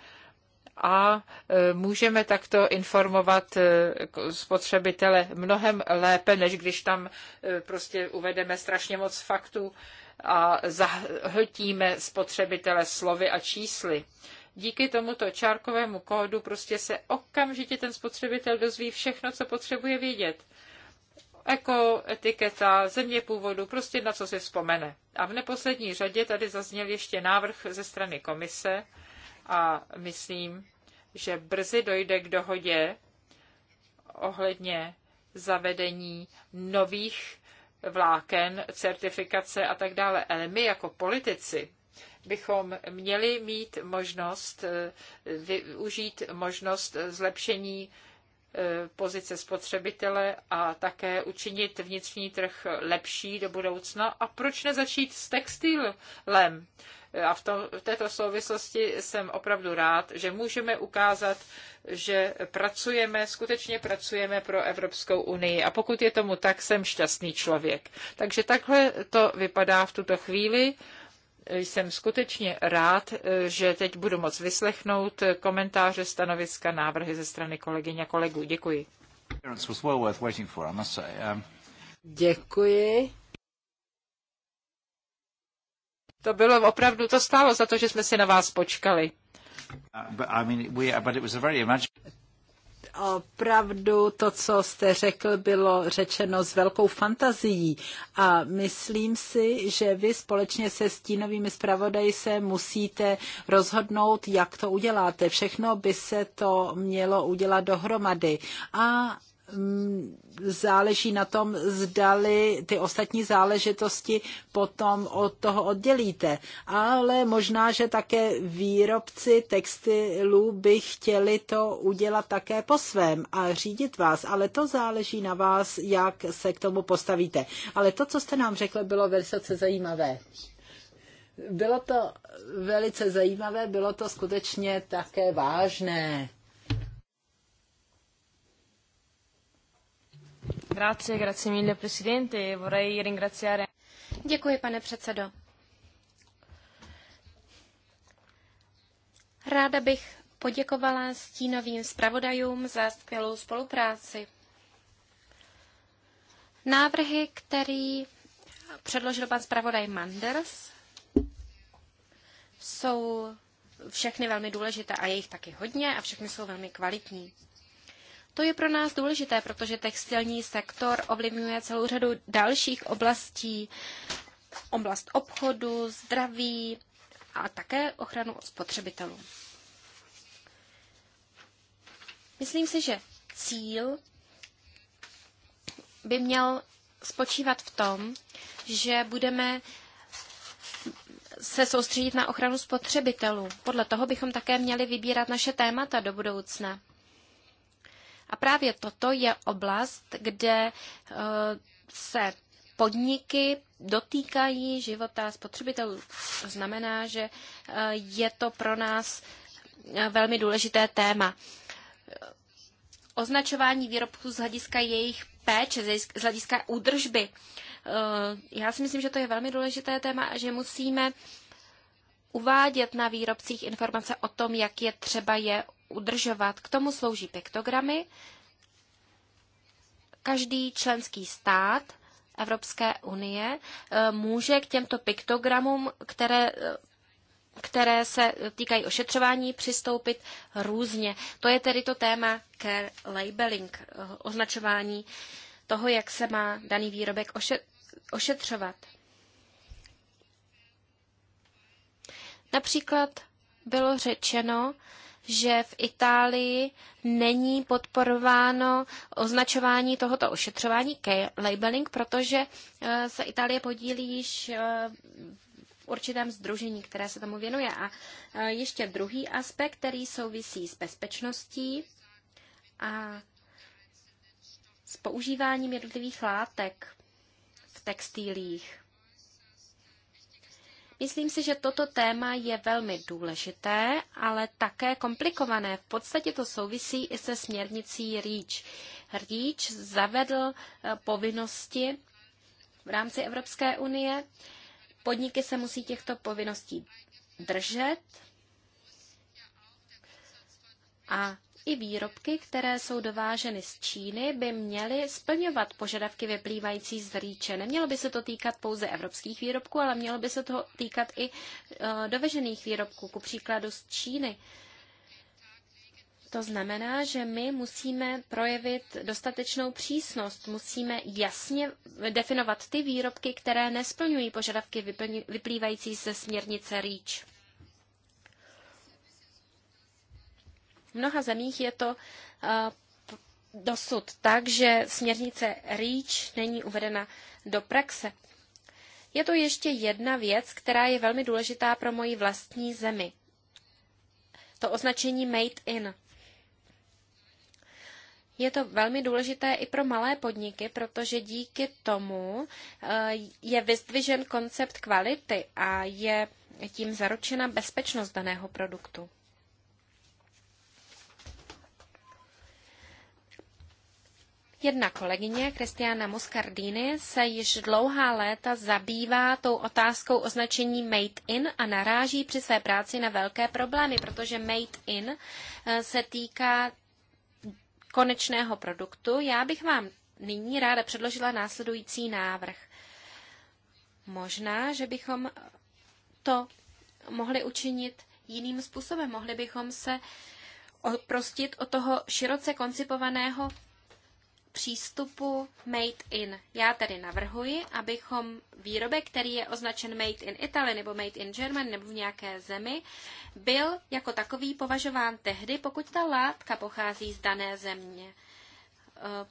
a e, můžeme takto informovat e, spotřebitele mnohem lépe, než když tam prostě uvedeme strašně moc faktů a zahltíme spotřebitele slovy a čísly díky tomuto čárkovému kódu prostě se okamžitě ten spotřebitel dozví všechno, co potřebuje vědět. Eko etiketa země původu, prostě na co si vzpomene. A v neposlední řadě tady zazněl ještě návrh ze strany komise a myslím, že brzy dojde k dohodě ohledně zavedení nových vláken, certifikace a tak dále. Ale my jako politici bychom měli mít možnost eh, využít možnost zlepšení E, pozice spotřebitele a také učinit vnitřní trh lepší do budoucna. A proč nezačít s textilem? E, a v, tom, v této souvislosti jsem opravdu rád, že můžeme ukázat, že pracujeme, skutečně pracujeme pro Evropskou unii. A pokud je tomu tak, jsem šťastný člověk. Takže takhle to vypadá v tuto chvíli jsem skutečně rád, eh, že teď budu moc vyslechnout eh, komentáře, stanoviska, návrhy ze strany kolegyň a kolegů. Děkuji. Um, Děkuji. To bylo opravdu, to stálo za to, že jsme si na vás počkali. Uh, opravdu to, co jste řekl, bylo řečeno s velkou fantazií a myslím si, že vy společně se stínovými zpravodaji se musíte rozhodnout, jak to uděláte. Všechno by se to mělo udělat dohromady. A Mm, záleží na tom, zdali ty ostatní záležitosti potom od toho oddělíte. Ale možná, že také výrobci textilů by chtěli to udělat také po svém a řídit vás, ale to záleží na vás, jak se k tomu postavíte. Ale to, co jste nám řekl, bylo velice zajímavé. Bylo to velice zajímavé, bylo to skutečně také vážné. Grazie, grazie mille, presidente. Vorrei ringraziare... Děkuji, pane předsedo. Ráda bych poděkovala stínovým zpravodajům za skvělou spolupráci. Návrhy, který předložil pan zpravodaj Manders, jsou všechny velmi důležité a je jich taky hodně a všechny jsou velmi kvalitní. To je pro nás důležité, protože textilní sektor ovlivňuje celou řadu dalších oblastí, oblast obchodu, zdraví a také ochranu spotřebitelů. Myslím si, že cíl by měl spočívat v tom, že budeme se soustředit na ochranu spotřebitelů. Podle toho bychom také měli vybírat naše témata do budoucna. A právě toto je oblast, kde eh, se podniky dotýkají života spotřebitelů. To znamená, že eh, je to pro nás eh, velmi důležité téma. Označování výrobků z hlediska jejich péče, z hlediska údržby. Já si myslím, že to je velmi důležité téma a že musíme uvádět na výrobcích informace o tom, jak je třeba je udržovat. K tomu slouží piktogramy. Každý členský stát Evropské unie e, může k těmto piktogramům, které e, které se týkají ošetřování, přistoupit různě. To je tedy to téma care labeling, e, označování toho, jak se má daný výrobek ošetřovat. Například bylo řečeno, že v Itálii není podporováno označování tohoto ošetřování K-labeling, protože eh, se Itálie podílí již eh, v určitém združení, které se tomu věnuje. A eh, ještě druhý aspekt, který souvisí s bezpečností a s používáním jednotlivých látek v textilích. Myslím si, že toto téma je velmi důležité, ale také komplikované. V podstatě to souvisí i se směrnicí REACH. REACH zavedl eh, povinnosti v rámci Evropské unie. Podniky se musí těchto povinností držet a i výrobky, které jsou dováženy z Číny, by měly splňovat požadavky vyplývající z rýče. Nemělo by se to týkat pouze evropských výrobků, ale mělo by se to týkat i e, dovežených výrobků, ku příkladu z Číny. To znamená, že my musíme projevit dostatečnou přísnost, musíme jasně definovat ty výrobky, které nesplňují požadavky vyplývající ze směrnice REACH. V mnoha zemích je to eh, dosud tak, že směrnice REACH není uvedena do praxe. Je to ještě jedna věc, která je velmi důležitá pro moji vlastní zemi. To označení Made in. Je to velmi důležité i pro malé podniky, protože díky tomu eh, je vyzdvižen koncept kvality a je tím zaručena bezpečnost daného produktu. Jedna kolegyně, Kristiana Muscardini, se již dlouhá léta zabývá tou otázkou označení Made in a naráží při své práci na velké problémy, protože Made in eh, se týká konečného produktu. Já bych vám nyní ráda předložila následující návrh. Možná, že bychom to mohli učinit jiným způsobem. Mohli bychom se oprostit od toho široce koncipovaného přístupu Made in. Já tedy navrhuji, abychom výrobek, který je označen Made in Italy nebo Made in German nebo v nějaké zemi, byl jako takový považován tehdy, pokud ta látka pochází z dané země. Eh,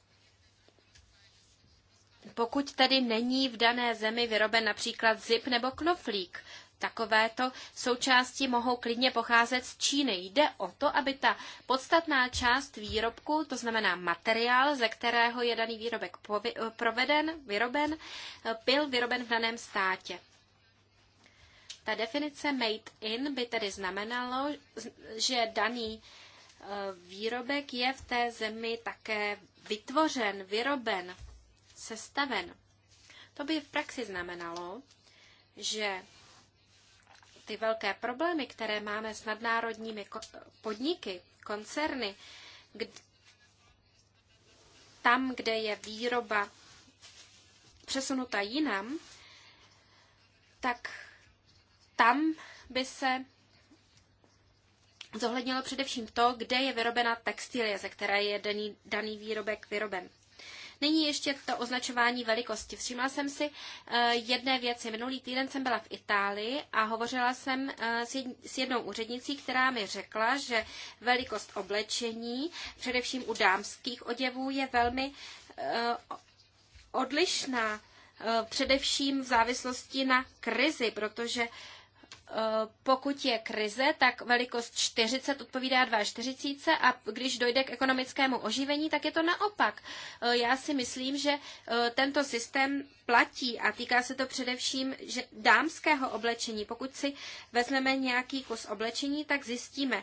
pokud tedy není v dané zemi vyroben například zip nebo knoflík, takovéto součásti mohou klidně pocházet z Číny. Jde o to, aby ta podstatná část výrobku, to znamená materiál, ze kterého je daný výrobek proveden, vyroben, byl vyroben v daném státě. Ta definice made in by tedy znamenalo, že daný e, výrobek je v té zemi také vytvořen, vyroben, sestaven. To by v praxi znamenalo, že ty velké problémy, které máme s nadnárodními podniky, koncerny, tam, kde je výroba přesunuta jinam, tak tam by se zohlednilo především to, kde je vyrobena textilie, ze které je daný, daný výrobek vyroben. Nyní ještě to označování velikosti. Všimla jsem si eh, jedné věci. Minulý týden jsem byla v Itálii a hovořila jsem eh, s jednou úřednicí, která mi řekla, že velikost oblečení, především u dámských oděvů, je velmi eh, odlišná, především v závislosti na krizi, protože Eh, pokud je krize, tak velikost 40 odpovídá 2,40 a když dojde k ekonomickému oživení, tak je to naopak. Eh, já si myslím, že eh, tento systém platí a týká se to především že dámského oblečení. Pokud si vezmeme nějaký kus oblečení, tak zjistíme,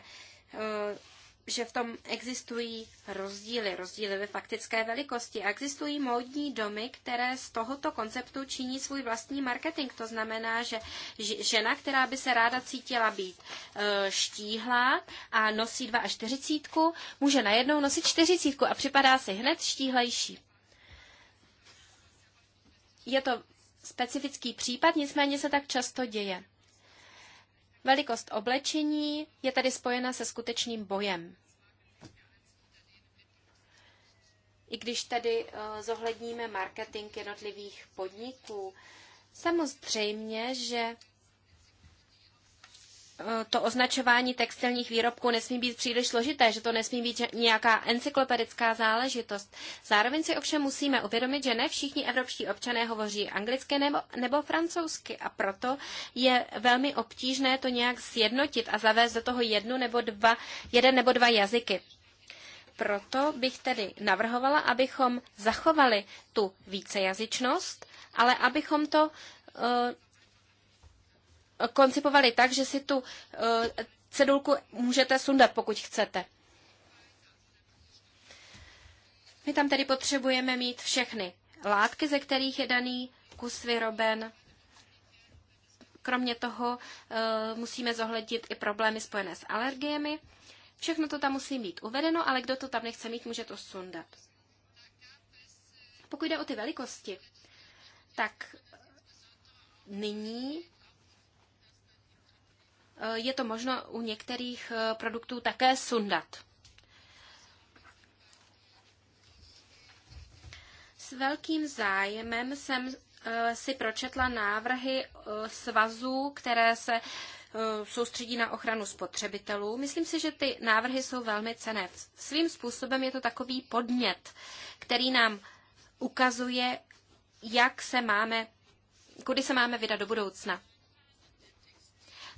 že v tom existují rozdíly, rozdíly ve faktické velikosti. Existují módní domy, které z tohoto konceptu činí svůj vlastní marketing. To znamená, že žena, která by se ráda cítila být e, štíhlá a nosí dva a čtyřicítku, může najednou nosit čtyřicítku a připadá si hned štíhlejší. Je to specifický případ, nicméně se tak často děje. Velikost oblečení je tedy spojena se skutečným bojem. I když tedy eh, zohledníme marketing jednotlivých podniků, samozřejmě, že to označování textilních výrobků nesmí být příliš složité, že to nesmí být nějaká encyklopedická záležitost. Zároveň si ovšem musíme uvědomit, že ne všichni evropští občané hovoří anglicky nebo, nebo francouzsky a proto je velmi obtížné to nějak sjednotit a zavést do toho jednu nebo dva, jeden nebo dva jazyky. Proto bych tedy navrhovala, abychom zachovali tu vícejazyčnost, ale abychom to uh, koncipovali tak, že si tu eh, cedulku můžete sundat, pokud chcete. My tam tedy potřebujeme mít všechny látky, ze kterých je daný kus vyroben. Kromě toho eh, musíme zohlednit i problémy spojené s alergiemi. Všechno to tam musí být uvedeno, ale kdo to tam nechce mít, může to sundat. Pokud jde o ty velikosti, tak nyní Eh, je to možno u některých eh, produktů také sundat. S velkým zájemem jsem eh, si pročetla návrhy svazů, které se soustředí na ochranu spotřebitelů. Myslím si, že ty návrhy jsou velmi cené. Svým způsobem je to takový podnět, který nám ukazuje, jak se máme, kudy se máme vydat do budoucna.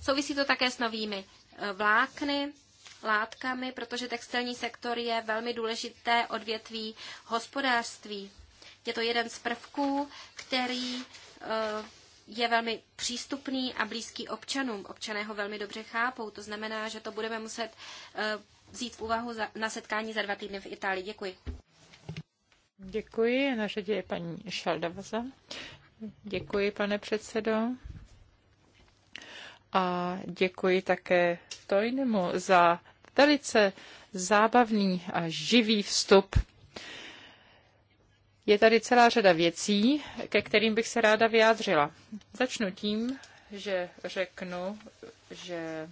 Souvisí to také s novými e, vlákny, látkami, protože textilní sektor je velmi důležité odvětví hospodářství. Je to jeden z prvků, který e, je velmi přístupný a blízký občanům. Občané ho velmi dobře chápou. To znamená, že to budeme muset e, vzít v úvahu na setkání za dva týdny v Itálii. Děkuji. Děkuji. Na řadě je paní Šaldavaza. Děkuji, pane předsedo a děkuji také Tojnemu za velice zábavný a živý vstup. Je tady celá řada věcí, ke kterým bych se ráda vyjádřila. Začnu tím, že řeknu, že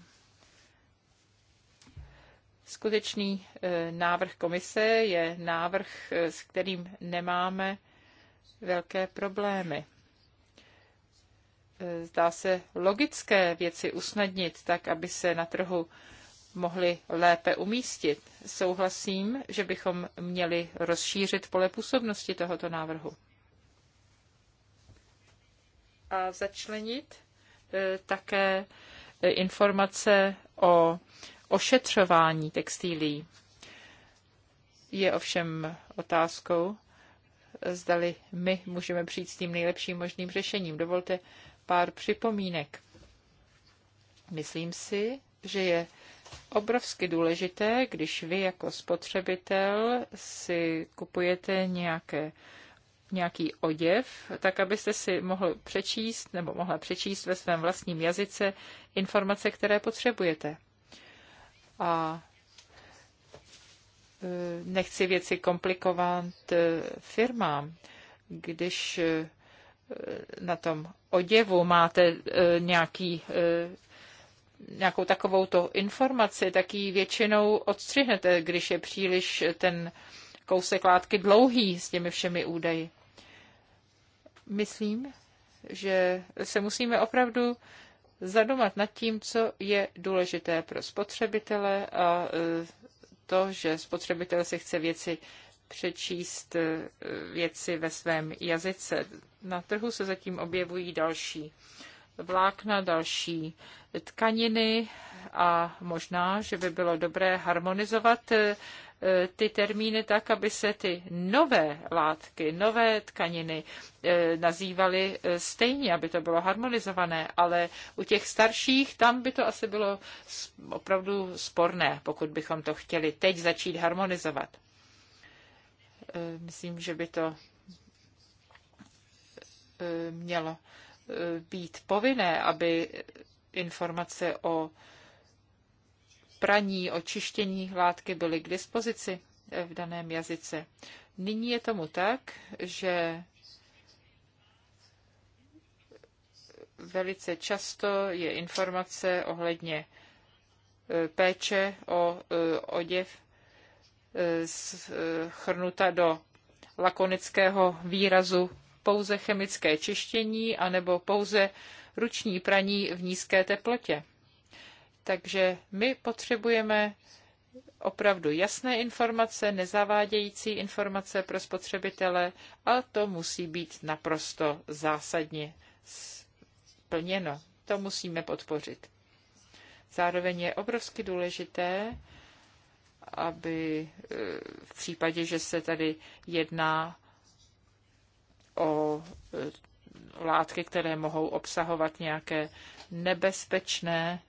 skutečný e, návrh komise je návrh, e, s kterým nemáme velké problémy. Eh, zdá se logické věci usnadnit tak, aby se na trhu mohli lépe umístit. Souhlasím, že bychom měli rozšířit pole působnosti tohoto návrhu a začlenit eh, také eh, informace o ošetřování textilí. Je ovšem otázkou, zdali my můžeme přijít s tím nejlepším možným řešením. Dovolte pár připomínek. Myslím si, že je obrovsky důležité, když vy jako spotřebitel si kupujete nějaké, nějaký oděv, tak abyste si mohl přečíst nebo mohla přečíst ve svém vlastním jazyce informace, které potřebujete. A e, nechci věci komplikovat e, firmám. Když e, Eh, na tom oděvu máte eh, nějaký eh, nějakou takovou to informaci, tak ji většinou odstřihnete, když je příliš ten kousek látky dlouhý s těmi všemi údaji. Myslím, že se musíme opravdu zadumat nad tím, co je důležité pro spotřebitele a to, že spotřebitel si chce věci přečíst eh, věci ve svém jazyce. Na trhu se zatím objevují další vlákna, další tkaniny a možná, že by bylo dobré harmonizovat eh, ty termíny tak, aby se ty nové látky, nové tkaniny eh, nazývaly stejně, aby to bylo harmonizované, ale u těch starších tam by to asi bylo opravdu sporné, pokud bychom to chtěli teď začít harmonizovat. Eh, myslím, že by to eh, mělo eh, být povinné, aby informace o praní, o čištění látky byly k dispozici v daném jazyce. Nyní je tomu tak, že velice často je informace ohledně péče o oděv Eh, schrnuta do lakonického výrazu pouze chemické čištění anebo pouze ruční praní v nízké teplotě. Takže my potřebujeme opravdu jasné informace, nezavádějící informace pro spotřebitele a to musí být naprosto zásadně splněno. To musíme podpořit. Zároveň je obrovsky důležité, aby eh, v případě, že se tady jedná o eh, látky, které mohou obsahovat nějaké nebezpečné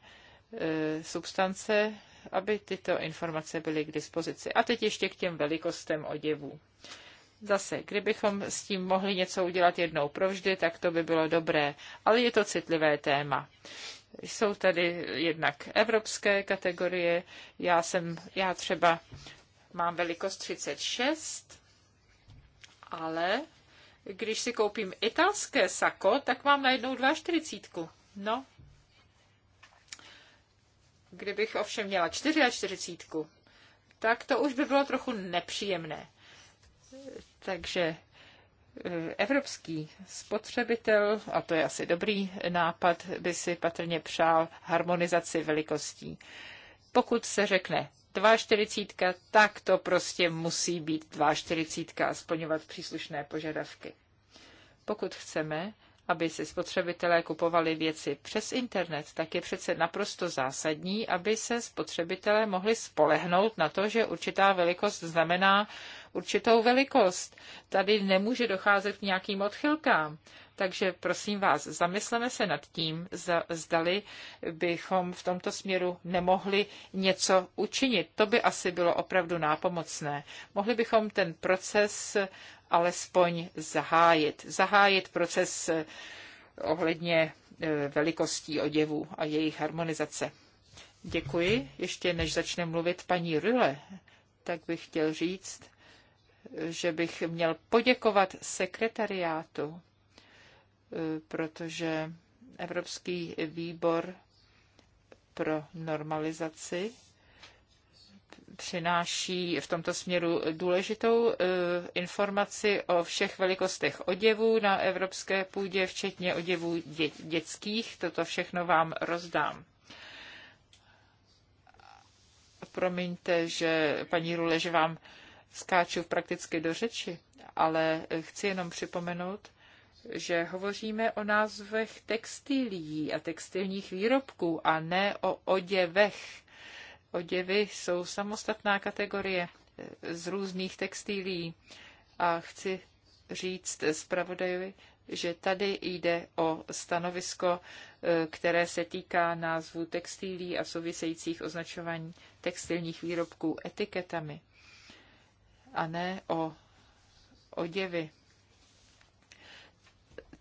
eh, substance, aby tyto informace byly k dispozici. A teď ještě k těm velikostem oděvů. Zase, kdybychom s tím mohli něco udělat jednou provždy, tak to by bylo dobré, ale je to citlivé téma. Jsou tady jednak evropské kategorie. Já jsem, já třeba mám velikost 36, ale když si koupím italské sako, tak mám najednou 2,40. No. Kdybych ovšem měla 44, tak to už by bylo trochu nepříjemné. Takže Evropský spotřebitel, a to je asi dobrý nápad, by si patrně přál harmonizaci velikostí. Pokud se řekne 2,40, tak to prostě musí být 2,40 a splňovat příslušné požadavky. Pokud chceme, aby si spotřebitelé kupovali věci přes internet, tak je přece naprosto zásadní, aby se spotřebitelé mohli spolehnout na to, že určitá velikost znamená určitou velikost. Tady nemůže docházet k nějakým odchylkám. Takže prosím vás, zamysleme se nad tím, zdali bychom v tomto směru nemohli něco učinit. To by asi bylo opravdu nápomocné. Mohli bychom ten proces alespoň zahájit. Zahájit proces eh, ohledně eh, velikostí oděvů a jejich harmonizace. Děkuji. Ještě než začne mluvit paní Rüle, tak bych chtěl říct, že bych měl poděkovat sekretariátu, eh, protože Evropský výbor pro normalizaci přináší v tomto směru důležitou eh, informaci o všech velikostech oděvů na evropské půdě, včetně oděvů dě- dětských. Toto všechno vám rozdám. Promiňte, že paní Rule, že vám skáču prakticky do řeči, ale chci jenom připomenout, že hovoříme o názvech textilií a textilních výrobků a ne o oděvech. Oděvy jsou samostatná kategorie z různých textilí a chci říct zpravodajovi, že tady jde o stanovisko, eh, které se týká názvu textilí a souvisejících označování textilních výrobků etiketami a ne o oděvy.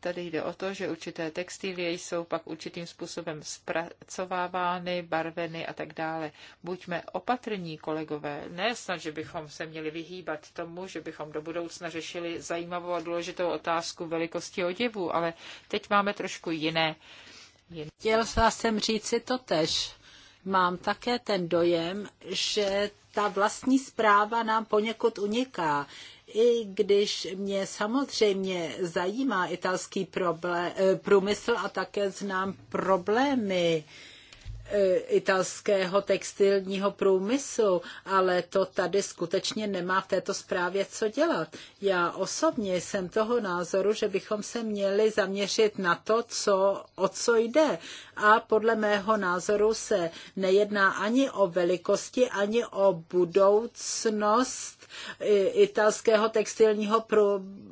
Tady jde o to, že určité textilie jsou pak určitým způsobem zpracovávány, barveny a tak dále. Buďme opatrní, kolegové. Ne snad, že bychom se měli vyhýbat tomu, že bychom do budoucna řešili zajímavou a důležitou otázku velikosti oděvu, ale teď máme trošku jiné. jiné. Chtěl jsem si to tež. Mám také ten dojem, že ta vlastní zpráva nám poněkud uniká. I když mě samozřejmě zajímá italský eh, průmysl a také znám problémy, Eh, italského textilního průmyslu, ale to tady skutečně nemá v této zprávě co dělat. Já osobně jsem toho názoru, že bychom se měli zaměřit na to, co, o co jde. A podle mého názoru se nejedná ani o velikosti, ani o budoucnost italského textilního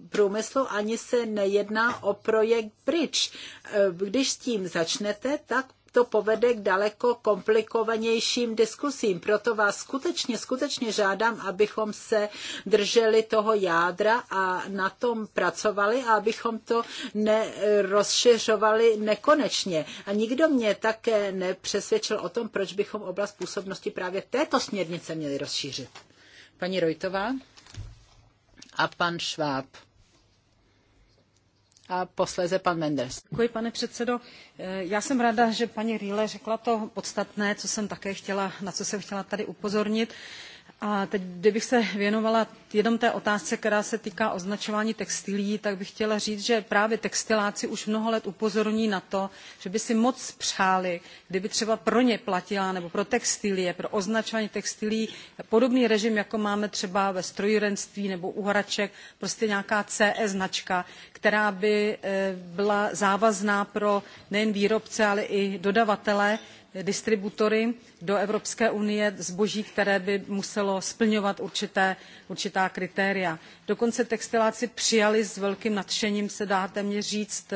průmyslu, ani se nejedná o projekt Bridge. Eh, když s tím začnete, tak to povede k daleko komplikovanějším diskusím. Proto vás skutečně, skutečně žádám, abychom se drželi toho jádra a na tom pracovali a abychom to nerozšiřovali nekonečně. A nikdo mě také nepřesvědčil o tom, proč bychom oblast působnosti právě této směrnice měli rozšířit. Paní Rojtová a pan Schwab a posléze pan Menders. Děkuji, pane předsedo. Eh, já jsem ráda, že paní Rýle řekla to podstatné, co jsem také chtěla, na co jsem chtěla tady upozornit a teď, kdybych se věnovala jenom té otázce, která se týká označování textilií, tak bych chtěla říct, že právě textiláci už mnoho let upozorní na to, že by si moc přáli, kdyby třeba pro ně platila, nebo pro textilie, pro označování textilií, podobný režim, jako máme třeba ve strojírenství nebo u hraček, prostě nějaká CE značka, která by eh, byla závazná pro nejen výrobce, ale i dodavatele, distributory do Evropské unie zboží, které by muselo splňovat určité, určitá kritéria. Dokonce textiláci přijali s velkým nadšením, se dá téměř říct,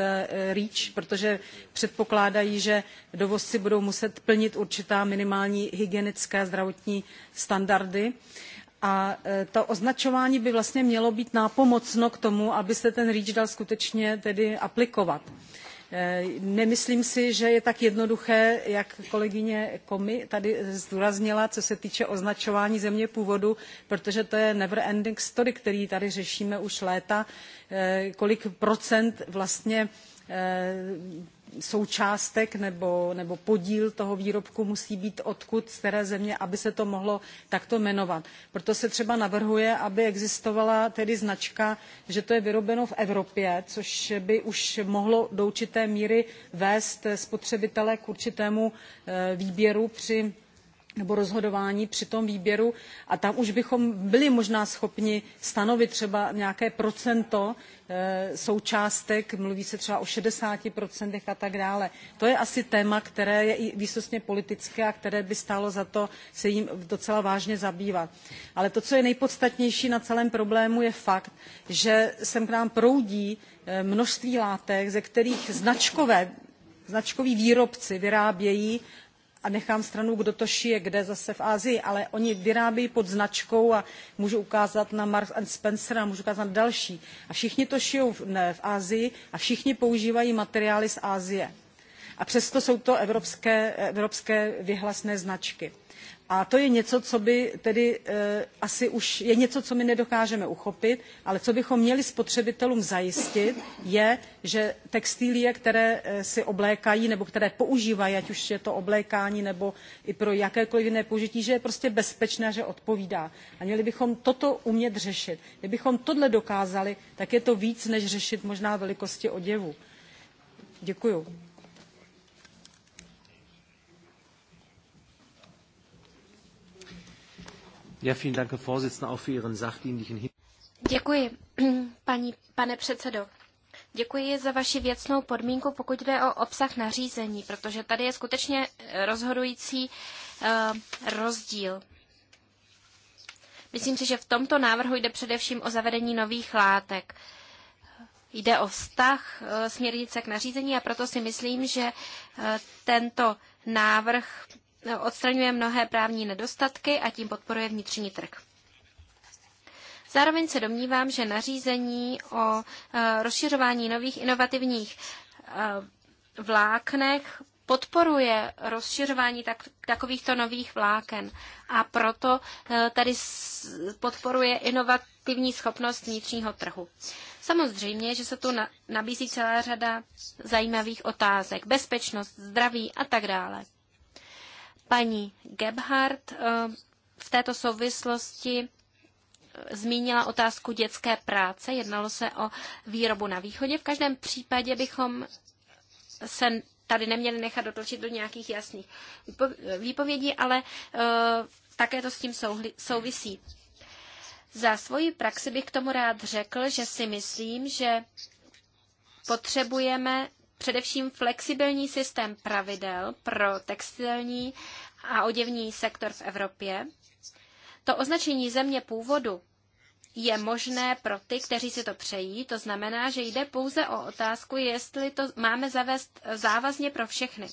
REACH, protože předpokládají, že dovozci budou muset plnit určitá minimální hygienické a zdravotní standardy. A eh, to označování by vlastně mělo být nápomocno k tomu, aby se ten REACH dal skutečně tedy aplikovat. Eh, nemyslím si, že je tak jednoduché, jak kolegyně Komi tady zdůraznila, co se týče označování země původu, protože to je never ending story, který tady řešíme už léta, eh, kolik procent vlastně eh, součástek nebo, nebo podíl toho výrobku musí být odkud, z které země, aby se to mohlo takto jmenovat. Proto se třeba navrhuje, aby existovala tedy značka, že to je vyrobeno v Evropě, což by už mohlo do určité míry vést spotřebitele k určitému eh, výběru při nebo rozhodování při tom výběru a tam už bychom byli možná schopni stanovit třeba nějaké procento eh, součástek mluví se třeba o procentech a tak dále. to je asi téma které je i výsostně politické a které by stálo za to se jím docela vážně zabývat. ale to co je nejpodstatnější na celém problému je fakt že sem k nám proudí eh, množství látek ze kterých značkové značkoví výrobci vyrábějí a nechám stranou, kdo to šije, kde zase v Asii, ale oni vyrábějí pod značkou a můžu ukázat na Marks and Spencer a můžu ukázat na další. A všichni to šijou v, ne, v Asii a všichni používají materiály z Asie. A přesto jsou to evropské, evropské vyhlasné značky a to je něco, co by tedy e, asi už je něco, co my nedokážeme uchopit, ale co bychom měli spotřebitelům zajistit, je, že textilie, které eh, si oblékají nebo které používají, ať už je to oblékání nebo i pro jakékoliv jiné použití, že je prostě bezpečné, že odpovídá. A měli bychom toto umět řešit. Kdybychom tohle dokázali, tak je to víc, než řešit možná velikosti oděvu. Děkuju. Děkuji, paní, pane předsedo. Děkuji za vaši věcnou podmínku, pokud jde o obsah nařízení, protože tady je skutečně eh, rozhodující uh, rozdíl. Myslím si, že v tomto návrhu jde především o zavedení nových látek. Jde o vztah uh, směrnice k nařízení a proto si myslím, že tento návrh odstraňuje mnohé právní nedostatky a tím podporuje vnitřní trh. Zároveň se domnívám, že nařízení o e, rozšiřování nových inovativních e, vláknech podporuje rozšiřování tak, takovýchto nových vláken a proto e, tady podporuje inovativní schopnost vnitřního trhu. Samozřejmě, že se tu nabízí celá řada zajímavých otázek, bezpečnost, zdraví a tak dále. Paní Gebhardt eh, v této souvislosti eh, zmínila otázku dětské práce. Jednalo se o výrobu na východě. V každém případě bychom se tady neměli nechat dotlačit do nějakých jasných výpovědí, ale eh, také to s tím souvisí. Za svoji praxi bych k tomu rád řekl, že si myslím, že potřebujeme především flexibilní systém pravidel pro textilní a oděvní sektor v Evropě. To označení země původu je možné pro ty, kteří si to přejí. To znamená, že jde pouze o otázku, jestli to máme zavést závazně pro všechny.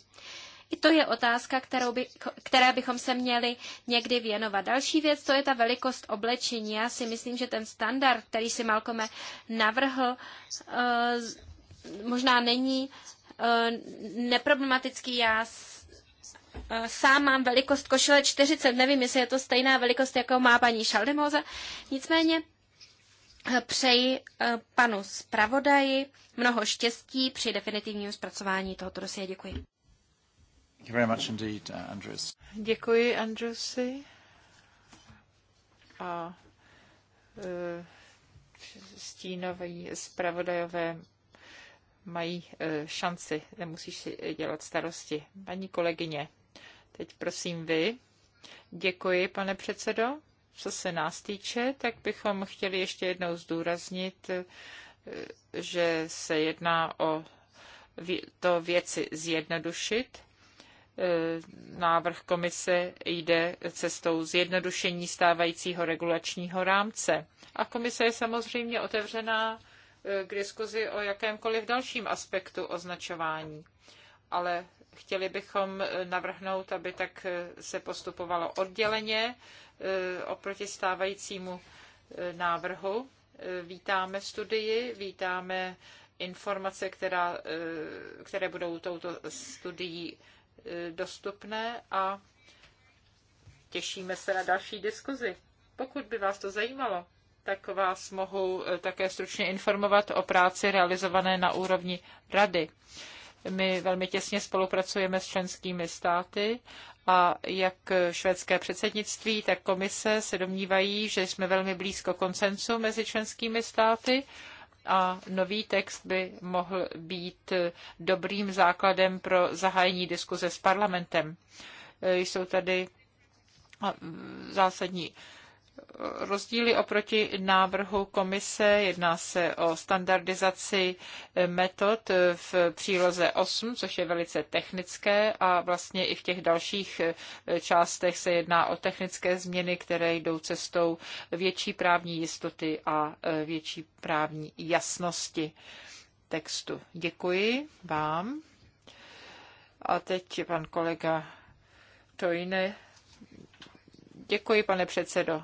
I to je otázka, kterou by, které bychom se měli někdy věnovat. Další věc, to je ta velikost oblečení. Já si myslím, že ten standard, který si Malkome navrhl, eh, možná není eh, neproblematický. Já Eh, sám mám velikost košile 40, nevím, jestli je to stejná velikost, jako má paní Šaldemoza. Nicméně eh, přeji eh, panu zpravodaji mnoho štěstí při definitivním zpracování tohoto dosie. Děkuji. Indeed, uh, Andrews. Děkuji, Andrewsi. A stínové, zpravodajové mají šanci, nemusíš si dělat starosti. Paní kolegyně, Teď prosím vy. Děkuji, pane předsedo. Co se nás týče, tak bychom chtěli ještě jednou zdůraznit, eh, že se jedná o to věci zjednodušit. Eh, návrh komise jde cestou zjednodušení stávajícího regulačního rámce. A komise je samozřejmě otevřená eh, k diskuzi o jakémkoliv dalším aspektu označování. Ale Chtěli bychom eh, navrhnout, aby tak eh, se postupovalo odděleně eh, oproti stávajícímu návrhu. Vítáme studii, vítáme informace, která, které budou touto studií dostupné a těšíme se na další diskuzi. Pokud by vás to zajímalo, tak vás mohu také stručně informovat o práci realizované na úrovni rady. My velmi těsně spolupracujeme s členskými státy a jak švédské předsednictví, tak komise se domnívají, že jsme velmi blízko koncensu mezi členskými státy a nový text by mohl být dobrým základem pro zahájení diskuze s parlamentem. E, jsou tady zásadní rozdíly oproti návrhu komise. Jedná se o standardizaci metod v příloze 8, což je velice technické a vlastně i v těch dalších částech se jedná o technické změny, které jdou cestou větší právní jistoty a větší právní jasnosti textu. Děkuji vám. A teď pan kolega Tojne. Děkuji, pane předsedo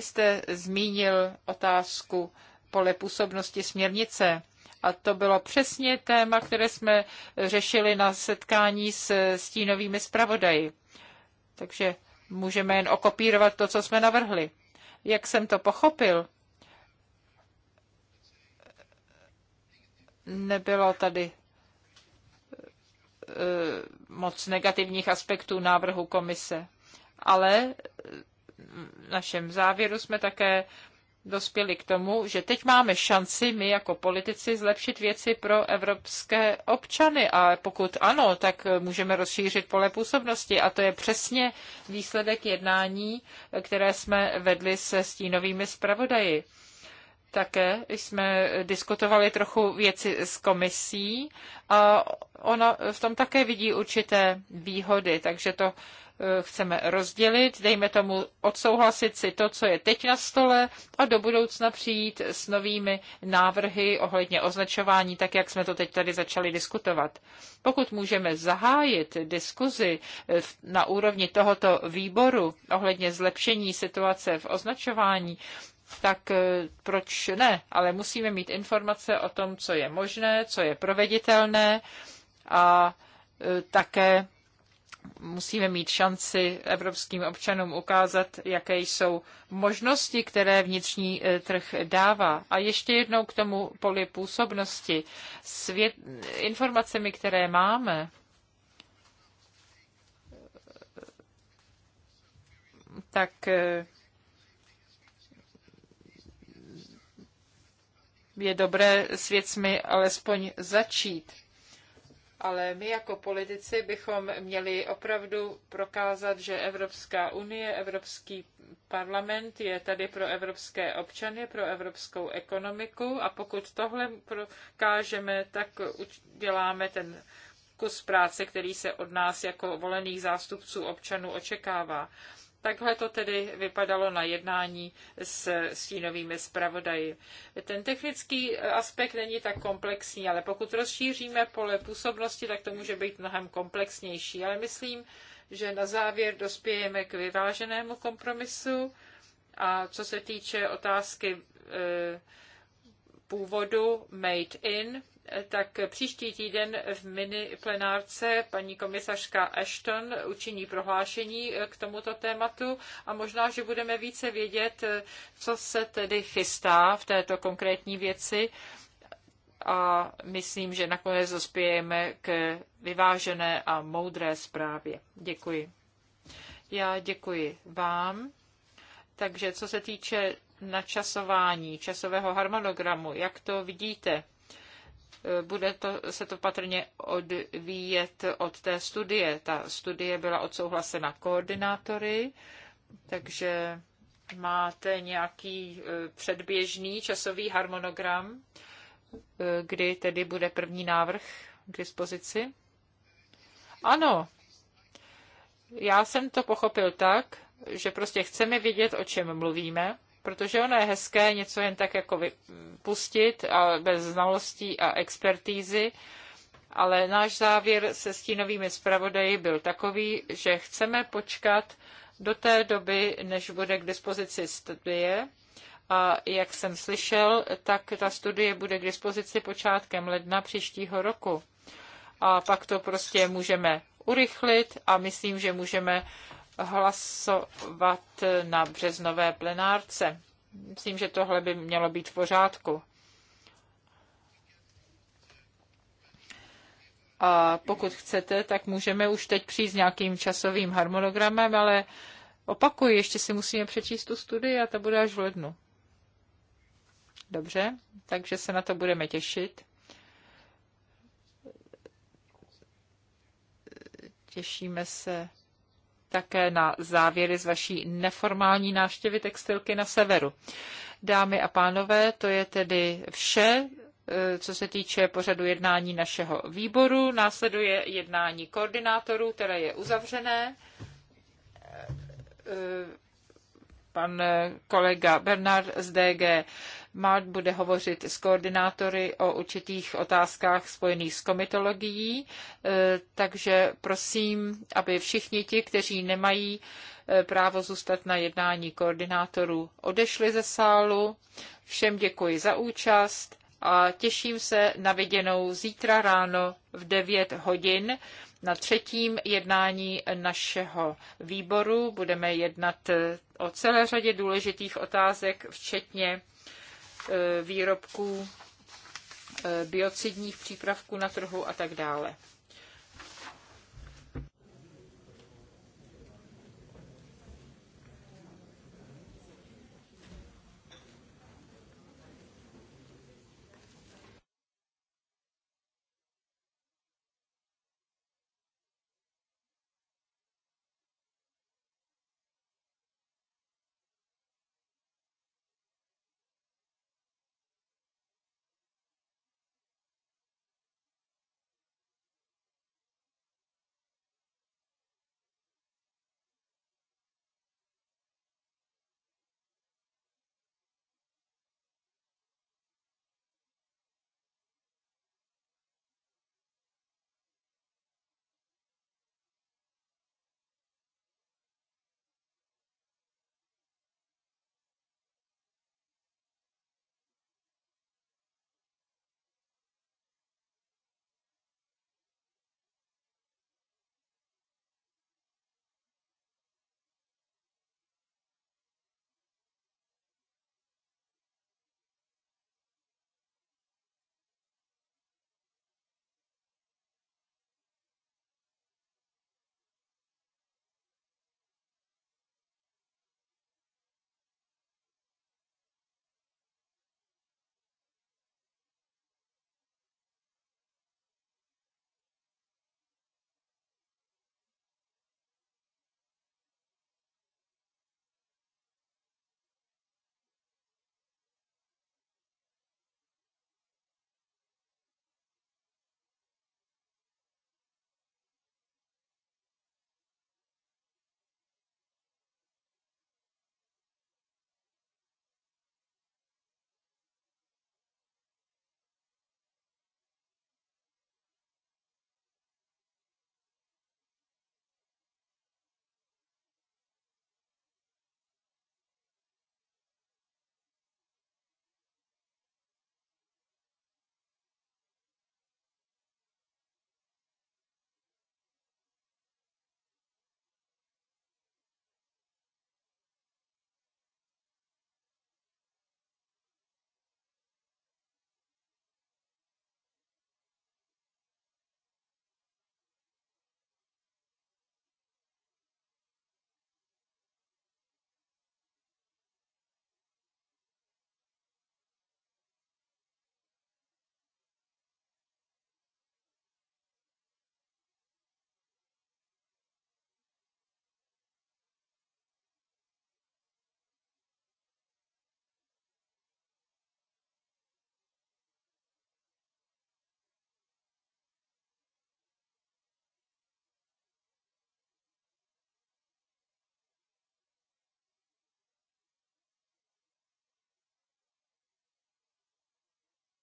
jste zmínil otázku pole působnosti směrnice. A to bylo přesně téma, které jsme řešili na setkání s stínovými zpravodaji. Takže můžeme jen okopírovat to, co jsme navrhli. Jak jsem to pochopil, nebylo tady eh, moc negativních aspektů návrhu komise. Ale našem závěru jsme také dospěli k tomu, že teď máme šanci my jako politici zlepšit věci pro evropské občany a pokud ano, tak můžeme rozšířit pole působnosti a to je přesně výsledek jednání, které jsme vedli se stínovými zpravodaji. Také jsme diskutovali trochu věci s komisí a ona v tom také vidí určité výhody, takže to Eh, chceme rozdělit, dejme tomu odsouhlasit si to, co je teď na stole a do budoucna přijít s novými návrhy ohledně označování, tak jak jsme to teď tady začali diskutovat. Pokud můžeme zahájit diskuzi eh, na úrovni tohoto výboru ohledně zlepšení situace v označování, tak eh, proč ne? Ale musíme mít informace o tom, co je možné, co je proveditelné a také musíme mít šanci evropským občanům ukázat, jaké jsou možnosti, které vnitřní eh, trh dává. A ještě jednou k tomu poli působnosti. Svět, informacemi, které máme, tak eh, je dobré s věcmi alespoň začít ale my jako politici bychom měli opravdu prokázat, že Evropská unie, Evropský parlament je tady pro evropské občany, pro evropskou ekonomiku a pokud tohle prokážeme, tak uděláme ten kus práce, který se od nás jako volených zástupců občanů očekává. Takhle to tedy vypadalo na jednání s stínovými zpravodaji. Ten technický aspekt není tak komplexní, ale pokud rozšíříme pole působnosti, tak to může být mnohem komplexnější. Ale myslím, že na závěr dospějeme k vyváženému kompromisu. A co se týče otázky eh, původu made in, tak příští týden v mini plenárce paní komisařka Ashton učiní prohlášení k tomuto tématu a možná, že budeme více vědět, co se tedy chystá v této konkrétní věci a myslím, že nakonec dospějeme k vyvážené a moudré zprávě. Děkuji. Já děkuji vám. Takže co se týče načasování, časového harmonogramu, jak to vidíte? Bude to, se to patrně odvíjet od té studie. Ta studie byla odsouhlasena koordinátory, takže máte nějaký e, předběžný časový harmonogram, e, kdy tedy bude první návrh k dispozici? Ano, já jsem to pochopil tak, že prostě chceme vědět, o čem mluvíme, protože ono je hezké něco jen tak jako vypustit a bez znalostí a expertízy, ale náš závěr se stínovými zpravodaji byl takový, že chceme počkat do té doby, než bude k dispozici studie. A jak jsem slyšel, tak ta studie bude k dispozici počátkem ledna příštího roku. A pak to prostě můžeme urychlit a myslím, že můžeme hlasovat na březnové plenárce. Myslím, že tohle by mělo být v pořádku. A pokud chcete, tak můžeme už teď přijít s nějakým časovým harmonogramem, ale opakuji, ještě si musíme přečíst tu studii a ta bude až v lednu. Dobře, takže se na to budeme těšit. Těšíme se také na závěry z vaší neformální návštěvy textilky na severu. Dámy a pánové, to je tedy vše eh, co se týče pořadu jednání našeho výboru. Následuje jednání koordinátorů, které je uzavřené. Eh, eh, pan kolega Bernard z DG Mark bude hovořit s koordinátory o určitých otázkách spojených s komitologií, e, takže prosím, aby všichni ti, kteří nemají e, právo zůstat na jednání koordinátorů, odešli ze sálu. Všem děkuji za účast a těším se na viděnou zítra ráno v 9 hodin. Na třetím jednání našeho výboru budeme jednat e, o celé řadě důležitých otázek, včetně E, výrobků e, biocidních přípravků na trhu a tak dále.